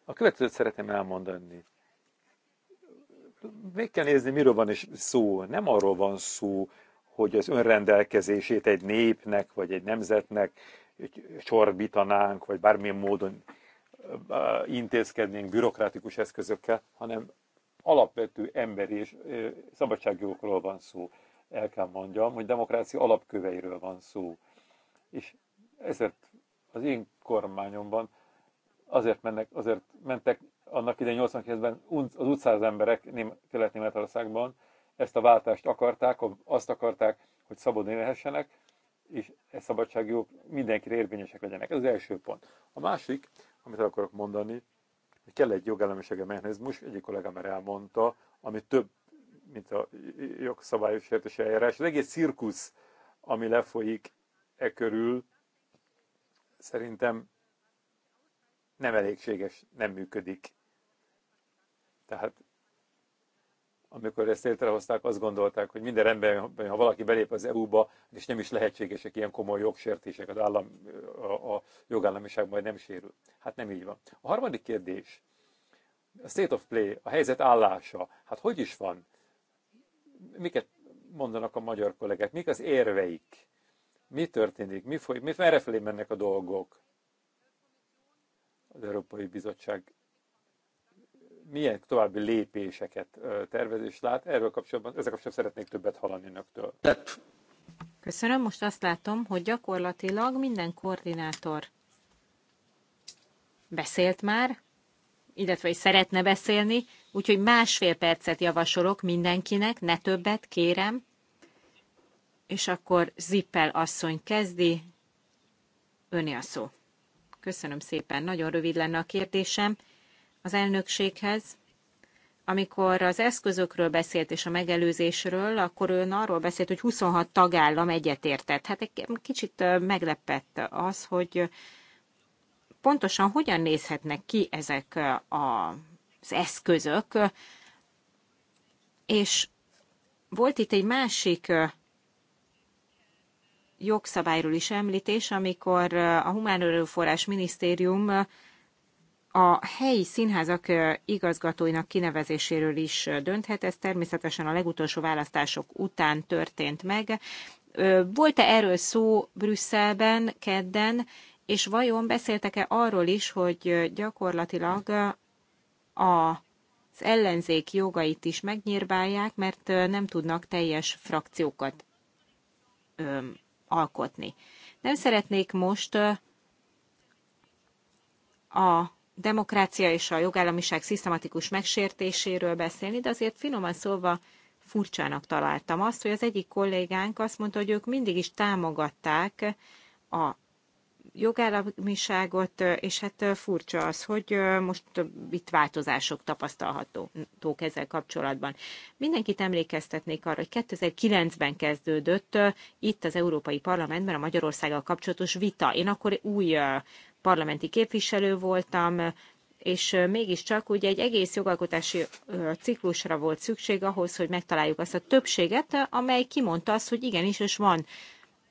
a következőt szeretném elmondani. Még kell nézni, miről van is szó. Nem arról van szó, hogy az önrendelkezését egy népnek, vagy egy nemzetnek csorbítanánk, vagy bármilyen módon intézkednénk bürokratikus eszközökkel, hanem alapvető emberi és szabadságjogokról van szó. El kell mondjam, hogy demokrácia alapköveiről van szó. És ezért az én kormányomban azért, mennek, azért mentek annak idején 89-ben az utcára az emberek Kelet-Németországban, ezt a váltást akarták, azt akarták, hogy szabadon élhessenek, és e szabadságjog mindenkire érvényesek legyenek. Ez az első pont. A másik, amit el akarok mondani, hogy kell egy jogállamisági mechanizmus, egyik kollégám már elmondta, ami több, mint a jogszabályos értés eljárás. Az egész cirkusz, ami lefolyik e körül, szerintem nem elégséges, nem működik. Tehát amikor ezt létrehozták, azt gondolták, hogy minden emberben, ha valaki belép az EU-ba, és nem is lehetségesek ilyen komoly jogsértések, az állam, a, a jogállamiság majd nem sérül. Hát nem így van. A harmadik kérdés, a state of play, a helyzet állása, hát hogy is van? Miket mondanak a magyar kollégák? Mik az érveik? Mi történik? Mi foly, mi, felé mennek a dolgok? az Európai Bizottság milyen további lépéseket tervez és lát. Erről kapcsolatban, ezzel kapcsolatban szeretnék többet hallani önöktől. Köszönöm. Most azt látom, hogy gyakorlatilag minden koordinátor beszélt már, illetve is szeretne beszélni, úgyhogy másfél percet javasolok mindenkinek, ne többet, kérem. És akkor Zippel asszony kezdi, öné a szó. Köszönöm szépen. Nagyon rövid lenne a kérdésem az elnökséghez. Amikor az eszközökről beszélt és a megelőzésről, akkor ön arról beszélt, hogy 26 tagállam egyetértett. Hát egy kicsit meglepett az, hogy pontosan hogyan nézhetnek ki ezek az eszközök, és volt itt egy másik jogszabályról is említés, amikor a Humán Erőforrás Minisztérium a helyi színházak igazgatóinak kinevezéséről is dönthet. Ez természetesen a legutolsó választások után történt meg. Volt-e erről szó Brüsszelben kedden, és vajon beszéltek-e arról is, hogy gyakorlatilag a az ellenzék jogait is megnyírbálják, mert nem tudnak teljes frakciókat alkotni. Nem szeretnék most a demokrácia és a jogállamiság szisztematikus megsértéséről beszélni, de azért finoman szólva furcsának találtam azt, hogy az egyik kollégánk azt mondta, hogy ők mindig is támogatták a jogállamiságot, és hát furcsa az, hogy most itt változások tapasztalhatók ezzel kapcsolatban. Mindenkit emlékeztetnék arra, hogy 2009-ben kezdődött itt az Európai Parlamentben a Magyarországgal kapcsolatos vita. Én akkor új parlamenti képviselő voltam, és mégiscsak ugye egy egész jogalkotási ciklusra volt szükség ahhoz, hogy megtaláljuk azt a többséget, amely kimondta azt, hogy igenis, és van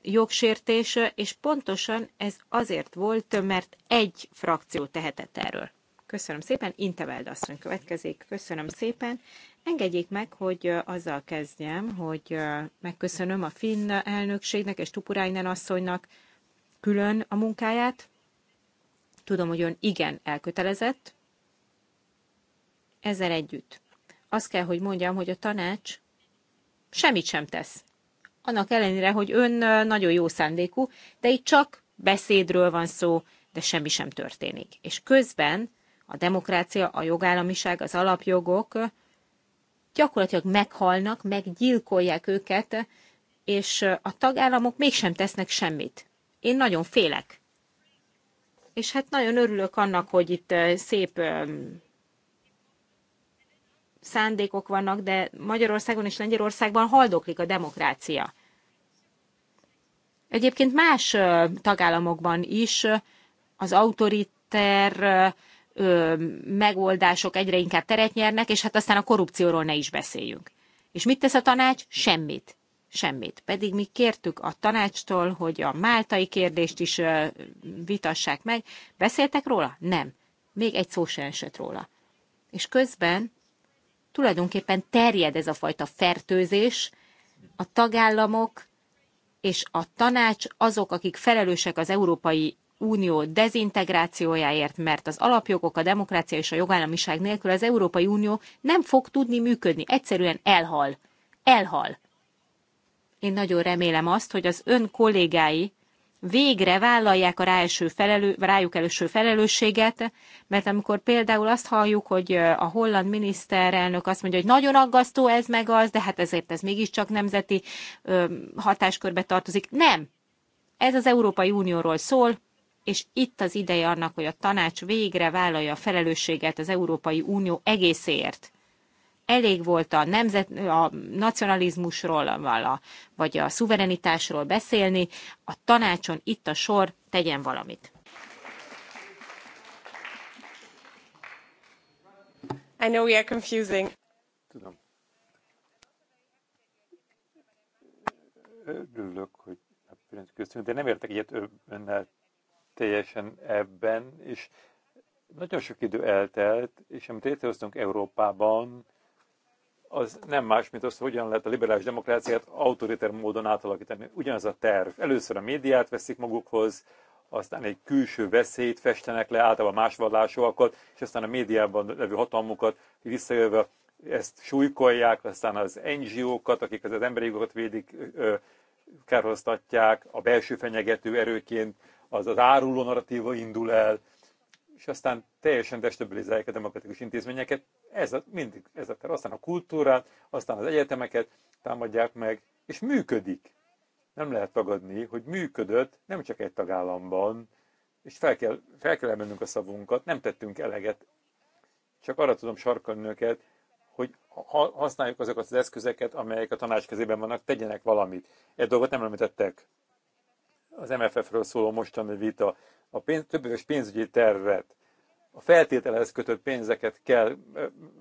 jogsértése, és pontosan ez azért volt, mert egy frakció tehetett erről. Köszönöm szépen, Inteveld asszony következik. Köszönöm szépen. Engedjék meg, hogy azzal kezdjem, hogy megköszönöm a finn elnökségnek és Tupurainen asszonynak külön a munkáját. Tudom, hogy ön igen elkötelezett. Ezzel együtt. Azt kell, hogy mondjam, hogy a tanács semmit sem tesz annak ellenére, hogy ön nagyon jó szándékú, de itt csak beszédről van szó, de semmi sem történik. És közben a demokrácia, a jogállamiság, az alapjogok gyakorlatilag meghalnak, meggyilkolják őket, és a tagállamok mégsem tesznek semmit. Én nagyon félek. És hát nagyon örülök annak, hogy itt szép szándékok vannak, de Magyarországon és Lengyelországban haldoklik a demokrácia. Egyébként más tagállamokban is az autoriter megoldások egyre inkább teret nyernek, és hát aztán a korrupcióról ne is beszéljünk. És mit tesz a tanács? Semmit. Semmit. Pedig mi kértük a tanácstól, hogy a máltai kérdést is vitassák meg. Beszéltek róla? Nem. Még egy szó sem esett róla. És közben tulajdonképpen terjed ez a fajta fertőzés, a tagállamok és a tanács azok, akik felelősek az Európai Unió dezintegrációjáért, mert az alapjogok, a demokrácia és a jogállamiság nélkül az Európai Unió nem fog tudni működni. Egyszerűen elhal. Elhal. Én nagyon remélem azt, hogy az ön kollégái végre vállalják a ráeső felelő, rájuk előső felelősséget, mert amikor például azt halljuk, hogy a holland miniszterelnök azt mondja, hogy nagyon aggasztó ez meg az, de hát ezért ez mégiscsak nemzeti hatáskörbe tartozik. Nem! Ez az Európai Unióról szól, és itt az ideje annak, hogy a tanács végre vállalja a felelősséget az Európai Unió egészéért elég volt a, nemzet, a nacionalizmusról, vagy a szuverenitásról beszélni, a tanácson itt a sor tegyen valamit. I know we are confusing. Tudom. Örülök, hogy köszönöm, de nem értek egyet önnel teljesen ebben, és nagyon sok idő eltelt, és amit létrehoztunk Európában, az nem más, mint az, hogyan lehet a liberális demokráciát autoriter módon átalakítani. Ugyanaz a terv. Először a médiát veszik magukhoz, aztán egy külső veszélyt festenek le, általában más vallásokat, és aztán a médiában levő hatalmukat visszajövve ezt súlykolják, aztán az NGO-kat, akik az emberi jogokat védik, kárhoztatják, a belső fenyegető erőként az, az áruló narratíva indul el, és aztán teljesen destabilizálják a demokratikus intézményeket, ez a, mindig ez a terület, aztán a kultúrát, aztán az egyetemeket támadják meg, és működik. Nem lehet tagadni, hogy működött nem csak egy tagállamban, és fel kell, fel kell emelnünk a szavunkat, nem tettünk eleget. Csak arra tudom sarkalni őket, hogy ha használjuk azokat az eszközeket, amelyek a tanács kezében vannak, tegyenek valamit. Egy dolgot nem említettek az MFF-ről szóló mostani vita, a pénz, többős pénzügyi tervet, a feltételhez kötött pénzeket kell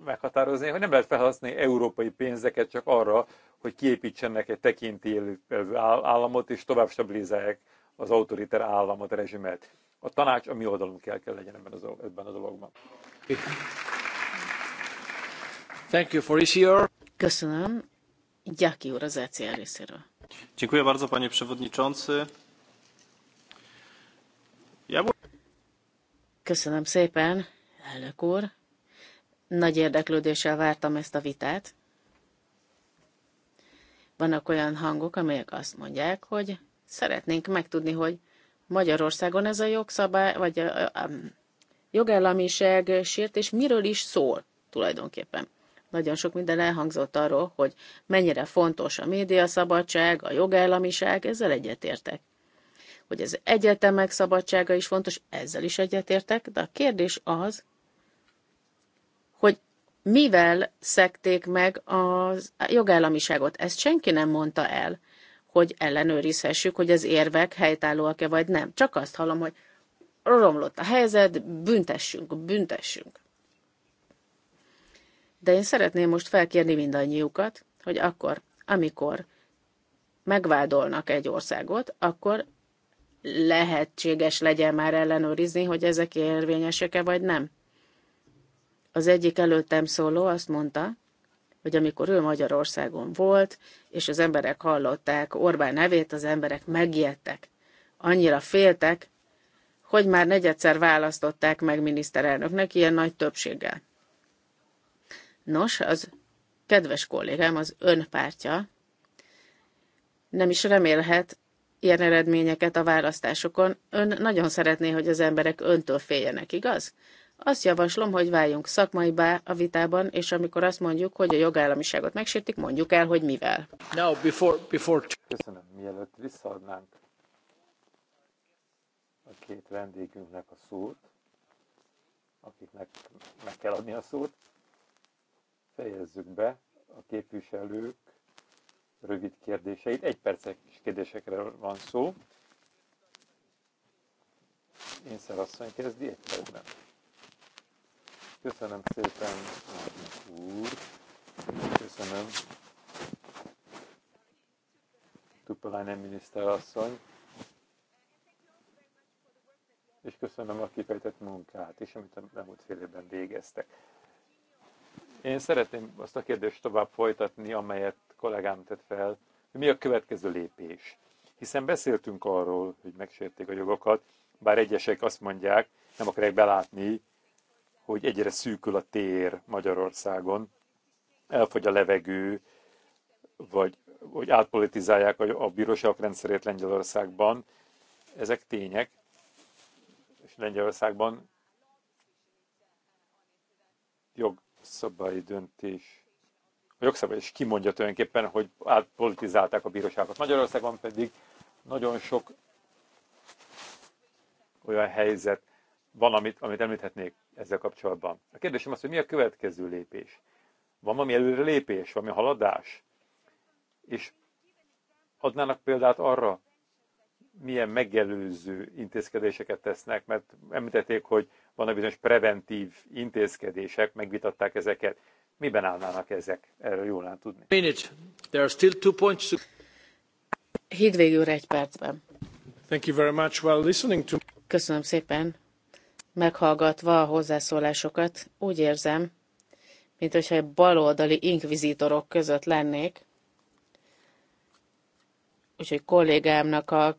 meghatározni, hogy nem lehet felhasználni európai pénzeket csak arra, hogy kiépítsenek egy tekintélyű államot, és tovább stabilizálják az autoriter államot, a rezsimet. A tanács a mi oldalunk kell, kell legyen ebben, az, ebben a dologban. Thank you for year. Köszönöm. Jaki úr az ECR részéről. Dziękuję bardzo, panie przewodniczący. Köszönöm szépen, elnök úr. Nagy érdeklődéssel vártam ezt a vitát. Vannak olyan hangok, amelyek azt mondják, hogy szeretnénk megtudni, hogy Magyarországon ez a jogszabály, vagy a, a, a jogállamiság miről is szól tulajdonképpen. Nagyon sok minden elhangzott arról, hogy mennyire fontos a médiaszabadság, a jogállamiság, ezzel egyetértek hogy az egyetemek szabadsága is fontos, ezzel is egyetértek, de a kérdés az, hogy mivel szekték meg a jogállamiságot. Ezt senki nem mondta el, hogy ellenőrizhessük, hogy az érvek helytállóak-e vagy nem. Csak azt hallom, hogy romlott a helyzet, büntessünk, büntessünk. De én szeretném most felkérni mindannyiukat, hogy akkor, amikor megvádolnak egy országot, akkor lehetséges legyen már ellenőrizni, hogy ezek érvényesek-e vagy nem. Az egyik előttem szóló azt mondta, hogy amikor ő Magyarországon volt, és az emberek hallották Orbán nevét, az emberek megijedtek. Annyira féltek, hogy már negyedszer választották meg miniszterelnöknek ilyen nagy többséggel. Nos, az kedves kollégám, az önpártja, nem is remélhet ilyen eredményeket a választásokon. Ön nagyon szeretné, hogy az emberek öntől féljenek, igaz? Azt javaslom, hogy váljunk szakmaibá a vitában, és amikor azt mondjuk, hogy a jogállamiságot megsértik, mondjuk el, hogy mivel. Now, before, before... Köszönöm, mielőtt visszaadnánk a két vendégünknek a szót, akiknek meg kell adni a szót, fejezzük be a képviselők rövid kérdéseit. Egy perces kérdésekre van szó. Én szerasszony kezdi egy percben. Köszönöm szépen, úr. Köszönöm. Tupolány miniszterasszony. És köszönöm a kifejtett munkát és amit a elmúlt fél évben végeztek. Én szeretném azt a kérdést tovább folytatni, amelyet kollégám tett fel, hogy mi a következő lépés. Hiszen beszéltünk arról, hogy megsérték a jogokat, bár egyesek azt mondják, nem akarják belátni, hogy egyre szűkül a tér Magyarországon, elfogy a levegő, vagy hogy átpolitizálják a, a bíróságok rendszerét Lengyelországban. Ezek tények, és Lengyelországban jogszabályi döntés a jogszabály is kimondja tulajdonképpen, hogy átpolitizálták a bíróságot. Magyarországon pedig nagyon sok olyan helyzet van, amit, amit említhetnék ezzel kapcsolatban. A kérdésem az, hogy mi a következő lépés? Van valami lépés, valami haladás? És adnának példát arra, milyen megelőző intézkedéseket tesznek, mert említették, hogy vannak bizonyos preventív intézkedések, megvitatták ezeket. Miben állnának ezek? Erről jól lehet tudni. Minute. There are still two points to... egy percben. Thank you very much. While listening to... Köszönöm szépen. Meghallgatva a hozzászólásokat, úgy érzem, mint hogyha baloldali inkvizitorok között lennék. Úgyhogy kollégámnak a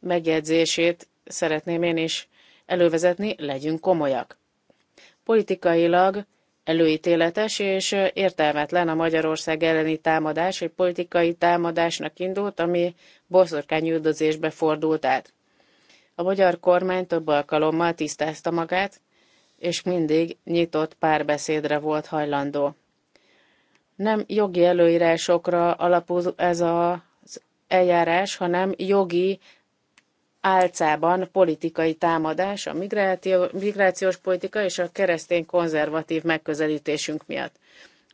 megjegyzését szeretném én is elővezetni, legyünk komolyak. Politikailag előítéletes és értelmetlen a Magyarország elleni támadás, egy politikai támadásnak indult, ami boszorkányüldözésbe fordult át. A magyar kormány több alkalommal tisztázta magát, és mindig nyitott párbeszédre volt hajlandó. Nem jogi előírásokra alapul ez az eljárás, hanem jogi álcában politikai támadás a migrációs politika és a keresztény konzervatív megközelítésünk miatt.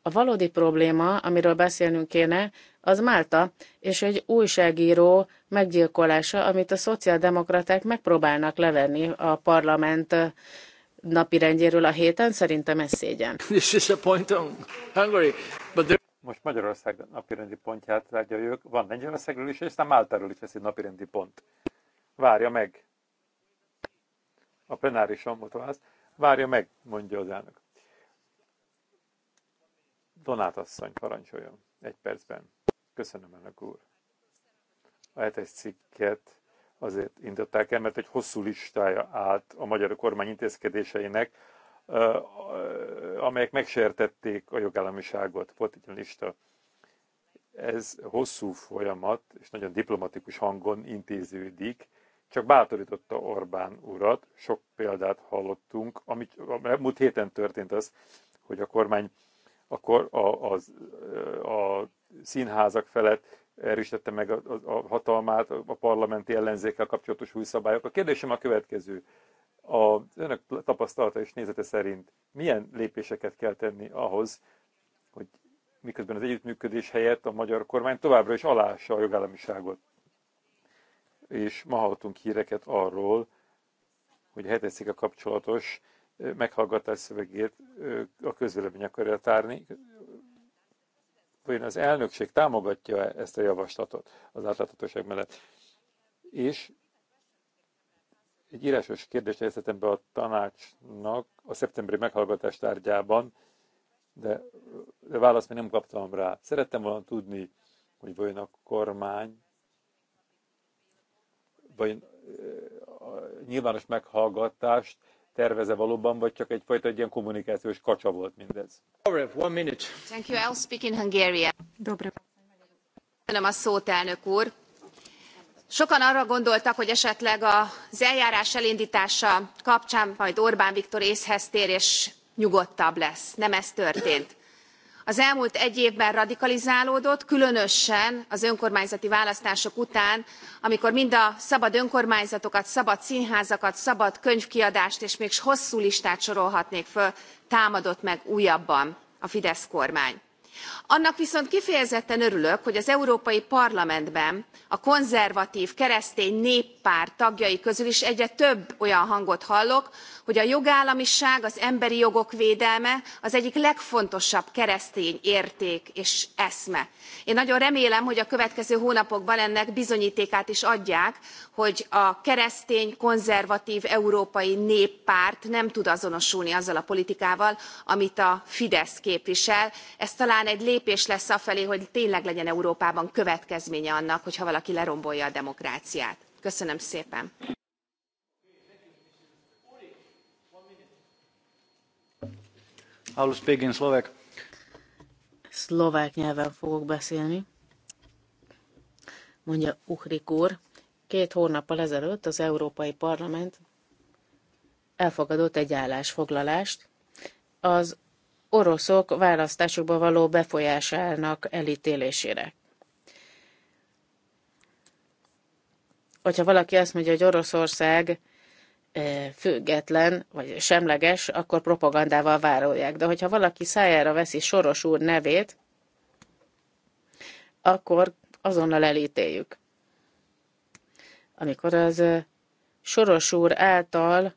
A valódi probléma, amiről beszélnünk kéne, az Málta és egy újságíró meggyilkolása, amit a szociáldemokraták megpróbálnak levenni a parlament napirendjéről a héten, szerintem ez szégyen. a Hungary, Most Magyarország napirendi pontját tárgyaljuk, van Lengyelországról is, és aztán Máltáról is lesz egy napirendi pont. Várja meg. A plenárison motováz. Várja meg, mondja az elnök. Donát asszony, parancsoljon. Egy percben. Köszönöm, elnök úr. A hetes cikket azért indították el, mert egy hosszú listája állt a magyar kormány intézkedéseinek, amelyek megsértették a jogállamiságot. Volt egy lista. Ez hosszú folyamat, és nagyon diplomatikus hangon intéződik csak bátorította Orbán urat, sok példát hallottunk, amit múlt héten történt az, hogy a kormány akkor a, a, a színházak felett erősítette meg a, a, a hatalmát, a parlamenti ellenzékkel kapcsolatos új szabályok. A kérdésem a következő. A önök tapasztalata és nézete szerint milyen lépéseket kell tenni ahhoz, hogy miközben az együttműködés helyett a magyar kormány továbbra is alássa a jogállamiságot? és ma hallottunk híreket arról, hogy heteszik a kapcsolatos meghallgatás szövegét a közvélemény akarja tárni. Vajon az elnökség támogatja ezt a javaslatot az átláthatóság mellett? És egy írásos kérdést helyeztetem be a tanácsnak a szeptemberi meghallgatás tárgyában, de, de választ még nem kaptam rá. Szerettem volna tudni, hogy vajon a kormány vagy nyilvános meghallgatást terveze valóban, vagy csak egyfajta egy ilyen kommunikációs kacsa volt mindez? One minute. Thank you, Köszönöm a szót, elnök úr. Sokan arra gondoltak, hogy esetleg az eljárás elindítása kapcsán majd Orbán Viktor észhez tér és nyugodtabb lesz. Nem ez történt az elmúlt egy évben radikalizálódott különösen az önkormányzati választások után amikor mind a szabad önkormányzatokat szabad színházakat szabad könyvkiadást és még hosszú listát sorolhatnék föl támadott meg újabban a fidesz kormány annak viszont kifejezetten örülök hogy az európai parlamentben a konzervatv keresztény néppárt tagjai közül is egyre több olyan hangot hallok hogy a jogállamiság az emberi jogok védelme az egyik legfontosabb keresztény érték és eszme. én nagyon remélem hogy a következő hónapokban ennek bizonytékát is adják hogy a keresztény konzervatv európai néppárt nem tud azonosulni azzal a politikával amit a fidesz képvisel ez talán talán egy lépés lesz afelé, hogy tényleg legyen Európában következménye annak, hogyha valaki lerombolja a demokráciát. Köszönöm szépen. I'll Szlovák nyelven fogok beszélni, mondja Uhrik úr. Két hónappal ezelőtt az Európai Parlament elfogadott egy állásfoglalást az oroszok választásokba való befolyásának elítélésére. Hogyha valaki azt mondja, hogy Oroszország e, független, vagy semleges, akkor propagandával várolják. De hogyha valaki szájára veszi Soros úr nevét, akkor azonnal elítéljük. Amikor az e, Soros úr által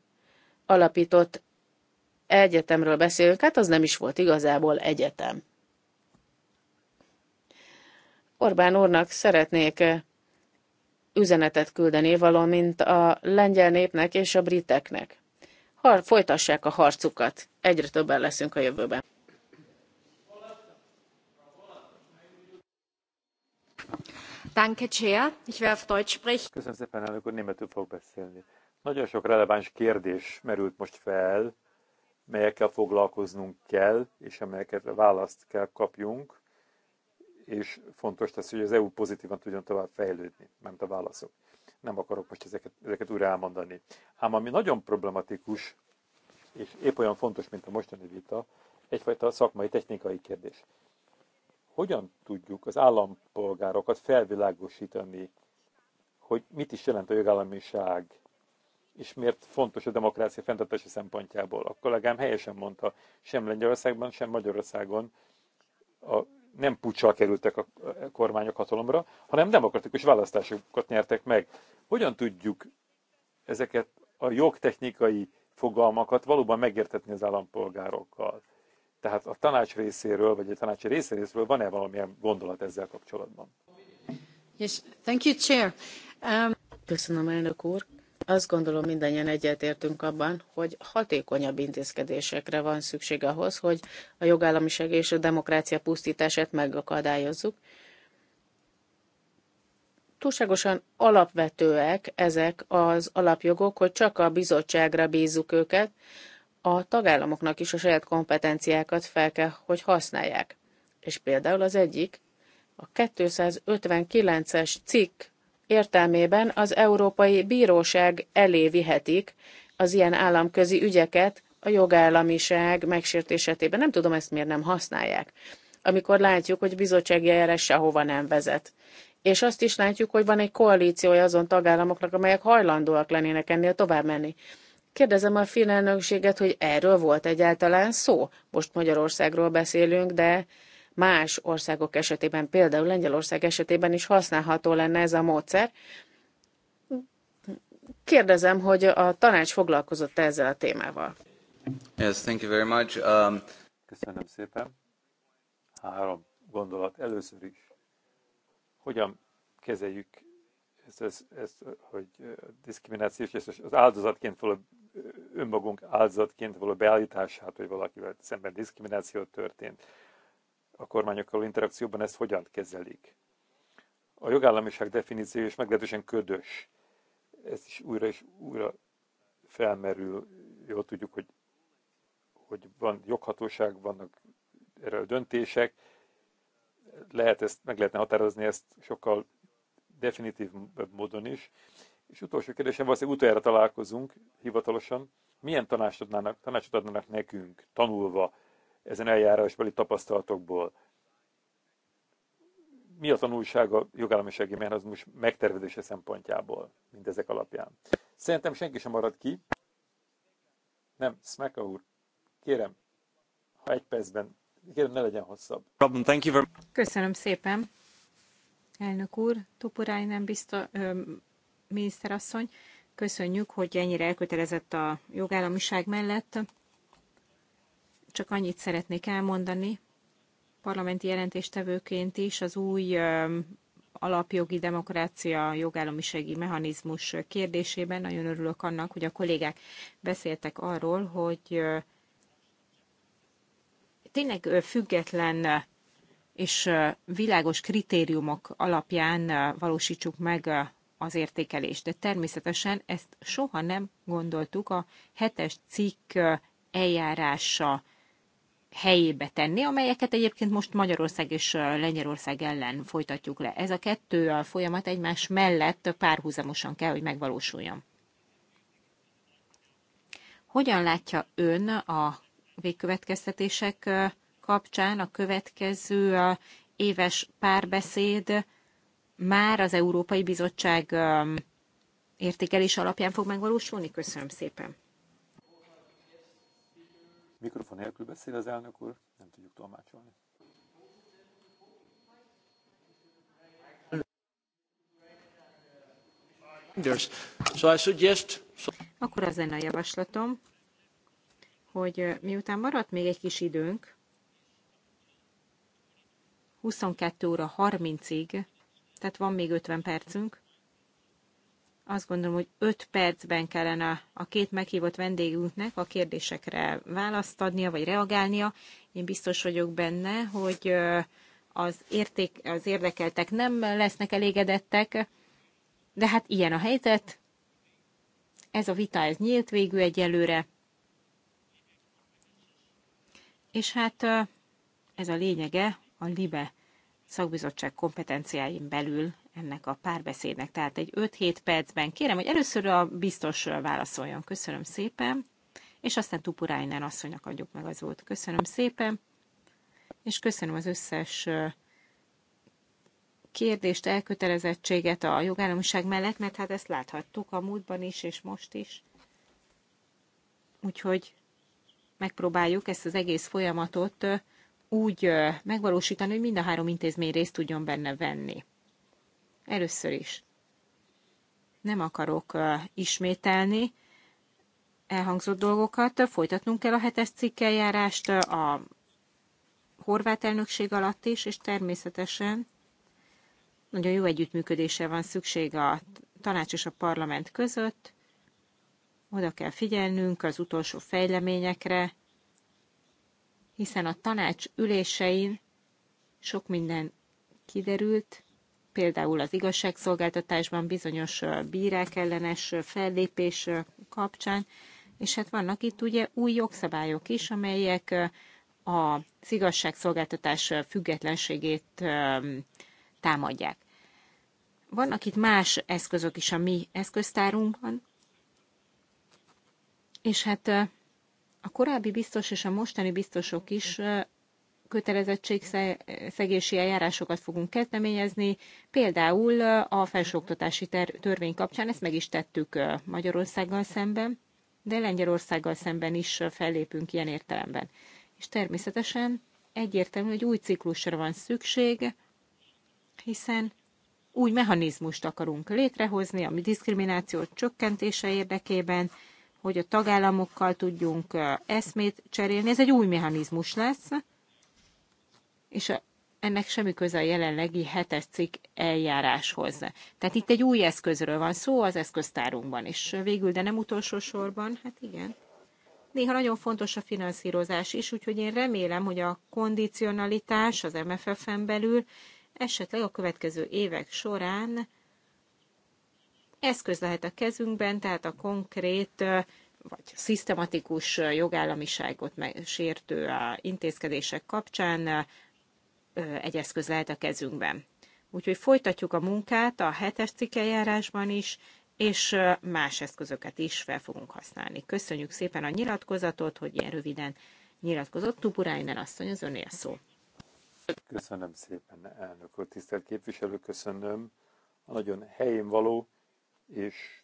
alapított egyetemről beszélünk, hát az nem is volt igazából egyetem. Orbán úrnak szeretnék eh, üzenetet küldeni, valamint a lengyel népnek és a briteknek. Har- folytassák a harcukat, egyre többen leszünk a jövőben. Danke, Chair. Ich werde auf Deutsch sprechen. Köszönöm szépen, elnök úr, németül fog beszélni. Nagyon sok releváns kérdés merült most fel, melyekkel foglalkoznunk kell, és amelyeket választ kell kapjunk, és fontos tesz, hogy az EU pozitívan tudjon tovább fejlődni, nem a válaszok. Nem akarok most ezeket, ezeket újra elmondani. Ám ami nagyon problematikus, és épp olyan fontos, mint a mostani vita, egyfajta szakmai, technikai kérdés. Hogyan tudjuk az állampolgárokat felvilágosítani, hogy mit is jelent a jogállamiság, és miért fontos a demokrácia fenntartása szempontjából. A kollégám helyesen mondta, sem Lengyelországban, sem Magyarországon a, nem pucsal kerültek a kormányok hatalomra, hanem demokratikus választásokat nyertek meg. Hogyan tudjuk ezeket a jogtechnikai fogalmakat valóban megértetni az állampolgárokkal? Tehát a tanács részéről, vagy a tanács részéről van-e valamilyen gondolat ezzel kapcsolatban? Yes, thank you, Chair. Um... Köszönöm, elnök úr. Azt gondolom, mindannyian egyetértünk abban, hogy hatékonyabb intézkedésekre van szükség ahhoz, hogy a jogállamiság és a demokrácia pusztítását megakadályozzuk. Túlságosan alapvetőek ezek az alapjogok, hogy csak a bizottságra bízzuk őket, a tagállamoknak is a saját kompetenciákat fel kell, hogy használják. És például az egyik, a 259-es cikk értelmében az Európai Bíróság elé vihetik az ilyen államközi ügyeket a jogállamiság megsértésetében. Nem tudom ezt miért nem használják, amikor látjuk, hogy bizottsági eljárás sehova nem vezet. És azt is látjuk, hogy van egy koalíciója azon tagállamoknak, amelyek hajlandóak lennének ennél tovább menni. Kérdezem a finn elnökséget, hogy erről volt egyáltalán szó. Most Magyarországról beszélünk, de más országok esetében, például Lengyelország esetében is használható lenne ez a módszer. Kérdezem, hogy a tanács foglalkozott -e ezzel a témával. Yes, thank you very much. Um... Köszönöm szépen. Három gondolat. Először is, hogyan kezeljük ezt, ezt, ezt hogy diszkriminációs, és az áldozatként való önmagunk áldozatként való beállítását, hogy valakivel szemben diszkrimináció történt a kormányokkal interakcióban ezt hogyan kezelik. A jogállamiság definíció is meglehetősen ködös. Ez is újra és újra felmerül. Jól tudjuk, hogy, hogy van joghatóság, vannak erről döntések. Lehet ezt, meg lehetne határozni ezt sokkal definitív módon is. És utolsó kérdésem, valószínűleg utoljára találkozunk hivatalosan. Milyen tanácsot adnának, tanácsot adnának nekünk, tanulva ezen eljárásbeli tapasztalatokból? Mi a tanulság a jogállamisági mechanizmus megtervezése szempontjából, ezek alapján? Szerintem senki sem marad ki. Nem, Smeka úr, kérem, ha egy percben, kérem ne legyen hosszabb. Problem, thank you very... Köszönöm szépen. Elnök úr, Tupurány nem biztos, miniszterasszony, köszönjük, hogy ennyire elkötelezett a jogállamiság mellett. Csak annyit szeretnék elmondani, parlamenti jelentéstevőként is az új alapjogi demokrácia jogállamisági mechanizmus kérdésében. Nagyon örülök annak, hogy a kollégák beszéltek arról, hogy tényleg független és világos kritériumok alapján valósítsuk meg az értékelést. De természetesen ezt soha nem gondoltuk a hetes cikk eljárása helyébe tenni, amelyeket egyébként most Magyarország és Lengyelország ellen folytatjuk le. Ez a kettő a folyamat egymás mellett párhuzamosan kell, hogy megvalósuljon. Hogyan látja ön a végkövetkeztetések kapcsán a következő éves párbeszéd már az Európai Bizottság értékelés alapján fog megvalósulni? Köszönöm szépen. Mikrofon nélkül beszél az elnök úr, nem tudjuk tolmácsolni. Akkor az lenne a javaslatom, hogy miután maradt még egy kis időnk, 22 óra 30-ig, tehát van még 50 percünk, azt gondolom, hogy 5 percben kellene a két meghívott vendégünknek a kérdésekre választ adnia, vagy reagálnia. Én biztos vagyok benne, hogy az, érték, az érdekeltek nem lesznek elégedettek, de hát ilyen a helyzet. Ez a vita, ez nyílt végű egyelőre. És hát ez a lényege a LIBE szakbizottság kompetenciáin belül ennek a párbeszédnek. Tehát egy 5-7 percben kérem, hogy először a biztosról válaszoljon. Köszönöm szépen. És aztán Tupurájnán asszonynak adjuk meg az volt. Köszönöm szépen. És köszönöm az összes kérdést, elkötelezettséget a jogállamiság mellett, mert hát ezt láthattuk a múltban is, és most is. Úgyhogy megpróbáljuk ezt az egész folyamatot úgy megvalósítani, hogy mind a három intézmény részt tudjon benne venni. Először is nem akarok ismételni elhangzott dolgokat. Folytatnunk kell a hetes cikkeljárást a horvát elnökség alatt is, és természetesen nagyon jó együttműködésre van szükség a tanács és a parlament között. Oda kell figyelnünk az utolsó fejleményekre, hiszen a tanács ülésein sok minden kiderült, például az igazságszolgáltatásban bizonyos bírák ellenes fellépés kapcsán, és hát vannak itt ugye új jogszabályok is, amelyek az igazságszolgáltatás függetlenségét támadják. Vannak itt más eszközök is a mi eszköztárunkban, és hát a korábbi biztos és a mostani biztosok is kötelezettségszegési eljárásokat fogunk kezdeményezni, például a felsőoktatási törvény kapcsán, ezt meg is tettük Magyarországgal szemben, de Lengyelországgal szemben is fellépünk ilyen értelemben. És természetesen egyértelmű, hogy új ciklusra van szükség, hiszen új mechanizmust akarunk létrehozni, ami diszkrimináció csökkentése érdekében, hogy a tagállamokkal tudjunk eszmét cserélni. Ez egy új mechanizmus lesz, és a, ennek semmi köze a jelenlegi hetes cikk eljáráshoz. Tehát itt egy új eszközről van szó az eszköztárunkban, és végül, de nem utolsó sorban, hát igen. Néha nagyon fontos a finanszírozás is, úgyhogy én remélem, hogy a kondicionalitás az MFF-en belül esetleg a következő évek során eszköz lehet a kezünkben, tehát a konkrét vagy szisztematikus jogállamiságot sértő intézkedések kapcsán egy eszköz lehet a kezünkben. Úgyhogy folytatjuk a munkát a hetes cikkeljárásban is, és más eszközöket is fel fogunk használni. Köszönjük szépen a nyilatkozatot, hogy ilyen röviden nyilatkozott. Tuburájnen asszony, az önél szó. Köszönöm szépen, elnök úr, tisztelt képviselő, köszönöm a nagyon helyén való és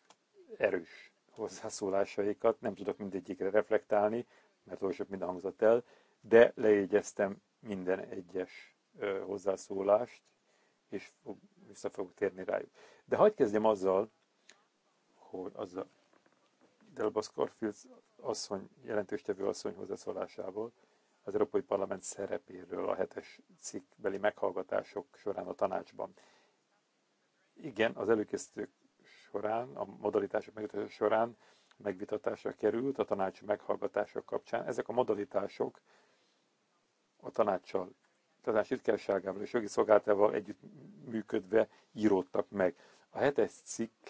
erős hozzászólásaikat. Nem tudok mindegyikre reflektálni, mert oly sok minden hangzott el, de lejegyeztem minden egyes hozzászólást, és fog, vissza fogok térni rájuk. De hagyd kezdjem azzal, hogy az a Delba Scorfield asszony, jelentős tevő asszony hozzászólásából, az Európai Parlament szerepéről a hetes cikkbeli meghallgatások során a tanácsban. Igen, az előkészítők során, a modalitások megvitatása során megvitatásra került a tanács meghallgatások kapcsán. Ezek a modalitások a tanácssal Tanács ritkásságával és jogi szolgáltával együtt működve íródtak meg. A hetes cikk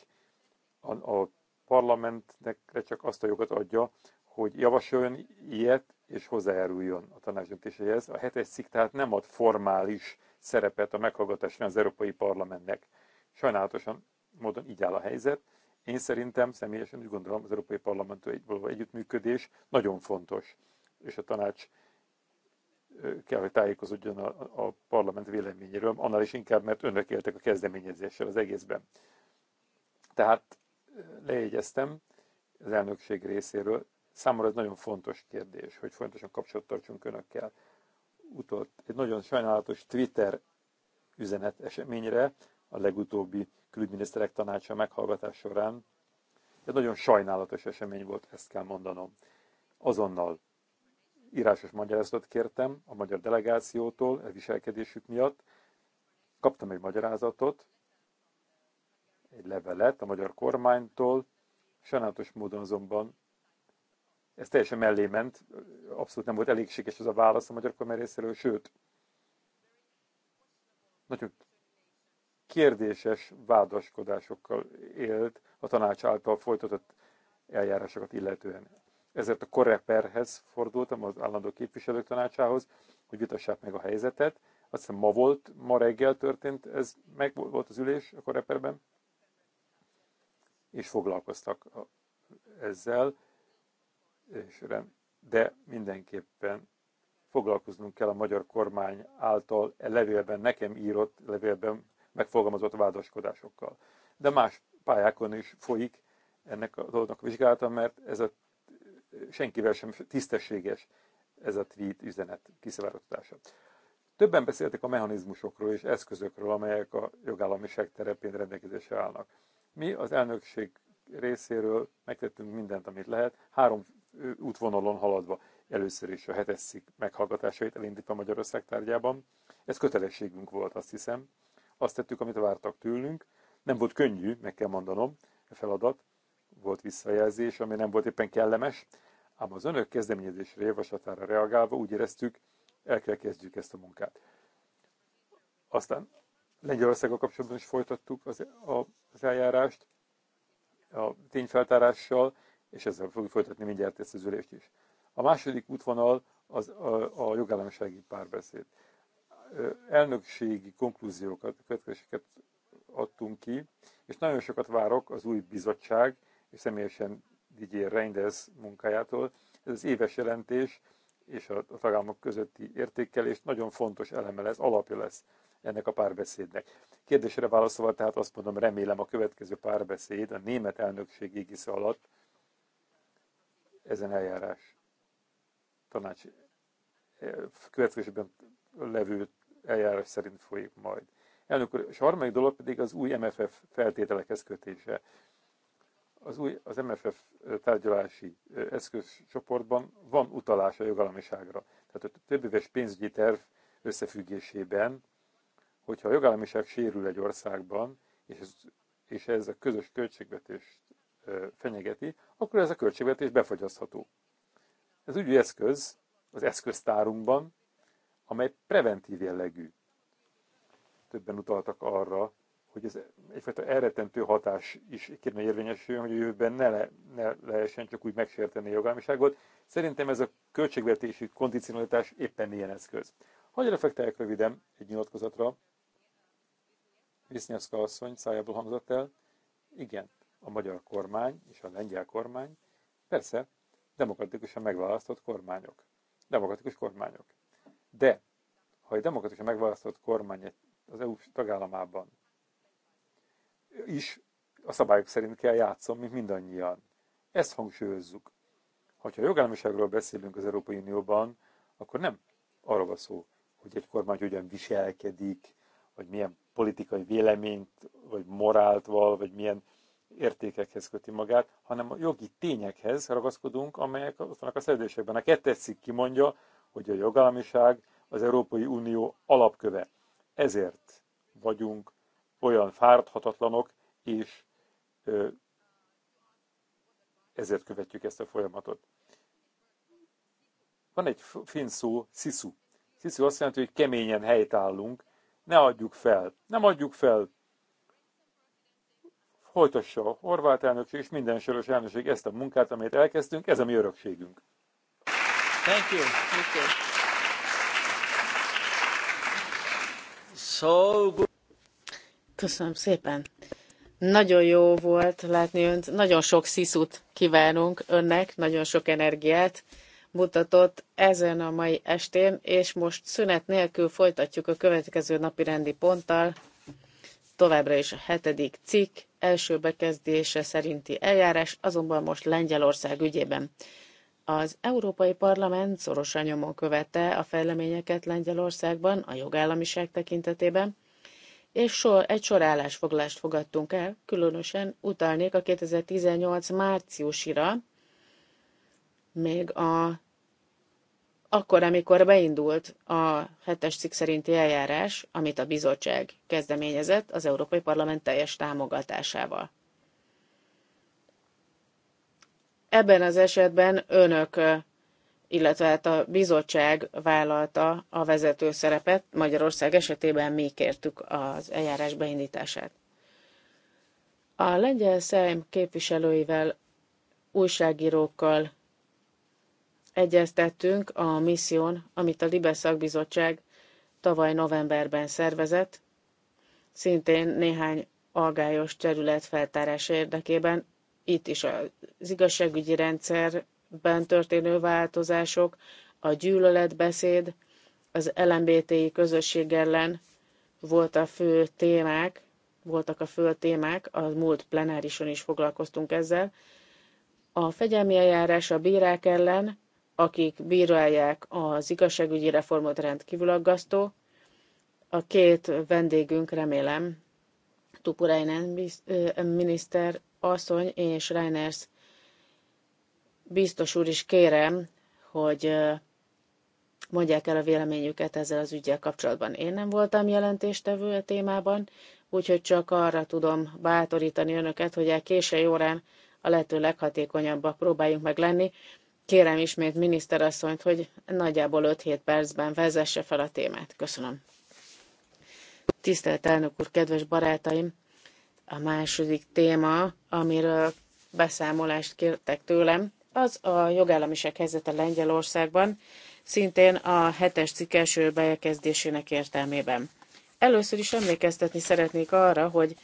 a, a parlamentnek csak azt a jogot adja, hogy javasoljon ilyet, és hozzájáruljon a tanács döntéséhez. A hetes cikk tehát nem ad formális szerepet a meghallgatásra az Európai Parlamentnek. Sajnálatosan módon így áll a helyzet. Én szerintem személyesen úgy gondolom, az Európai Parlamentől egy, együttműködés nagyon fontos, és a tanács kell, hogy tájékozódjon a, a parlament véleményéről, annál is inkább, mert önök éltek a kezdeményezéssel az egészben. Tehát lejegyeztem az elnökség részéről, számomra ez nagyon fontos kérdés, hogy fontosan kapcsolatot tartsunk önökkel. Utolt egy nagyon sajnálatos Twitter üzenet eseményre a legutóbbi külügyminiszterek tanácsa meghallgatás során. Egy nagyon sajnálatos esemény volt, ezt kell mondanom. Azonnal írásos magyarázatot kértem a magyar delegációtól e viselkedésük miatt. Kaptam egy magyarázatot, egy levelet a magyar kormánytól, sajnálatos módon azonban ez teljesen mellé ment, abszolút nem volt elégséges ez a válasz a magyar kormány részéről, sőt, nagyon kérdéses vádaskodásokkal élt a tanács által folytatott eljárásokat illetően ezért a Koreperhez fordultam, az állandó képviselők tanácsához, hogy vitassák meg a helyzetet. Azt hiszem ma volt, ma reggel történt, ez meg volt az ülés a Koreperben, és foglalkoztak ezzel, és rend, de mindenképpen foglalkoznunk kell a magyar kormány által e levélben, nekem írott levélben megfogalmazott vádaskodásokkal. De más pályákon is folyik ennek a dolognak a vizsgálata, mert ez a senkivel sem tisztességes ez a tweet üzenet kiszivárogtatása. Többen beszéltek a mechanizmusokról és eszközökről, amelyek a jogállamiság terepén rendelkezésre állnak. Mi az elnökség részéről megtettünk mindent, amit lehet, három útvonalon haladva. Először is a hetesszik meghallgatásait elindítva Magyarország tárgyában. Ez kötelességünk volt, azt hiszem. Azt tettük, amit vártak tőlünk. Nem volt könnyű, meg kell mondanom, a feladat. Volt visszajelzés, ami nem volt éppen kellemes, Ám az önök kezdeményezésre, javaslatára reagálva úgy éreztük, el kell kezdjük ezt a munkát. Aztán Lengyelországgal kapcsolatban is folytattuk az, a, az eljárást, a tényfeltárással, és ezzel fogjuk folytatni mindjárt ezt az ülést is. A második útvonal az a, a jogállamisági párbeszéd. Elnökségi konklúziókat, következéseket adtunk ki, és nagyon sokat várok az új bizottság, és személyesen Didier Reinders munkájától. Ez az éves jelentés és a tagállamok közötti értékelés nagyon fontos eleme lesz, alapja lesz ennek a párbeszédnek. Kérdésre válaszolva, tehát azt mondom, remélem a következő párbeszéd a német elnökség égisze alatt ezen eljárás tanács eh, következőben levő eljárás szerint folyik majd. Elnök úr, és a harmadik dolog pedig az új MFF feltételekhez kötése az új, az MFF tárgyalási eszközcsoportban van utalás a jogállamiságra. Tehát a több éves pénzügyi terv összefüggésében, hogyha a jogállamiság sérül egy országban, és ez, és ez a közös költségvetést fenyegeti, akkor ez a költségvetés befagyasztható. Ez úgy eszköz az eszköztárunkban, amely preventív jellegű. Többen utaltak arra, hogy ez egyfajta elrettentő hatás is kéne érvényesüljön, hogy a jövőben ne, le, ne lehessen csak úgy megsérteni a jogállamiságot. Szerintem ez a költségvetési kondicionalitás éppen ilyen eszköz. Hogy reflektálják röviden egy nyilatkozatra, Visznyevszka asszony szájából hangzott el, igen, a magyar kormány és a lengyel kormány, persze, demokratikusan megválasztott kormányok. Demokratikus kormányok. De, ha egy demokratikusan megválasztott kormány az EU tagállamában is a szabályok szerint kell játszom, mint mindannyian. Ezt hangsúlyozzuk. Ha a jogállamiságról beszélünk az Európai Unióban, akkor nem arról van szó, hogy egy kormány hogyan viselkedik, vagy milyen politikai véleményt, vagy morált val, vagy milyen értékekhez köti magát, hanem a jogi tényekhez ragaszkodunk, amelyek ott vannak a szerződésekben. A kettes cikk kimondja, hogy a jogállamiság az Európai Unió alapköve. Ezért vagyunk olyan fáradhatatlanok, és ezért követjük ezt a folyamatot. Van egy finn szó, sziszu. Sziszu azt jelenti, hogy keményen helytállunk, ne adjuk fel, nem adjuk fel. Folytassa a horvát elnökség és minden soros elnökség ezt a munkát, amelyet elkezdtünk, ez a mi örökségünk. Thank you. Thank you. So good. Köszönöm szépen. Nagyon jó volt látni önt. Nagyon sok sziszut kívánunk önnek, nagyon sok energiát mutatott ezen a mai estén, és most szünet nélkül folytatjuk a következő napi rendi ponttal. Továbbra is a hetedik cikk első bekezdése szerinti eljárás, azonban most Lengyelország ügyében. Az Európai Parlament szorosan nyomon követte a fejleményeket Lengyelországban a jogállamiság tekintetében, és sor, egy sor állásfoglalást fogadtunk el, különösen utalnék a 2018 márciusira, még a, akkor, amikor beindult a hetes cikk szerinti eljárás, amit a bizottság kezdeményezett az Európai Parlament teljes támogatásával. Ebben az esetben önök illetve hát a bizottság vállalta a vezető szerepet, Magyarország esetében mi kértük az eljárás beindítását. A lengyel szem képviselőivel, újságírókkal egyeztettünk a misszión, amit a Libes szakbizottság tavaly novemberben szervezett, szintén néhány algályos terület feltárása érdekében. Itt is az igazságügyi rendszer ben történő változások, a gyűlöletbeszéd, az LMBTI közösség ellen volt a fő témák, voltak a fő témák, a múlt plenárison is foglalkoztunk ezzel. A fegyelmi eljárás a bírák ellen, akik bírálják az igazságügyi reformot rendkívül aggasztó. A két vendégünk remélem, Tupurainen miniszter asszony és Reiners biztos úr is kérem, hogy mondják el a véleményüket ezzel az ügyel kapcsolatban. Én nem voltam jelentéstevő a e témában, úgyhogy csak arra tudom bátorítani önöket, hogy a késői órán a lehető leghatékonyabbak próbáljunk meg lenni. Kérem ismét miniszterasszonyt, hogy nagyjából 5-7 percben vezesse fel a témát. Köszönöm. Tisztelt elnök úr, kedves barátaim! A második téma, amiről beszámolást kértek tőlem, az a jogállamiság helyzete Lengyelországban, szintén a hetes cikk első bekezdésének értelmében. Először is emlékeztetni szeretnék arra, hogy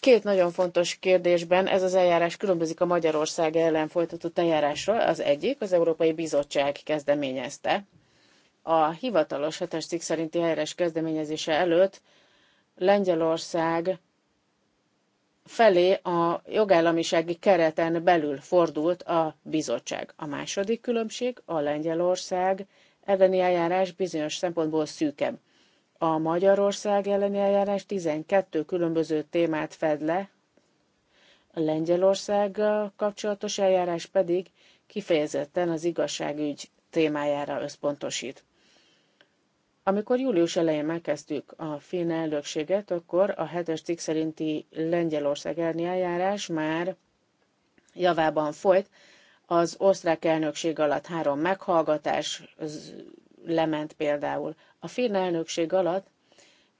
két nagyon fontos kérdésben ez az eljárás különbözik a Magyarország ellen folytatott eljárásról. Az egyik az Európai Bizottság kezdeményezte. A hivatalos hetes cikk szerinti eljárás kezdeményezése előtt Lengyelország felé a jogállamisági kereten belül fordult a bizottság. A második különbség a Lengyelország elleni eljárás bizonyos szempontból szűkebb. A Magyarország elleni eljárás 12 különböző témát fed le, a Lengyelország kapcsolatos eljárás pedig kifejezetten az igazságügy témájára összpontosít. Amikor július elején megkezdtük a finn elnökséget, akkor a hetes cikk szerinti Lengyelország elni eljárás már javában folyt. Az osztrák elnökség alatt három meghallgatás lement például. A finn elnökség alatt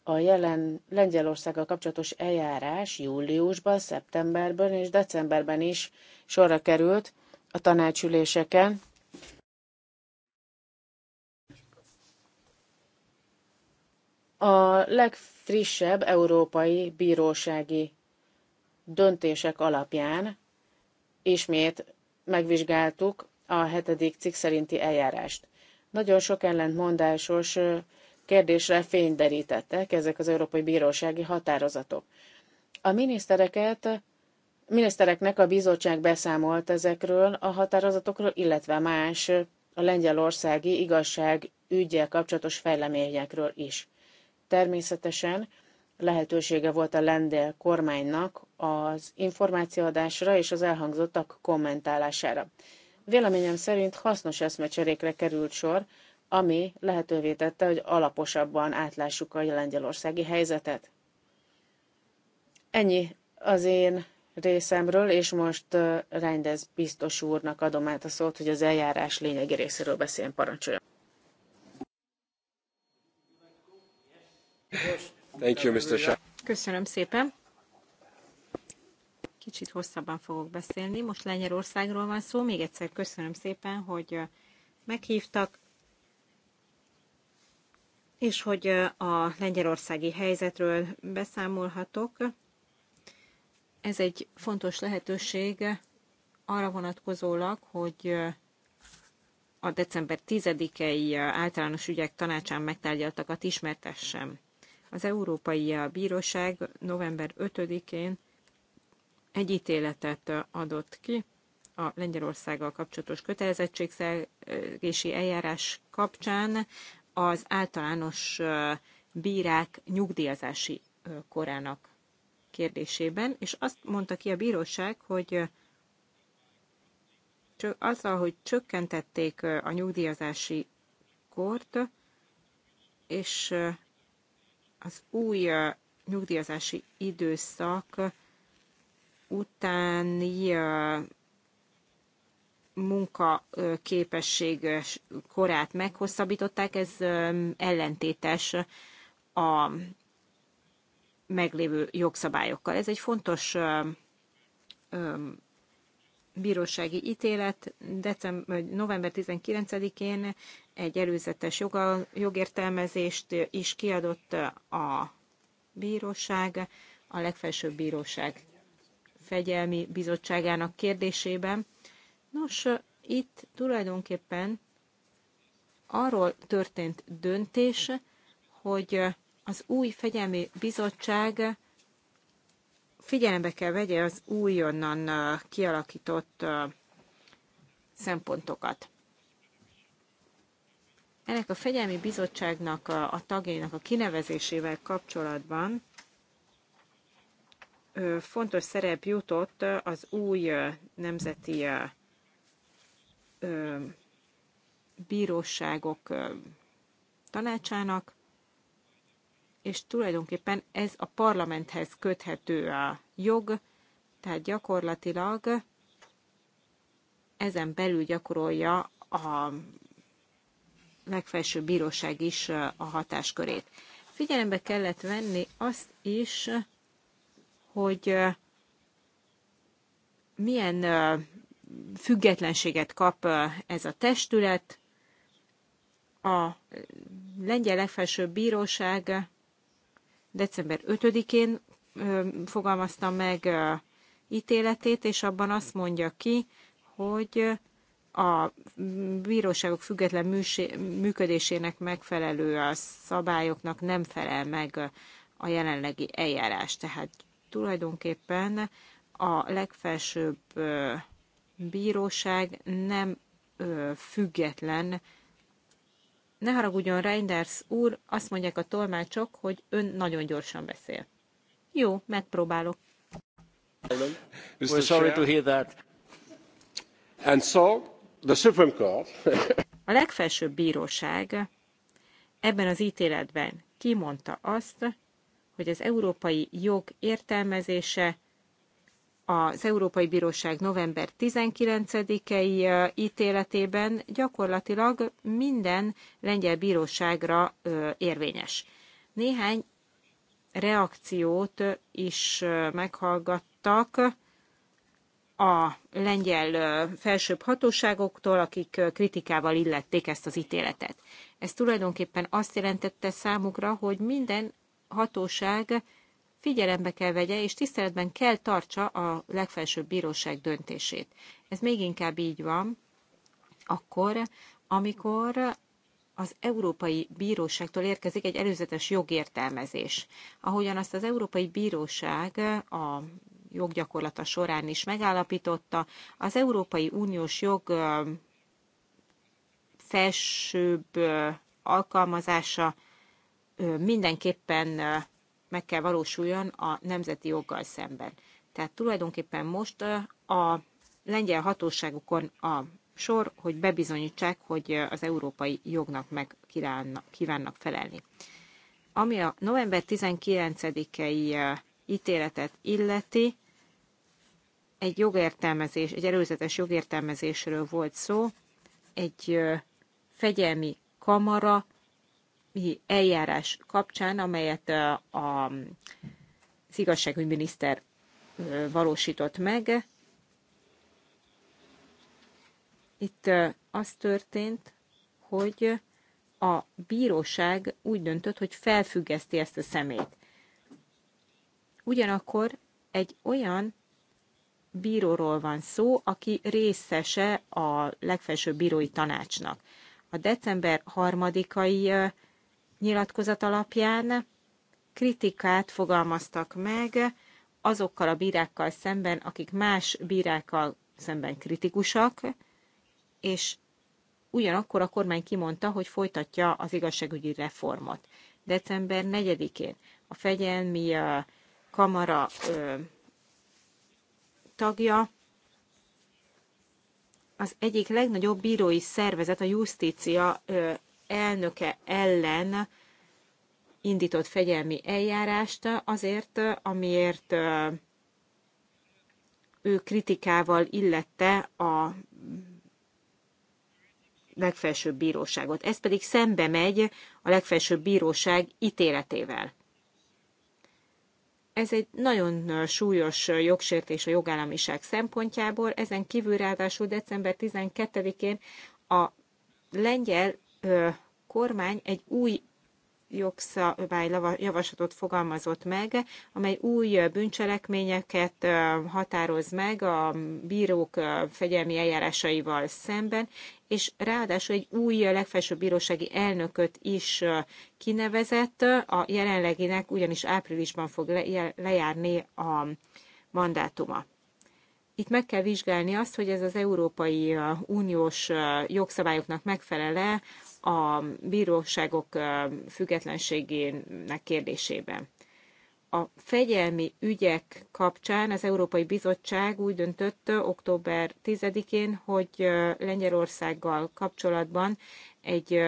a jelen Lengyelországgal kapcsolatos eljárás júliusban, szeptemberben és decemberben is sorra került a tanácsüléseken, a legfrissebb európai bírósági döntések alapján ismét megvizsgáltuk a hetedik cikk szerinti eljárást. Nagyon sok ellentmondásos kérdésre fényderítettek ezek az európai bírósági határozatok. A minisztereket, minisztereknek a bizottság beszámolt ezekről a határozatokról, illetve más a lengyelországi igazság kapcsolatos fejleményekről is. Természetesen lehetősége volt a lendél kormánynak az információadásra és az elhangzottak kommentálására. Véleményem szerint hasznos eszmecserékre került sor, ami lehetővé tette, hogy alaposabban átlássuk a lengyelországi helyzetet. Ennyi az én részemről, és most uh, Reinders biztos úrnak adom át a szót, hogy az eljárás lényegi részéről beszéljen parancsoljon. Köszönöm szépen. Kicsit hosszabban fogok beszélni. Most Lengyelországról van szó. Még egyszer köszönöm szépen, hogy meghívtak, és hogy a lengyelországi helyzetről beszámolhatok. Ez egy fontos lehetőség arra vonatkozólag, hogy a december 10-i általános ügyek tanácsán megtárgyaltakat ismertessem. Az Európai Bíróság november 5-én egy ítéletet adott ki a Lengyelországgal kapcsolatos kötelezettségszegési eljárás kapcsán az általános bírák nyugdíjazási korának kérdésében, és azt mondta ki a bíróság, hogy azzal, hogy csökkentették a nyugdíjazási kort, és az új nyugdíjazási időszak utáni munkaképesség korát meghosszabbították, ez ellentétes a meglévő jogszabályokkal. Ez egy fontos bírósági ítélet december, november 19-én egy előzetes joga, jogértelmezést is kiadott a bíróság, a legfelsőbb bíróság fegyelmi bizottságának kérdésében. Nos, itt tulajdonképpen arról történt döntés, hogy az új fegyelmi bizottság figyelembe kell vegye az újonnan uh, kialakított uh, szempontokat. Ennek a fegyelmi bizottságnak a, a tagjainak a kinevezésével kapcsolatban fontos szerep jutott az új nemzeti bíróságok tanácsának, és tulajdonképpen ez a parlamenthez köthető a jog, tehát gyakorlatilag ezen belül gyakorolja a legfelsőbb bíróság is a hatáskörét. Figyelembe kellett venni azt is, hogy milyen függetlenséget kap ez a testület. A lengyel legfelsőbb bíróság december 5-én fogalmazta meg ítéletét, és abban azt mondja ki, hogy a bíróságok független működésének megfelelő a szabályoknak nem felel meg a jelenlegi eljárás. Tehát tulajdonképpen a legfelsőbb bíróság nem független ne haragudjon, Reinders úr, azt mondják a tolmácsok, hogy ön nagyon gyorsan beszél. Jó, megpróbálok. We're sorry to hear that. And so, the Supreme Court... a legfelsőbb bíróság ebben az ítéletben kimondta azt, hogy az európai jog értelmezése az Európai Bíróság november 19-i ítéletében gyakorlatilag minden lengyel bíróságra érvényes. Néhány reakciót is meghallgattak a lengyel felsőbb hatóságoktól, akik kritikával illették ezt az ítéletet. Ez tulajdonképpen azt jelentette számukra, hogy minden hatóság figyelembe kell vegye, és tiszteletben kell tartsa a legfelsőbb bíróság döntését. Ez még inkább így van, akkor, amikor az Európai Bíróságtól érkezik egy előzetes jogértelmezés. Ahogyan azt az Európai Bíróság a joggyakorlata során is megállapította, az Európai Uniós jog felsőbb alkalmazása mindenképpen meg kell valósuljon a nemzeti joggal szemben. Tehát tulajdonképpen most a lengyel hatóságokon a sor, hogy bebizonyítsák, hogy az európai jognak meg kívánnak felelni. Ami a november 19-i ítéletet illeti, egy jogértelmezés, egy előzetes jogértelmezésről volt szó, egy fegyelmi kamara eljárás kapcsán, amelyet a az igazságügyminiszter valósított meg. Itt az történt, hogy a bíróság úgy döntött, hogy felfüggeszti ezt a szemét. Ugyanakkor egy olyan bíróról van szó, aki részese a legfelsőbb bírói tanácsnak. A december harmadikai nyilatkozat alapján kritikát fogalmaztak meg azokkal a bírákkal szemben, akik más bírákkal szemben kritikusak, és ugyanakkor a kormány kimondta, hogy folytatja az igazságügyi reformot. December 4-én a fegyelmi kamara ö, tagja az egyik legnagyobb bírói szervezet, a Justícia elnöke ellen indított fegyelmi eljárást azért, amiért ő kritikával illette a legfelsőbb bíróságot. Ez pedig szembe megy a legfelsőbb bíróság ítéletével. Ez egy nagyon súlyos jogsértés a jogállamiság szempontjából. Ezen kívül ráadásul december 12-én a lengyel kormány egy új jogszabály javaslatot fogalmazott meg, amely új bűncselekményeket határoz meg a bírók fegyelmi eljárásaival szemben, és ráadásul egy új legfelsőbb bírósági elnököt is kinevezett, a jelenleginek ugyanis áprilisban fog lejárni a mandátuma. Itt meg kell vizsgálni azt, hogy ez az Európai Uniós jogszabályoknak megfelele a bíróságok függetlenségének kérdésében. A fegyelmi ügyek kapcsán az Európai Bizottság úgy döntött október 10-én, hogy Lengyelországgal kapcsolatban egy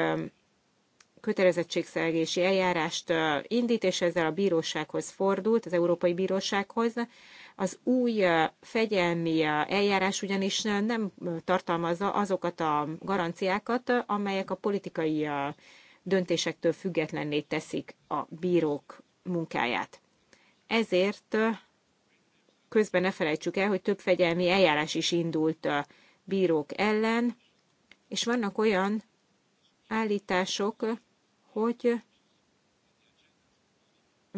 kötelezettségszegési eljárást indít, és ezzel a bírósághoz fordult, az Európai Bírósághoz, az új fegyelmi eljárás ugyanis nem tartalmazza azokat a garanciákat, amelyek a politikai döntésektől függetlenné teszik a bírók munkáját. Ezért közben ne felejtsük el, hogy több fegyelmi eljárás is indult a bírók ellen, és vannak olyan állítások, hogy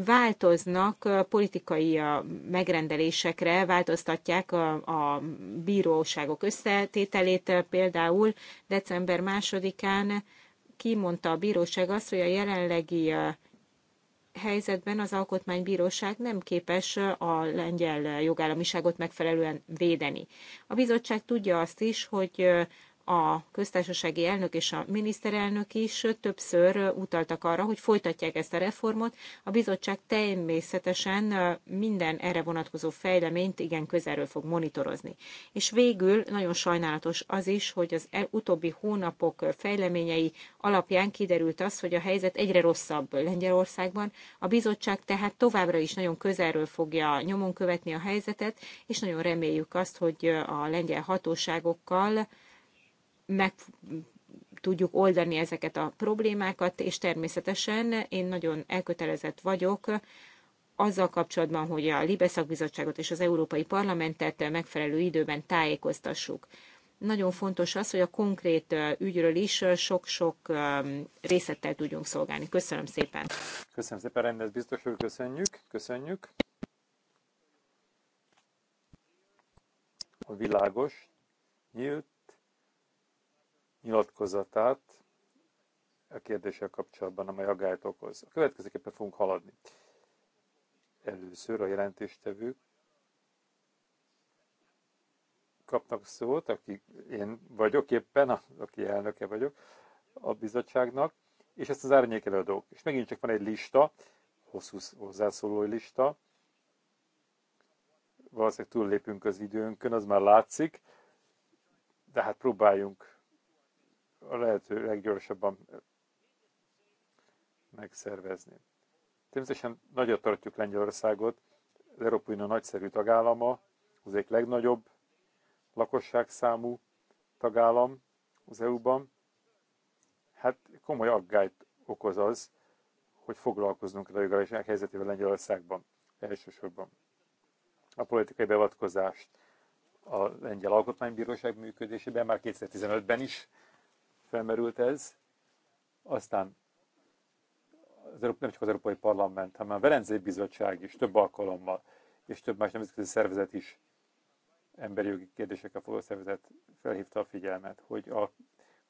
változnak politikai megrendelésekre, változtatják a, a bíróságok összetételét. Például december másodikán kimondta a bíróság azt, hogy a jelenlegi helyzetben az alkotmánybíróság nem képes a lengyel jogállamiságot megfelelően védeni. A bizottság tudja azt is, hogy a köztársasági elnök és a miniszterelnök is többször utaltak arra, hogy folytatják ezt a reformot. A bizottság természetesen minden erre vonatkozó fejleményt igen közelről fog monitorozni. És végül nagyon sajnálatos az is, hogy az utóbbi hónapok fejleményei alapján kiderült az, hogy a helyzet egyre rosszabb Lengyelországban. A bizottság tehát továbbra is nagyon közelről fogja nyomon követni a helyzetet, és nagyon reméljük azt, hogy a lengyel hatóságokkal meg tudjuk oldani ezeket a problémákat, és természetesen én nagyon elkötelezett vagyok azzal kapcsolatban, hogy a Libe szakbizottságot és az Európai Parlamentet megfelelő időben tájékoztassuk. Nagyon fontos az, hogy a konkrét ügyről is sok-sok részettel tudjunk szolgálni. Köszönöm szépen! Köszönöm szépen, rendez biztos úr, köszönjük, köszönjük. A Világos, nyílt, nyilatkozatát a kérdéssel kapcsolatban, amely aggályt okoz. A következőképpen fogunk haladni. Először a jelentéstevők kapnak szót, aki én vagyok éppen, aki elnöke vagyok a bizottságnak, és ezt az árnyék előadók. És megint csak van egy lista, hosszú hozzászóló lista, valószínűleg túllépünk az időnkön, az már látszik, de hát próbáljunk a lehető leggyorsabban megszervezni. Természetesen nagyot tartjuk Lengyelországot, az Európai Unió nagyszerű tagállama, az egyik legnagyobb lakosságszámú tagállam az EU-ban. Hát komoly aggályt okoz az, hogy foglalkoznunk a jogállásság helyzetével Lengyelországban elsősorban. A politikai beavatkozást a Lengyel Alkotmánybíróság működésében már 2015-ben is felmerült ez. Aztán az Európa, nem csak az Európai Parlament, hanem a Velencei Bizottság is több alkalommal, és több más nemzetközi szervezet is emberi jogi kérdésekkel foglalkozó szervezet felhívta a figyelmet, hogy a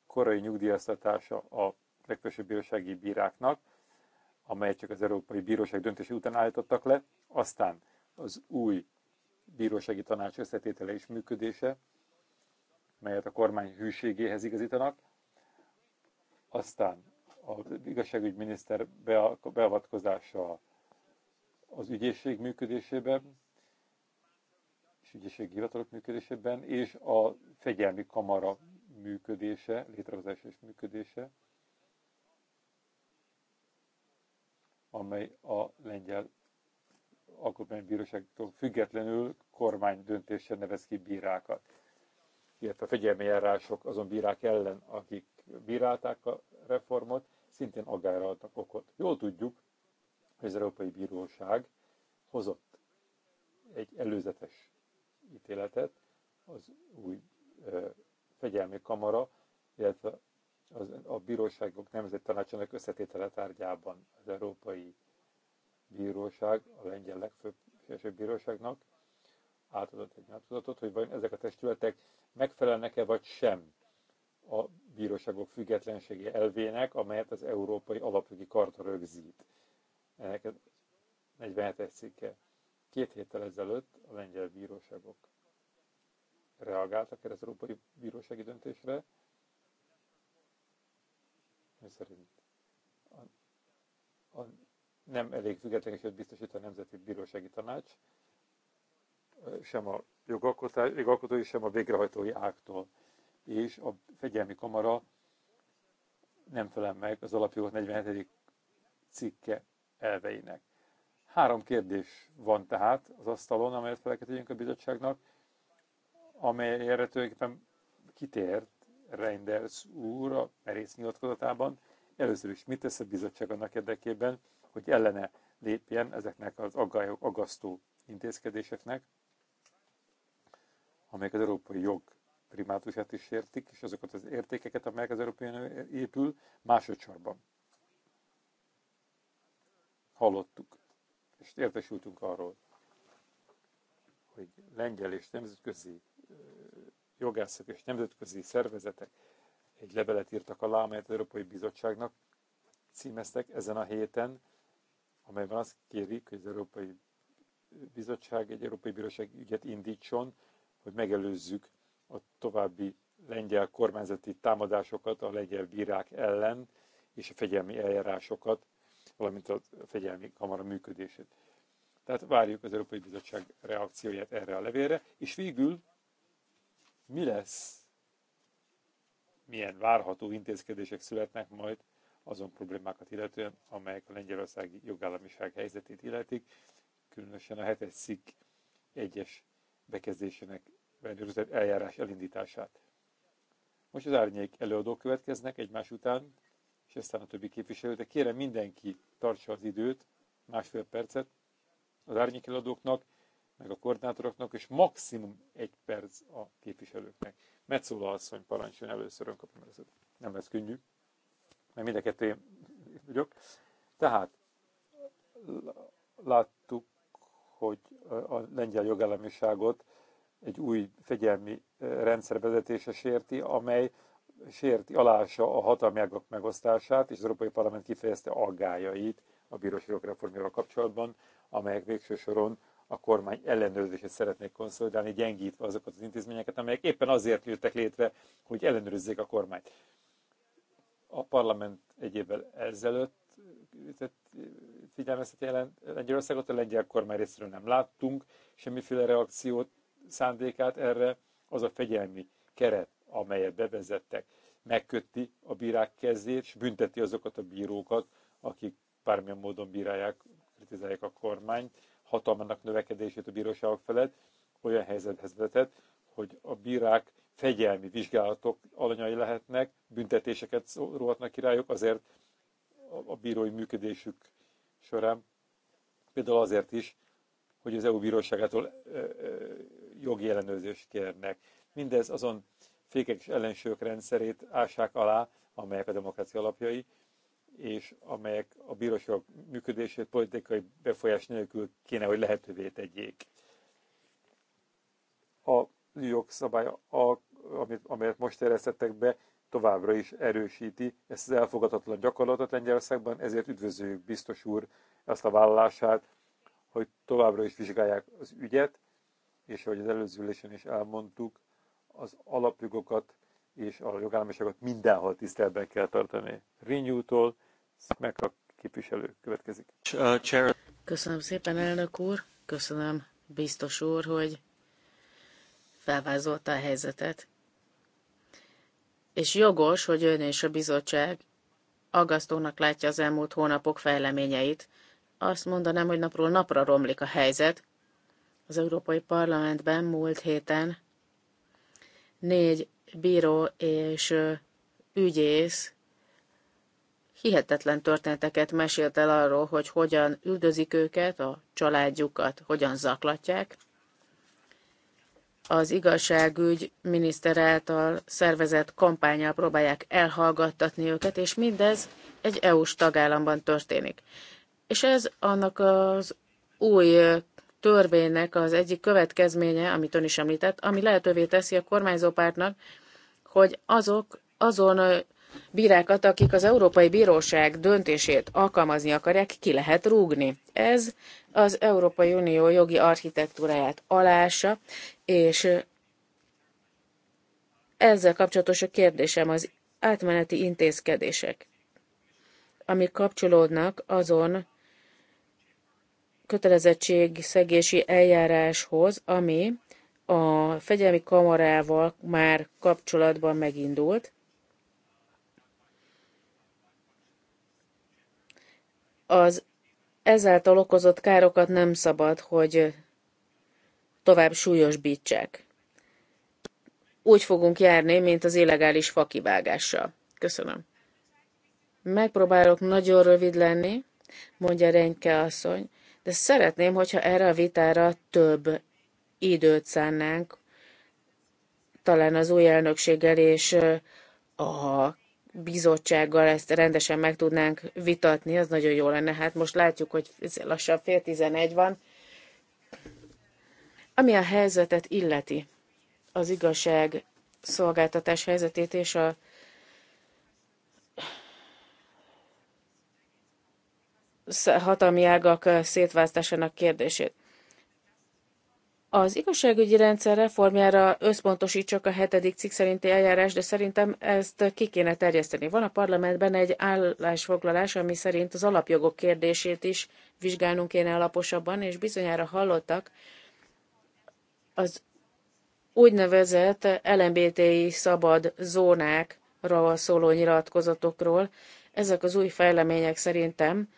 korai nyugdíjasztatása a legfelsőbb bírósági bíráknak, amelyet csak az Európai Bíróság döntése után állítottak le, aztán az új bírósági tanács összetétele és működése, melyet a kormány hűségéhez igazítanak, aztán az igazságügyminiszter beavatkozása az ügyészség működésében, és ügyészségi hivatalok működésében, és a fegyelmi kamara működése, létrehozás és működése, amely a lengyel alkotmánybíróságtól függetlenül kormány döntéssel nevez ki bírákat, illetve a fegyelmi járások azon bírák ellen, akik bírálták a reformot, szintén agára adtak okot. Jól tudjuk, hogy az Európai Bíróság hozott egy előzetes ítéletet az új ö, fegyelmi kamara, illetve az, a bíróságok nemzeti tanácsának összetétele tárgyában az Európai Bíróság, a lengyel legfőbb felsőbb bíróságnak átadott egy nyilatkozatot, hogy vajon ezek a testületek megfelelnek-e vagy sem a bíróságok függetlensége elvének, amelyet az Európai Alapjogi Karta rögzít. Ennek 47-es cikke. Két héttel ezelőtt a lengyel bíróságok reagáltak erre az Európai Bírósági döntésre, mi szerint a, a nem elég függetlenséget biztosít a Nemzeti Bírósági Tanács, sem a jogalkotói, sem a végrehajtói áktól és a fegyelmi kamara nem felel meg az alapjogok 47. cikke elveinek. Három kérdés van tehát az asztalon, amelyet feleketjünk a bizottságnak, amely erre tulajdonképpen kitért Reinders úr a merész nyilatkozatában. Először is mit tesz a bizottság annak érdekében, hogy ellene lépjen ezeknek az aggályok, agasztó intézkedéseknek, amelyek az európai jog primátusát is értik, és azokat az értékeket, amelyek az Európai Unió épül, másodszorban. Hallottuk, és értesültünk arról, hogy lengyel és nemzetközi jogászok és nemzetközi szervezetek egy levelet írtak alá, amelyet az Európai Bizottságnak címeztek ezen a héten, amelyben azt kérik, hogy az Európai Bizottság egy Európai Bíróság ügyet indítson, hogy megelőzzük a további lengyel kormányzati támadásokat a lengyel bírák ellen és a fegyelmi eljárásokat, valamint a fegyelmi kamara működését. Tehát várjuk az Európai Bizottság reakcióját erre a levélre, és végül mi lesz, milyen várható intézkedések születnek majd azon problémákat illetően, amelyek a lengyelországi jogállamiság helyzetét illetik, különösen a hetes cikk egyes bekezdésének rendőrzett eljárás elindítását. Most az árnyék előadók következnek egymás után, és aztán a többi képviselő, de kérem mindenki tartsa az időt, másfél percet az árnyék előadóknak, meg a koordinátoroknak, és maximum egy perc a képviselőknek. Metszóla asszony parancsoljon először önkapom ez Nem lesz könnyű, mert mind a kettő én vagyok. Tehát láttuk, hogy a lengyel jogállamiságot egy új fegyelmi rendszer vezetése sérti, amely sérti, alása a hatalmi megosztását, és az Európai Parlament kifejezte aggájait a bíróságok reformjával kapcsolatban, amelyek végső soron a kormány ellenőrzését szeretnék konszolidálni, gyengítve azokat az intézményeket, amelyek éppen azért jöttek létre, hogy ellenőrizzék a kormányt. A parlament egy évvel ezelőtt figyelmezteti Lengyelországot, a lengyel kormány részéről nem láttunk semmiféle reakciót, szándékát erre, az a fegyelmi keret, amelyet bevezettek, megköti a bírák kezét, és bünteti azokat a bírókat, akik bármilyen módon bírálják, kritizálják a kormányt, hatalmának növekedését a bíróságok felett, olyan helyzethez vetett, hogy a bírák fegyelmi vizsgálatok alanyai lehetnek, büntetéseket róhatnak királyok azért a bírói működésük során, például azért is, hogy az EU bíróságától jogi ellenőrzést kérnek. Mindez azon fékek és ellensők rendszerét ássák alá, amelyek a demokrácia alapjai, és amelyek a bíróságok működését politikai befolyás nélkül kéne, hogy lehetővé tegyék. A jogszabály, a, amit, amelyet most éreztettek be, továbbra is erősíti ezt az elfogadhatatlan gyakorlatot Lengyelországban, ezért üdvözöljük biztos úr ezt a vállalását, hogy továbbra is vizsgálják az ügyet, és ahogy az előző ülésen is elmondtuk, az alapjogokat és a jogállamiságot mindenhol tiszteletben kell tartani. Rinyútól, meg a képviselő következik. Köszönöm szépen, elnök úr, köszönöm biztos úr, hogy felvázolta a helyzetet. És jogos, hogy ön és a bizottság aggasztónak látja az elmúlt hónapok fejleményeit, azt mondanám, hogy napról napra romlik a helyzet. Az Európai Parlamentben múlt héten négy bíró és ügyész hihetetlen történeteket mesélt el arról, hogy hogyan üldözik őket, a családjukat, hogyan zaklatják. Az igazságügy miniszter által szervezett kampányjal próbálják elhallgattatni őket, és mindez egy EU-s tagállamban történik. És ez annak az új törvénynek az egyik következménye, amit ön is említett, ami lehetővé teszi a kormányzópártnak, hogy azok azon bírákat, akik az Európai Bíróság döntését alkalmazni akarják, ki lehet rúgni. Ez az Európai Unió jogi architektúráját alása, és ezzel kapcsolatos a kérdésem az átmeneti intézkedések, amik kapcsolódnak azon kötelezettségszegési eljáráshoz, ami a fegyelmi kamarával már kapcsolatban megindult. Az ezáltal okozott károkat nem szabad, hogy tovább súlyosbítsák. Úgy fogunk járni, mint az illegális fakivágással. Köszönöm. Megpróbálok nagyon rövid lenni, mondja Renke asszony de szeretném, hogyha erre a vitára több időt szánnánk, talán az új elnökséggel és a bizottsággal ezt rendesen meg tudnánk vitatni, az nagyon jó lenne. Hát most látjuk, hogy lassan fél tizenegy van. Ami a helyzetet illeti, az igazság szolgáltatás helyzetét és a hatalmi ágak szétválasztásának kérdését. Az igazságügyi rendszer reformjára csak a hetedik cikk szerinti eljárás, de szerintem ezt ki kéne terjeszteni. Van a parlamentben egy állásfoglalás, ami szerint az alapjogok kérdését is vizsgálnunk kéne alaposabban, és bizonyára hallottak az úgynevezett LMBTI szabad zónákra szóló nyilatkozatokról. Ezek az új fejlemények szerintem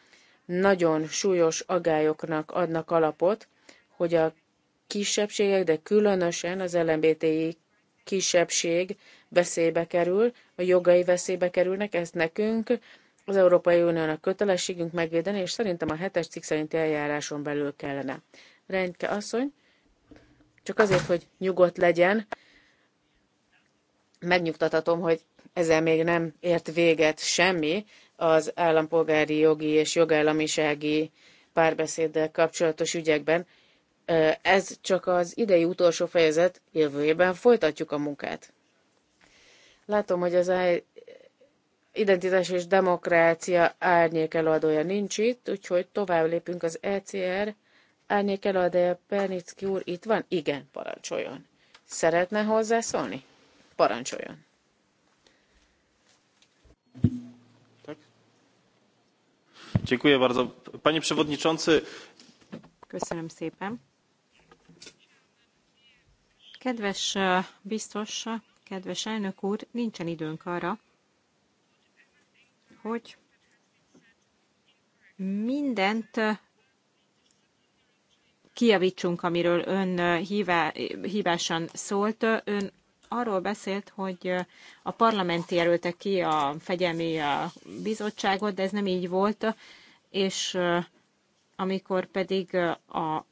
nagyon súlyos agályoknak adnak alapot, hogy a kisebbségek, de különösen az LMBTI kisebbség veszélybe kerül, a jogai veszélybe kerülnek, ezt nekünk az Európai Uniónak kötelességünk megvédeni, és szerintem a hetes cikk szerinti eljáráson belül kellene. Rendke asszony, csak azért, hogy nyugodt legyen, megnyugtatatom, hogy ezzel még nem ért véget semmi, az állampolgári jogi és jogállamisági párbeszéddel kapcsolatos ügyekben. Ez csak az idei utolsó fejezet, jövőjében folytatjuk a munkát. Látom, hogy az identitás és demokrácia árnyék nincs itt, úgyhogy tovább lépünk az ECR árnyék előadója Pernicki úr itt van? Igen, parancsoljon. Szeretne hozzászólni? Parancsoljon. Panie przewodniczący. Kedves e, biztos, e, kedves elnök úr, nincsen időnk arra, hogy mindent e, kijavtsunk amiről ön hívá, hívásan szólt. Ön arról beszélt, hogy a parlament jelölte ki a fegyelmi bizottságot, de ez nem így volt, és amikor pedig a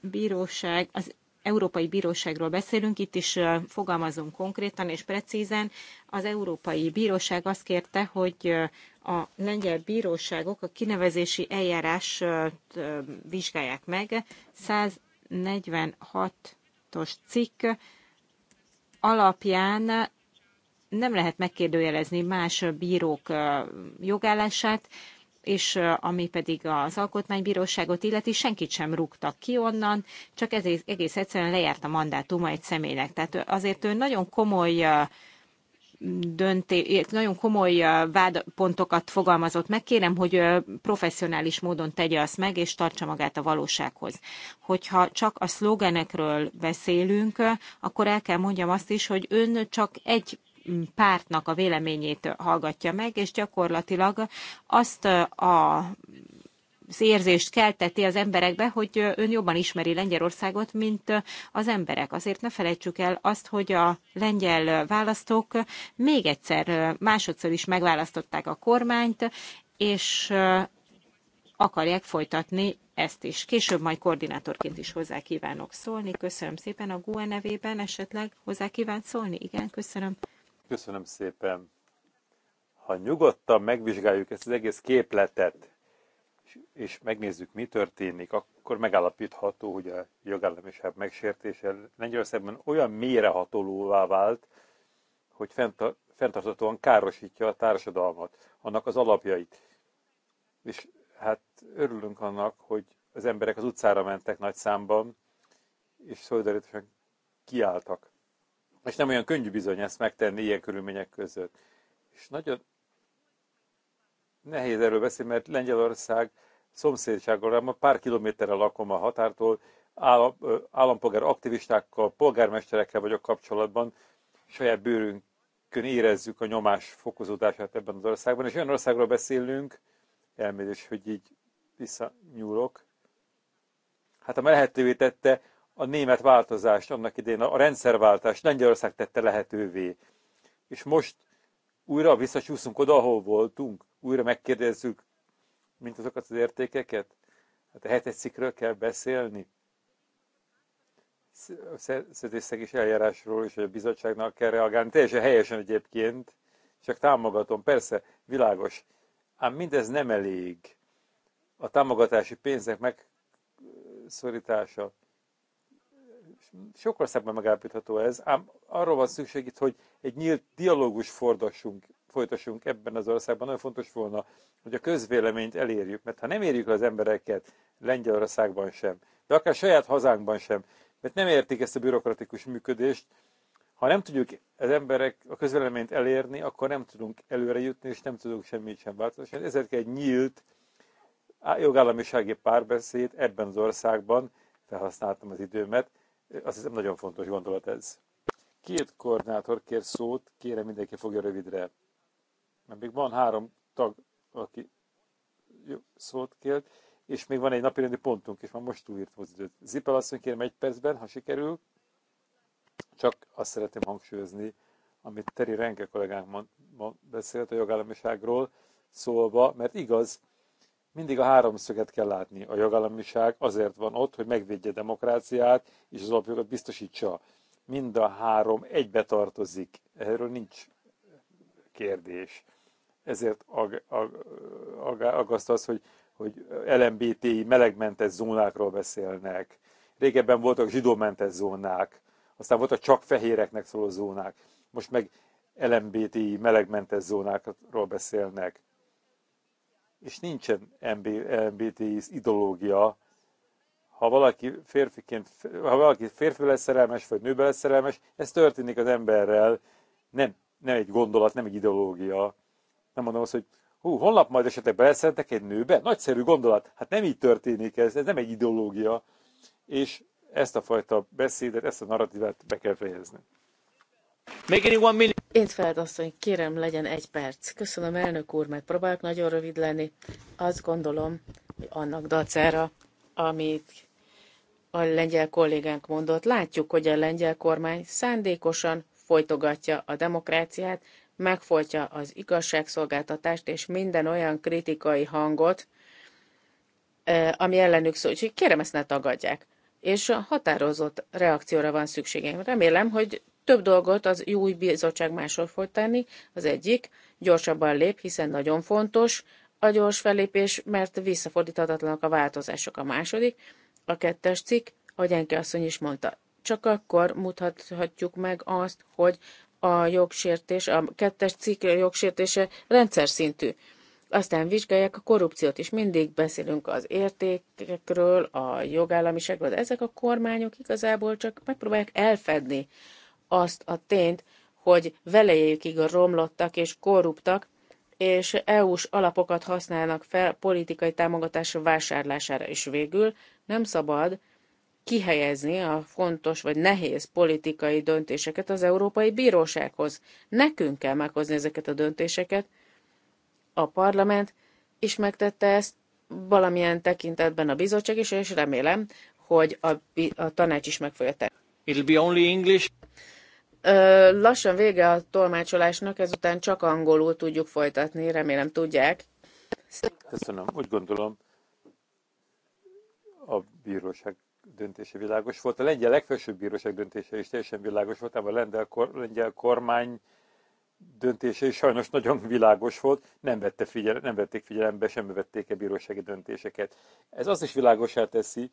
bíróság, az Európai Bíróságról beszélünk, itt is fogalmazunk konkrétan és precízen. Az Európai Bíróság azt kérte, hogy a lengyel bíróságok a kinevezési eljárást vizsgálják meg. 146-os cikk alapján nem lehet megkérdőjelezni más bírók jogállását, és ami pedig az alkotmánybíróságot illeti, senkit sem rúgtak ki onnan, csak ez egész egyszerűen lejárt a mandátuma egy személynek. Tehát azért ő nagyon komoly dönté, nagyon komoly vádpontokat fogalmazott meg. Kérem, hogy professzionális módon tegye azt meg, és tartsa magát a valósághoz. Hogyha csak a szlogenekről beszélünk, akkor el kell mondjam azt is, hogy ön csak egy mm, pártnak a véleményét hallgatja meg, és gyakorlatilag azt a az érzést kelteti az emberekbe, hogy ön jobban ismeri Lengyelországot, mint az emberek. Azért ne felejtsük el azt, hogy a lengyel választók még egyszer, másodszor is megválasztották a kormányt, és akarják folytatni ezt is. Később majd koordinátorként is hozzá kívánok szólni. Köszönöm szépen a GUE nevében, esetleg hozzá kíván szólni? Igen, köszönöm. Köszönöm szépen. Ha nyugodtan megvizsgáljuk ezt az egész képletet, és megnézzük, mi történik, akkor megállapítható, hogy a jogállamiság megsértése Lengyelországban olyan mélyrehatolóvá vált, hogy fenta, fenntarthatóan károsítja a társadalmat, annak az alapjait. És hát örülünk annak, hogy az emberek az utcára mentek nagy számban, és szolidaritásan kiálltak. És nem olyan könnyű bizony ezt megtenni ilyen körülmények között. És nagyon nehéz erről beszélni, mert Lengyelország már pár kilométerre lakom a határtól, állampolgár aktivistákkal, polgármesterekkel vagyok kapcsolatban, saját bőrünkön érezzük a nyomás fokozódását ebben az országban, és olyan országról beszélünk, elmézés, hogy így visszanyúlok, hát ami lehetővé tette a német változást annak idén, a rendszerváltást Lengyelország tette lehetővé. És most újra visszacsúszunk oda, ahol voltunk, újra megkérdezzük, mint azokat az értékeket? Hát a hetes cikről kell beszélni. A szerződésszegés eljárásról és a bizottságnak kell reagálni. Teljesen helyesen egyébként, csak támogatom, persze, világos. Ám mindez nem elég. A támogatási pénzek megszorítása. Sok országban megállapítható ez, ám arról van szükség itt, hogy egy nyílt dialógus fordassunk folytassunk ebben az országban, nagyon fontos volna, hogy a közvéleményt elérjük, mert ha nem érjük az embereket Lengyelországban sem, de akár saját hazánkban sem, mert nem értik ezt a bürokratikus működést, ha nem tudjuk az emberek a közvéleményt elérni, akkor nem tudunk előre jutni, és nem tudunk semmit sem változtatni. Ezért kell egy nyílt jogállamisági párbeszéd ebben az országban, felhasználtam az időmet, azt hiszem nagyon fontos gondolat ez. Két koordinátor kér szót, kérem mindenki fogja rövidre mert még van három tag, aki jó szót kért, és még van egy napirendi pontunk, és már most túlírtam az időt. Zipel asszony, kérem egy percben, ha sikerül, csak azt szeretném hangsúlyozni, amit Teri Renke kollégánk mond, mond, beszélt a jogállamiságról szólva, mert igaz, mindig a háromszöget kell látni. A jogállamiság azért van ott, hogy megvédje a demokráciát, és az alapjogot biztosítsa. Mind a három egybe tartozik. Erről nincs kérdés ezért ag, ag, ag, agaszt az, hogy, hogy LMBTI melegmentes zónákról beszélnek. Régebben voltak zsidómentes zónák, aztán voltak csak fehéreknek szóló zónák, most meg LMBTI melegmentes zónákról beszélnek. És nincsen MB, LMBTI ideológia. Ha valaki, férfiként, ha valaki férfi lesz szerelmes, vagy nőbe lesz szerelmes, ez történik az emberrel, nem, nem egy gondolat, nem egy ideológia nem mondom azt, hogy hú, holnap majd esetleg beleszeretek egy nőbe? Nagyszerű gondolat. Hát nem így történik ez, ez nem egy ideológia. És ezt a fajta beszédet, ezt a narratívát be kell fejezni. azt, hogy kérem, legyen egy perc. Köszönöm, elnök úr, próbálok nagyon rövid lenni. Azt gondolom, hogy annak dacára, amit a lengyel kollégánk mondott, látjuk, hogy a lengyel kormány szándékosan folytogatja a demokráciát, megfolytja az igazságszolgáltatást és minden olyan kritikai hangot, ami ellenük szól. Úgyhogy kérem, ezt ne tagadják. És határozott reakcióra van szükségem. Remélem, hogy több dolgot az új bizottság máshol fog tenni. Az egyik, gyorsabban lép, hiszen nagyon fontos a gyors felépés, mert visszafordíthatatlanak a változások. A második, a kettes cikk, ahogy Enke asszony is mondta, csak akkor mutathatjuk meg azt, hogy a jogsértés, a kettes cikk jogsértése rendszer szintű. Aztán vizsgálják a korrupciót is. Mindig beszélünk az értékekről, a jogállamiságról, de ezek a kormányok igazából csak megpróbálják elfedni azt a tényt, hogy velejékig romlottak és korruptak, és EU-s alapokat használnak fel politikai támogatás vásárlására is végül. Nem szabad, kihelyezni a fontos vagy nehéz politikai döntéseket az Európai Bírósághoz. Nekünk kell meghozni ezeket a döntéseket. A parlament is megtette ezt, valamilyen tekintetben a bizottság is, és remélem, hogy a, a tanács is meg fogja tenni. It'll be only English. lassan vége a tolmácsolásnak, ezután csak angolul tudjuk folytatni, remélem tudják. Köszönöm, úgy gondolom a bíróság döntése világos volt. A lengyel legfelsőbb bíróság döntése is teljesen világos volt, ám a lengyel, kor, lengyel kormány döntése is sajnos nagyon világos volt, nem, vette figyel, nem vették figyelembe, sem vették a bírósági döntéseket. Ez azt is világosá teszi,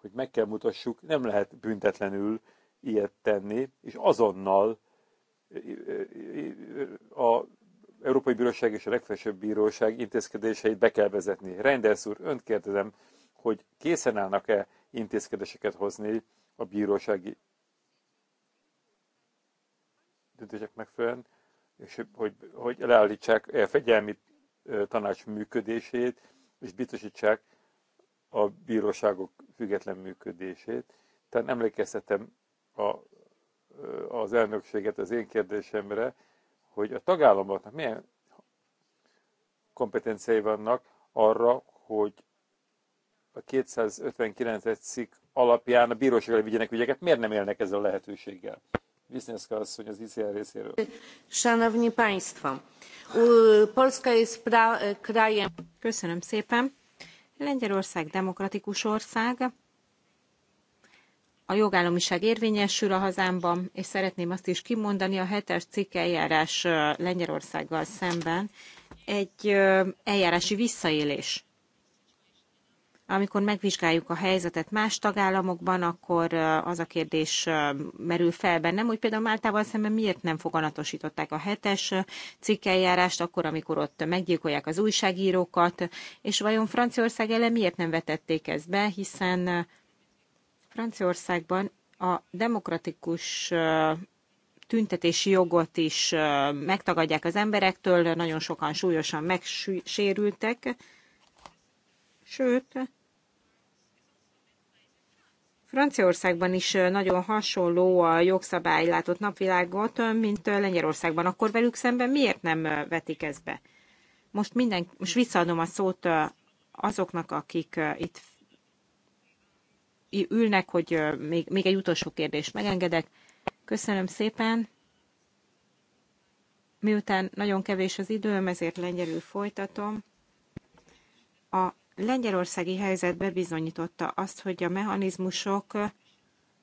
hogy meg kell mutassuk, nem lehet büntetlenül ilyet tenni, és azonnal a Európai Bíróság és a legfelsőbb bíróság intézkedéseit be kell vezetni. Rendelsz úr, önt kérdezem, hogy készen állnak-e intézkedéseket hozni a bírósági döntések megfelelően, és hogy, hogy leállítsák a fegyelmi tanács működését, és biztosítsák a bíróságok független működését. Tehát emlékeztetem a, az elnökséget az én kérdésemre, hogy a tagállamoknak milyen kompetenciái vannak arra, hogy a 259 cikk alapján a bíróságra vigyenek ügyeket, miért nem élnek ezzel a lehetőséggel? Wisniewska asszony az ICR részéről. Szanowni Państwo, Polska jest pra, krajem... Köszönöm szépen. Lengyelország demokratikus ország. A jogállamiság érvényesül a hazámban, és szeretném azt is kimondani, a hetes cikk eljárás Lengyelországgal szemben egy eljárási visszaélés amikor megvizsgáljuk a helyzetet más tagállamokban, akkor az a kérdés merül fel bennem, hogy például Máltával szemben miért nem foganatosították a hetes cikkeljárást, akkor, amikor ott meggyilkolják az újságírókat, és vajon Franciaország ellen miért nem vetették ezt be, hiszen Franciaországban a demokratikus tüntetési jogot is megtagadják az emberektől, nagyon sokan súlyosan megsérültek, Sőt, Franciaországban is nagyon hasonló a jogszabály látott napvilágot, mint Lengyelországban. Akkor velük szemben miért nem vetik ezt be? Most, minden, most visszaadom a szót azoknak, akik itt ülnek, hogy még, még egy utolsó kérdést megengedek. Köszönöm szépen. Miután nagyon kevés az időm, ezért lengyelül folytatom. A lengyelországi helyzet bebizonyította azt, hogy a mechanizmusok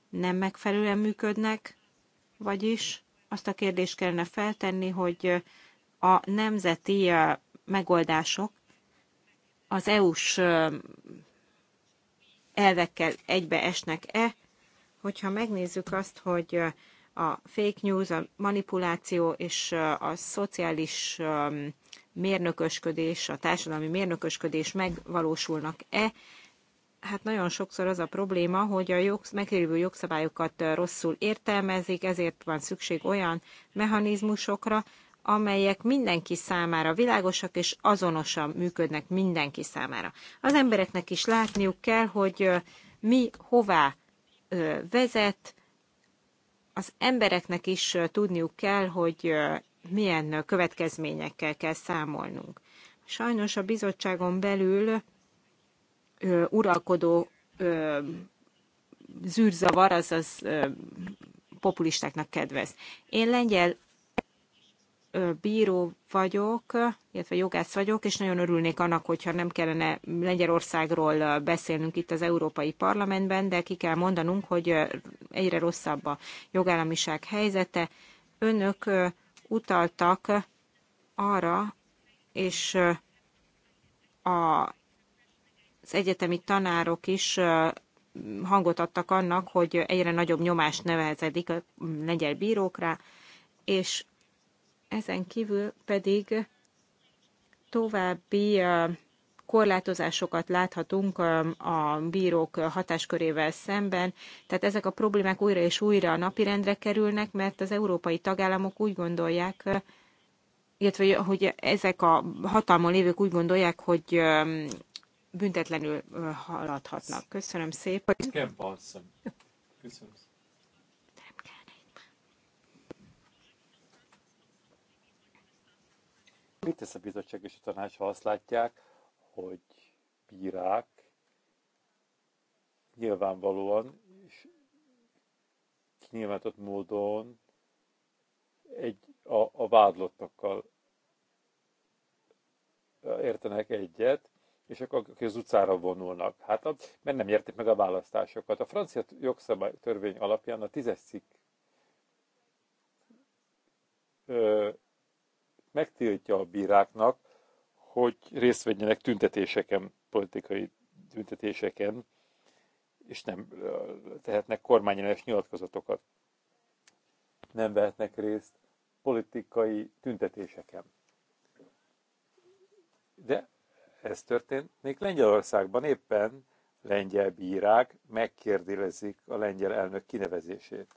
nem megfelelően működnek, vagyis azt a kérdést kellene feltenni, hogy a nemzeti megoldások az EU-s elvekkel egybeesnek-e, hogyha megnézzük azt, hogy a fake news, a manipuláció és a szociális mérnökösködés, a társadalmi mérnökösködés megvalósulnak-e. Hát nagyon sokszor az a probléma, hogy a jogsz, meglévő jogszabályokat rosszul értelmezik, ezért van szükség olyan mechanizmusokra, amelyek mindenki számára világosak és azonosan működnek mindenki számára. Az embereknek is látniuk kell, hogy mi hová vezet, az embereknek is tudniuk kell, hogy milyen következményekkel kell számolnunk. Sajnos a bizottságon belül ö, uralkodó ö, zűrzavar, azaz ö, populistáknak kedvez. Én lengyel bíró vagyok, illetve jogász vagyok, és nagyon örülnék annak, hogyha nem kellene Lengyelországról beszélnünk itt az Európai Parlamentben, de ki kell mondanunk, hogy egyre rosszabb a jogállamiság helyzete. Önök utaltak arra, és a, az egyetemi tanárok is hangot adtak annak, hogy egyre nagyobb nyomást nevezedik a lengyel bírókra, és ezen kívül pedig további korlátozásokat láthatunk a bírók hatáskörével szemben, tehát ezek a problémák újra és újra a napirendre kerülnek, mert az európai tagállamok úgy gondolják, illetve hogy ezek a hatalmon lévők úgy gondolják, hogy büntetlenül haladhatnak. Köszönöm szépen. Köszönöm. Mit tesz a bizottság és a tanács, ha azt látják, hogy bírák nyilvánvalóan és kinyilvánított módon egy, a, a vádlottakkal értenek egyet, és akkor az utcára vonulnak. Hát, mert nem értik meg a választásokat. A francia jogszabály törvény alapján a tízes cikk ö, megtiltja a bíráknak, hogy részt vegyenek tüntetéseken, politikai tüntetéseken, és nem tehetnek kormányellenes nyilatkozatokat. Nem vehetnek részt politikai tüntetéseken. De ez történt még Lengyelországban éppen lengyel bírák megkérdelezik a lengyel elnök kinevezését.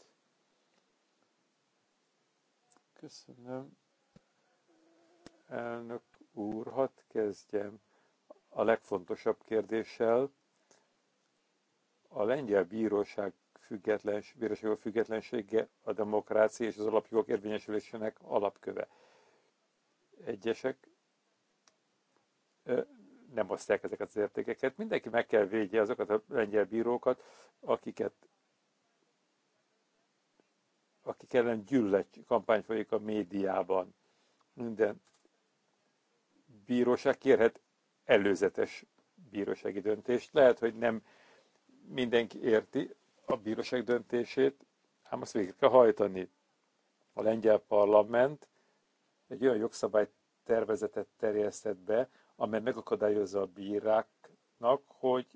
Köszönöm. Elnök úr, hadd kezdjem a legfontosabb kérdéssel. A lengyel bíróság függetlens, bíróságok függetlensége a demokrácia és az alapjogok érvényesülésének alapköve. Egyesek nem osztják ezeket az értékeket. Mindenki meg kell védje azokat a lengyel bírókat, akiket akik ellen gyűlölet kampány folyik a médiában. Minden bíróság kérhet előzetes bírósági döntést. Lehet, hogy nem mindenki érti a bíróság döntését, ám azt végig kell hajtani. A lengyel parlament egy olyan jogszabály tervezetet terjesztett be, amely megakadályozza a bíráknak, hogy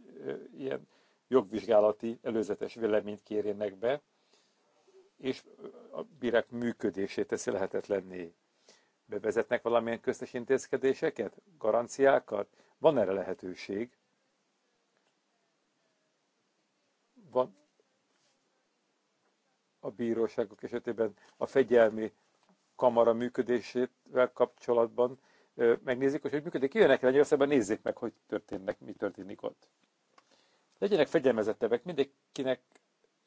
ilyen jogvizsgálati előzetes véleményt kérjenek be, és a bírák működését teszi lehetetlenné. Bevezetnek valamilyen köztes intézkedéseket? Garanciákat? Van erre lehetőség? Van a bíróságok esetében a fegyelmi kamara működésével kapcsolatban megnézik, hogy hogy működik. Jönnek el Lengyelországban, nézzék meg, hogy történnek, mi történik ott. Legyenek fegyelmezettebbek, mindenkinek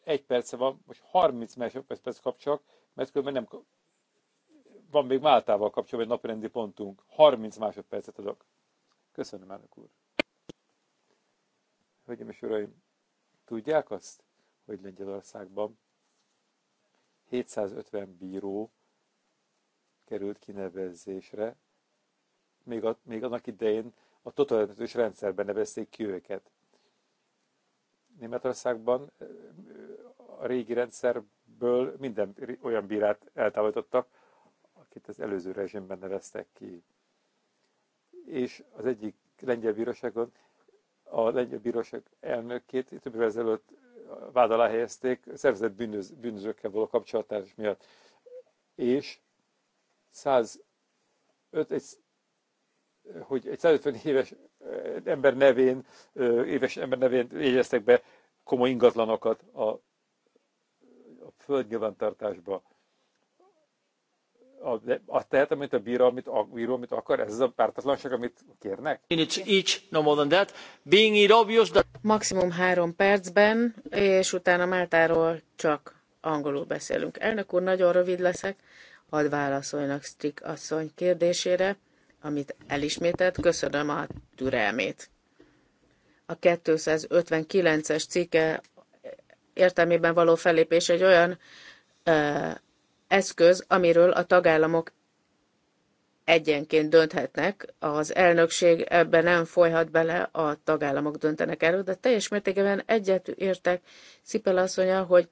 egy perce van, most 30 másodperc kapcsolok, mert különben nem van még Máltával kapcsolatban egy napirendi pontunk. 30 másodpercet adok. Köszönöm, elnök úr. Hölgyeim és uraim, tudják azt, hogy Lengyelországban 750 bíró került kinevezésre, még, a, még annak idején a totalitárius rendszerben nevezték ki őket. Németországban a régi rendszerből minden olyan bírát eltávolítottak, akit az előző rezsimben neveztek ki. És az egyik lengyel bíróságon a lengyel bíróság elnökét több évvel ezelőtt vád alá helyezték szervezett bűnöz, bűnözőkkel való kapcsolatás miatt. És 105, egy, hogy egy 150 éves eh, ember nevén, eh, éves ember nevén jegyeztek be komoly ingatlanokat a, a földnyilvántartásba azt tehet, amit a bíró, amit, a bíró, amit akar, ez az a pártatlanság, amit kérnek? each, no more than that. Being it obvious that... Maximum három percben, és utána Máltáról csak angolul beszélünk. Elnök úr, nagyon rövid leszek, hadd válaszoljanak Strik asszony kérdésére, amit elismételt, köszönöm a türelmét. A 259-es cikke értelmében való fellépés egy olyan eszköz, amiről a tagállamok egyenként dönthetnek. Az elnökség ebbe nem folyhat bele, a tagállamok döntenek erről, de teljes mértékben egyet értek Szipel asszonya, hogy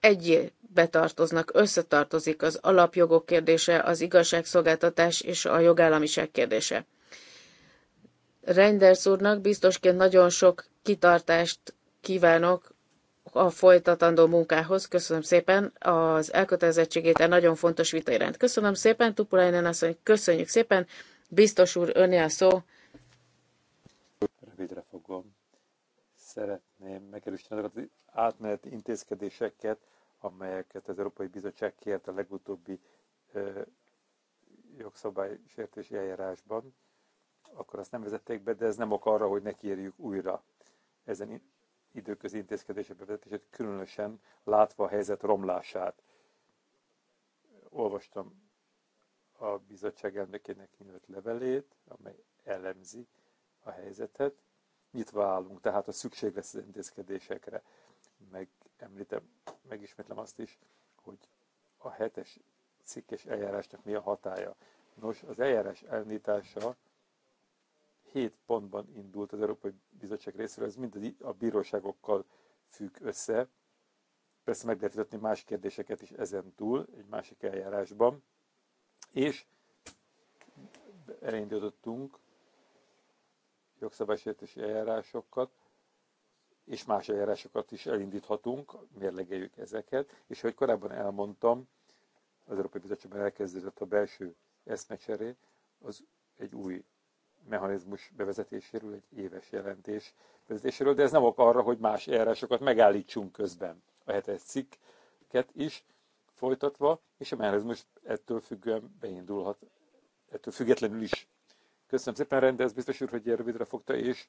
egyé betartoznak, összetartozik az alapjogok kérdése, az igazságszolgáltatás és a jogállamiság kérdése. Reinders úrnak biztosként nagyon sok kitartást kívánok a folytatandó munkához. Köszönöm szépen az elkötelezettségét, egy nagyon fontos vita iránt. Köszönöm szépen, Tupulainen asszony, köszönjük szépen. Biztos úr, önnél a szó. Rövidre fogom. Szeretném megerősíteni azokat az átmeneti intézkedéseket, amelyeket az Európai Bizottság kért a legutóbbi ö, jogszabálysértési eljárásban, akkor azt nem vezették be, de ez nem ok arra, hogy ne kérjük újra ezen időközi intézkedések bevezetését, különösen látva a helyzet romlását. Olvastam a bizottság elnökének nyílt levelét, amely elemzi a helyzetet. Nyitva állunk, tehát a szükség lesz az intézkedésekre. Meg említem, megismétlem azt is, hogy a hetes cikkes eljárásnak mi a hatája. Nos, az eljárás elnyitása 7 pontban indult az Európai Bizottság részéről, ez mind a bíróságokkal függ össze. Persze meg lehet vitatni más kérdéseket is ezen túl, egy másik eljárásban. És elindítottunk jogszabálysértési eljárásokat, és más eljárásokat is elindíthatunk, mérlegeljük ezeket, és ahogy korábban elmondtam, az Európai Bizottságban elkezdődött a belső eszmecseré, az egy új mechanizmus bevezetéséről, egy éves jelentés bevezetéséről, de ez nem ok arra, hogy más eljárásokat megállítsunk közben. A hetes cikket is folytatva, és a mechanizmus ettől függően beindulhat, ettől függetlenül is. Köszönöm szépen, rendez biztos úr, hogy ilyen rövidre fogta, és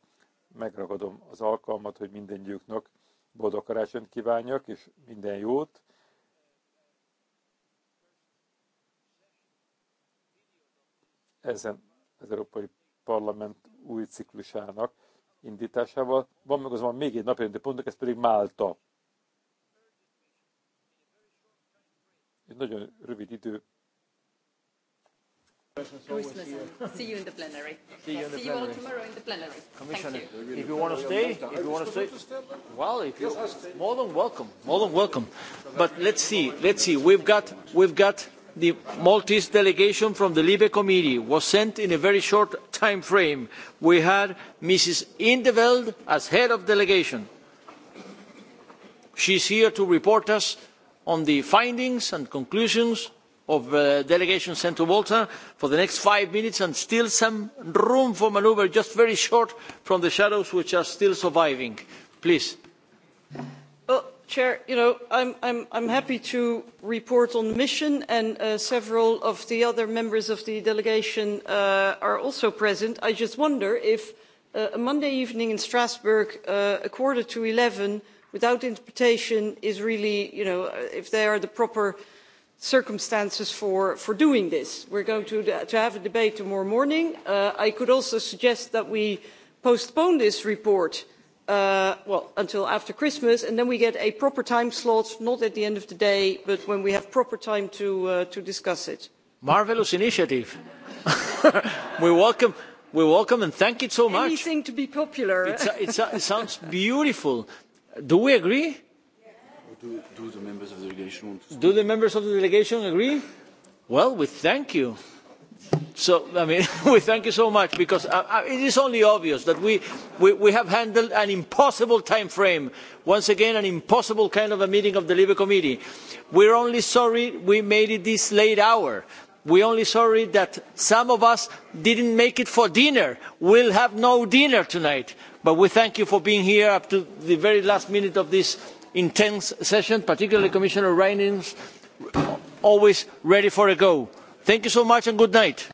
megragadom az alkalmat, hogy minden gyűknak boldog karácsonyt kívánjak, és minden jót. Ezen az Európai parlament új ciklusának indításával. Van meg azonban még egy napirendi pontunk, ez pedig Málta. Egy nagyon rövid idő. Christmas. See you in the plenary. See you, in the See you all tomorrow in the plenary. Commissioner, if you want to stay, if you want to stay, well, if you more than welcome, more than welcome. But let's see, let's see. We've got, we've got the Maltese delegation from the Libe Committee was sent in a very short time frame. We had ms in 't veld as head of delegation. She is here to report to us on the findings and conclusions of the uh, delegation sent to Malta for the next five minutes and still some room for manoeuvre, just very short from the shadows which are still surviving. Please. Oh, Chair, you I'm, happy to report on the mission, and uh, several of the other members of the delegation uh, are also present. I just wonder if uh, a Monday evening in Strasbourg, at a quarter to eleven without interpretation, is really, you know, if there are the proper circumstances for, doing this. We're going to, have a debate tomorrow morning. I could also suggest that we postpone this report Uh, well, until after Christmas, and then we get a proper time slot, not at the end of the day, but when we have proper time to, uh, to discuss it. Marvellous initiative. we welcome we welcome and thank you so much. Anything to be popular. it sounds beautiful. Do we agree? Do the members of the delegation agree? Well, we thank you so i mean we thank you so much because uh, uh, it is only obvious that we, we, we have handled an impossible time frame once again an impossible kind of a meeting of the libe committee we're only sorry we made it this late hour we're only sorry that some of us didn't make it for dinner we'll have no dinner tonight but we thank you for being here up to the very last minute of this intense session particularly commissioner reynders always ready for a go thank you so much and good night.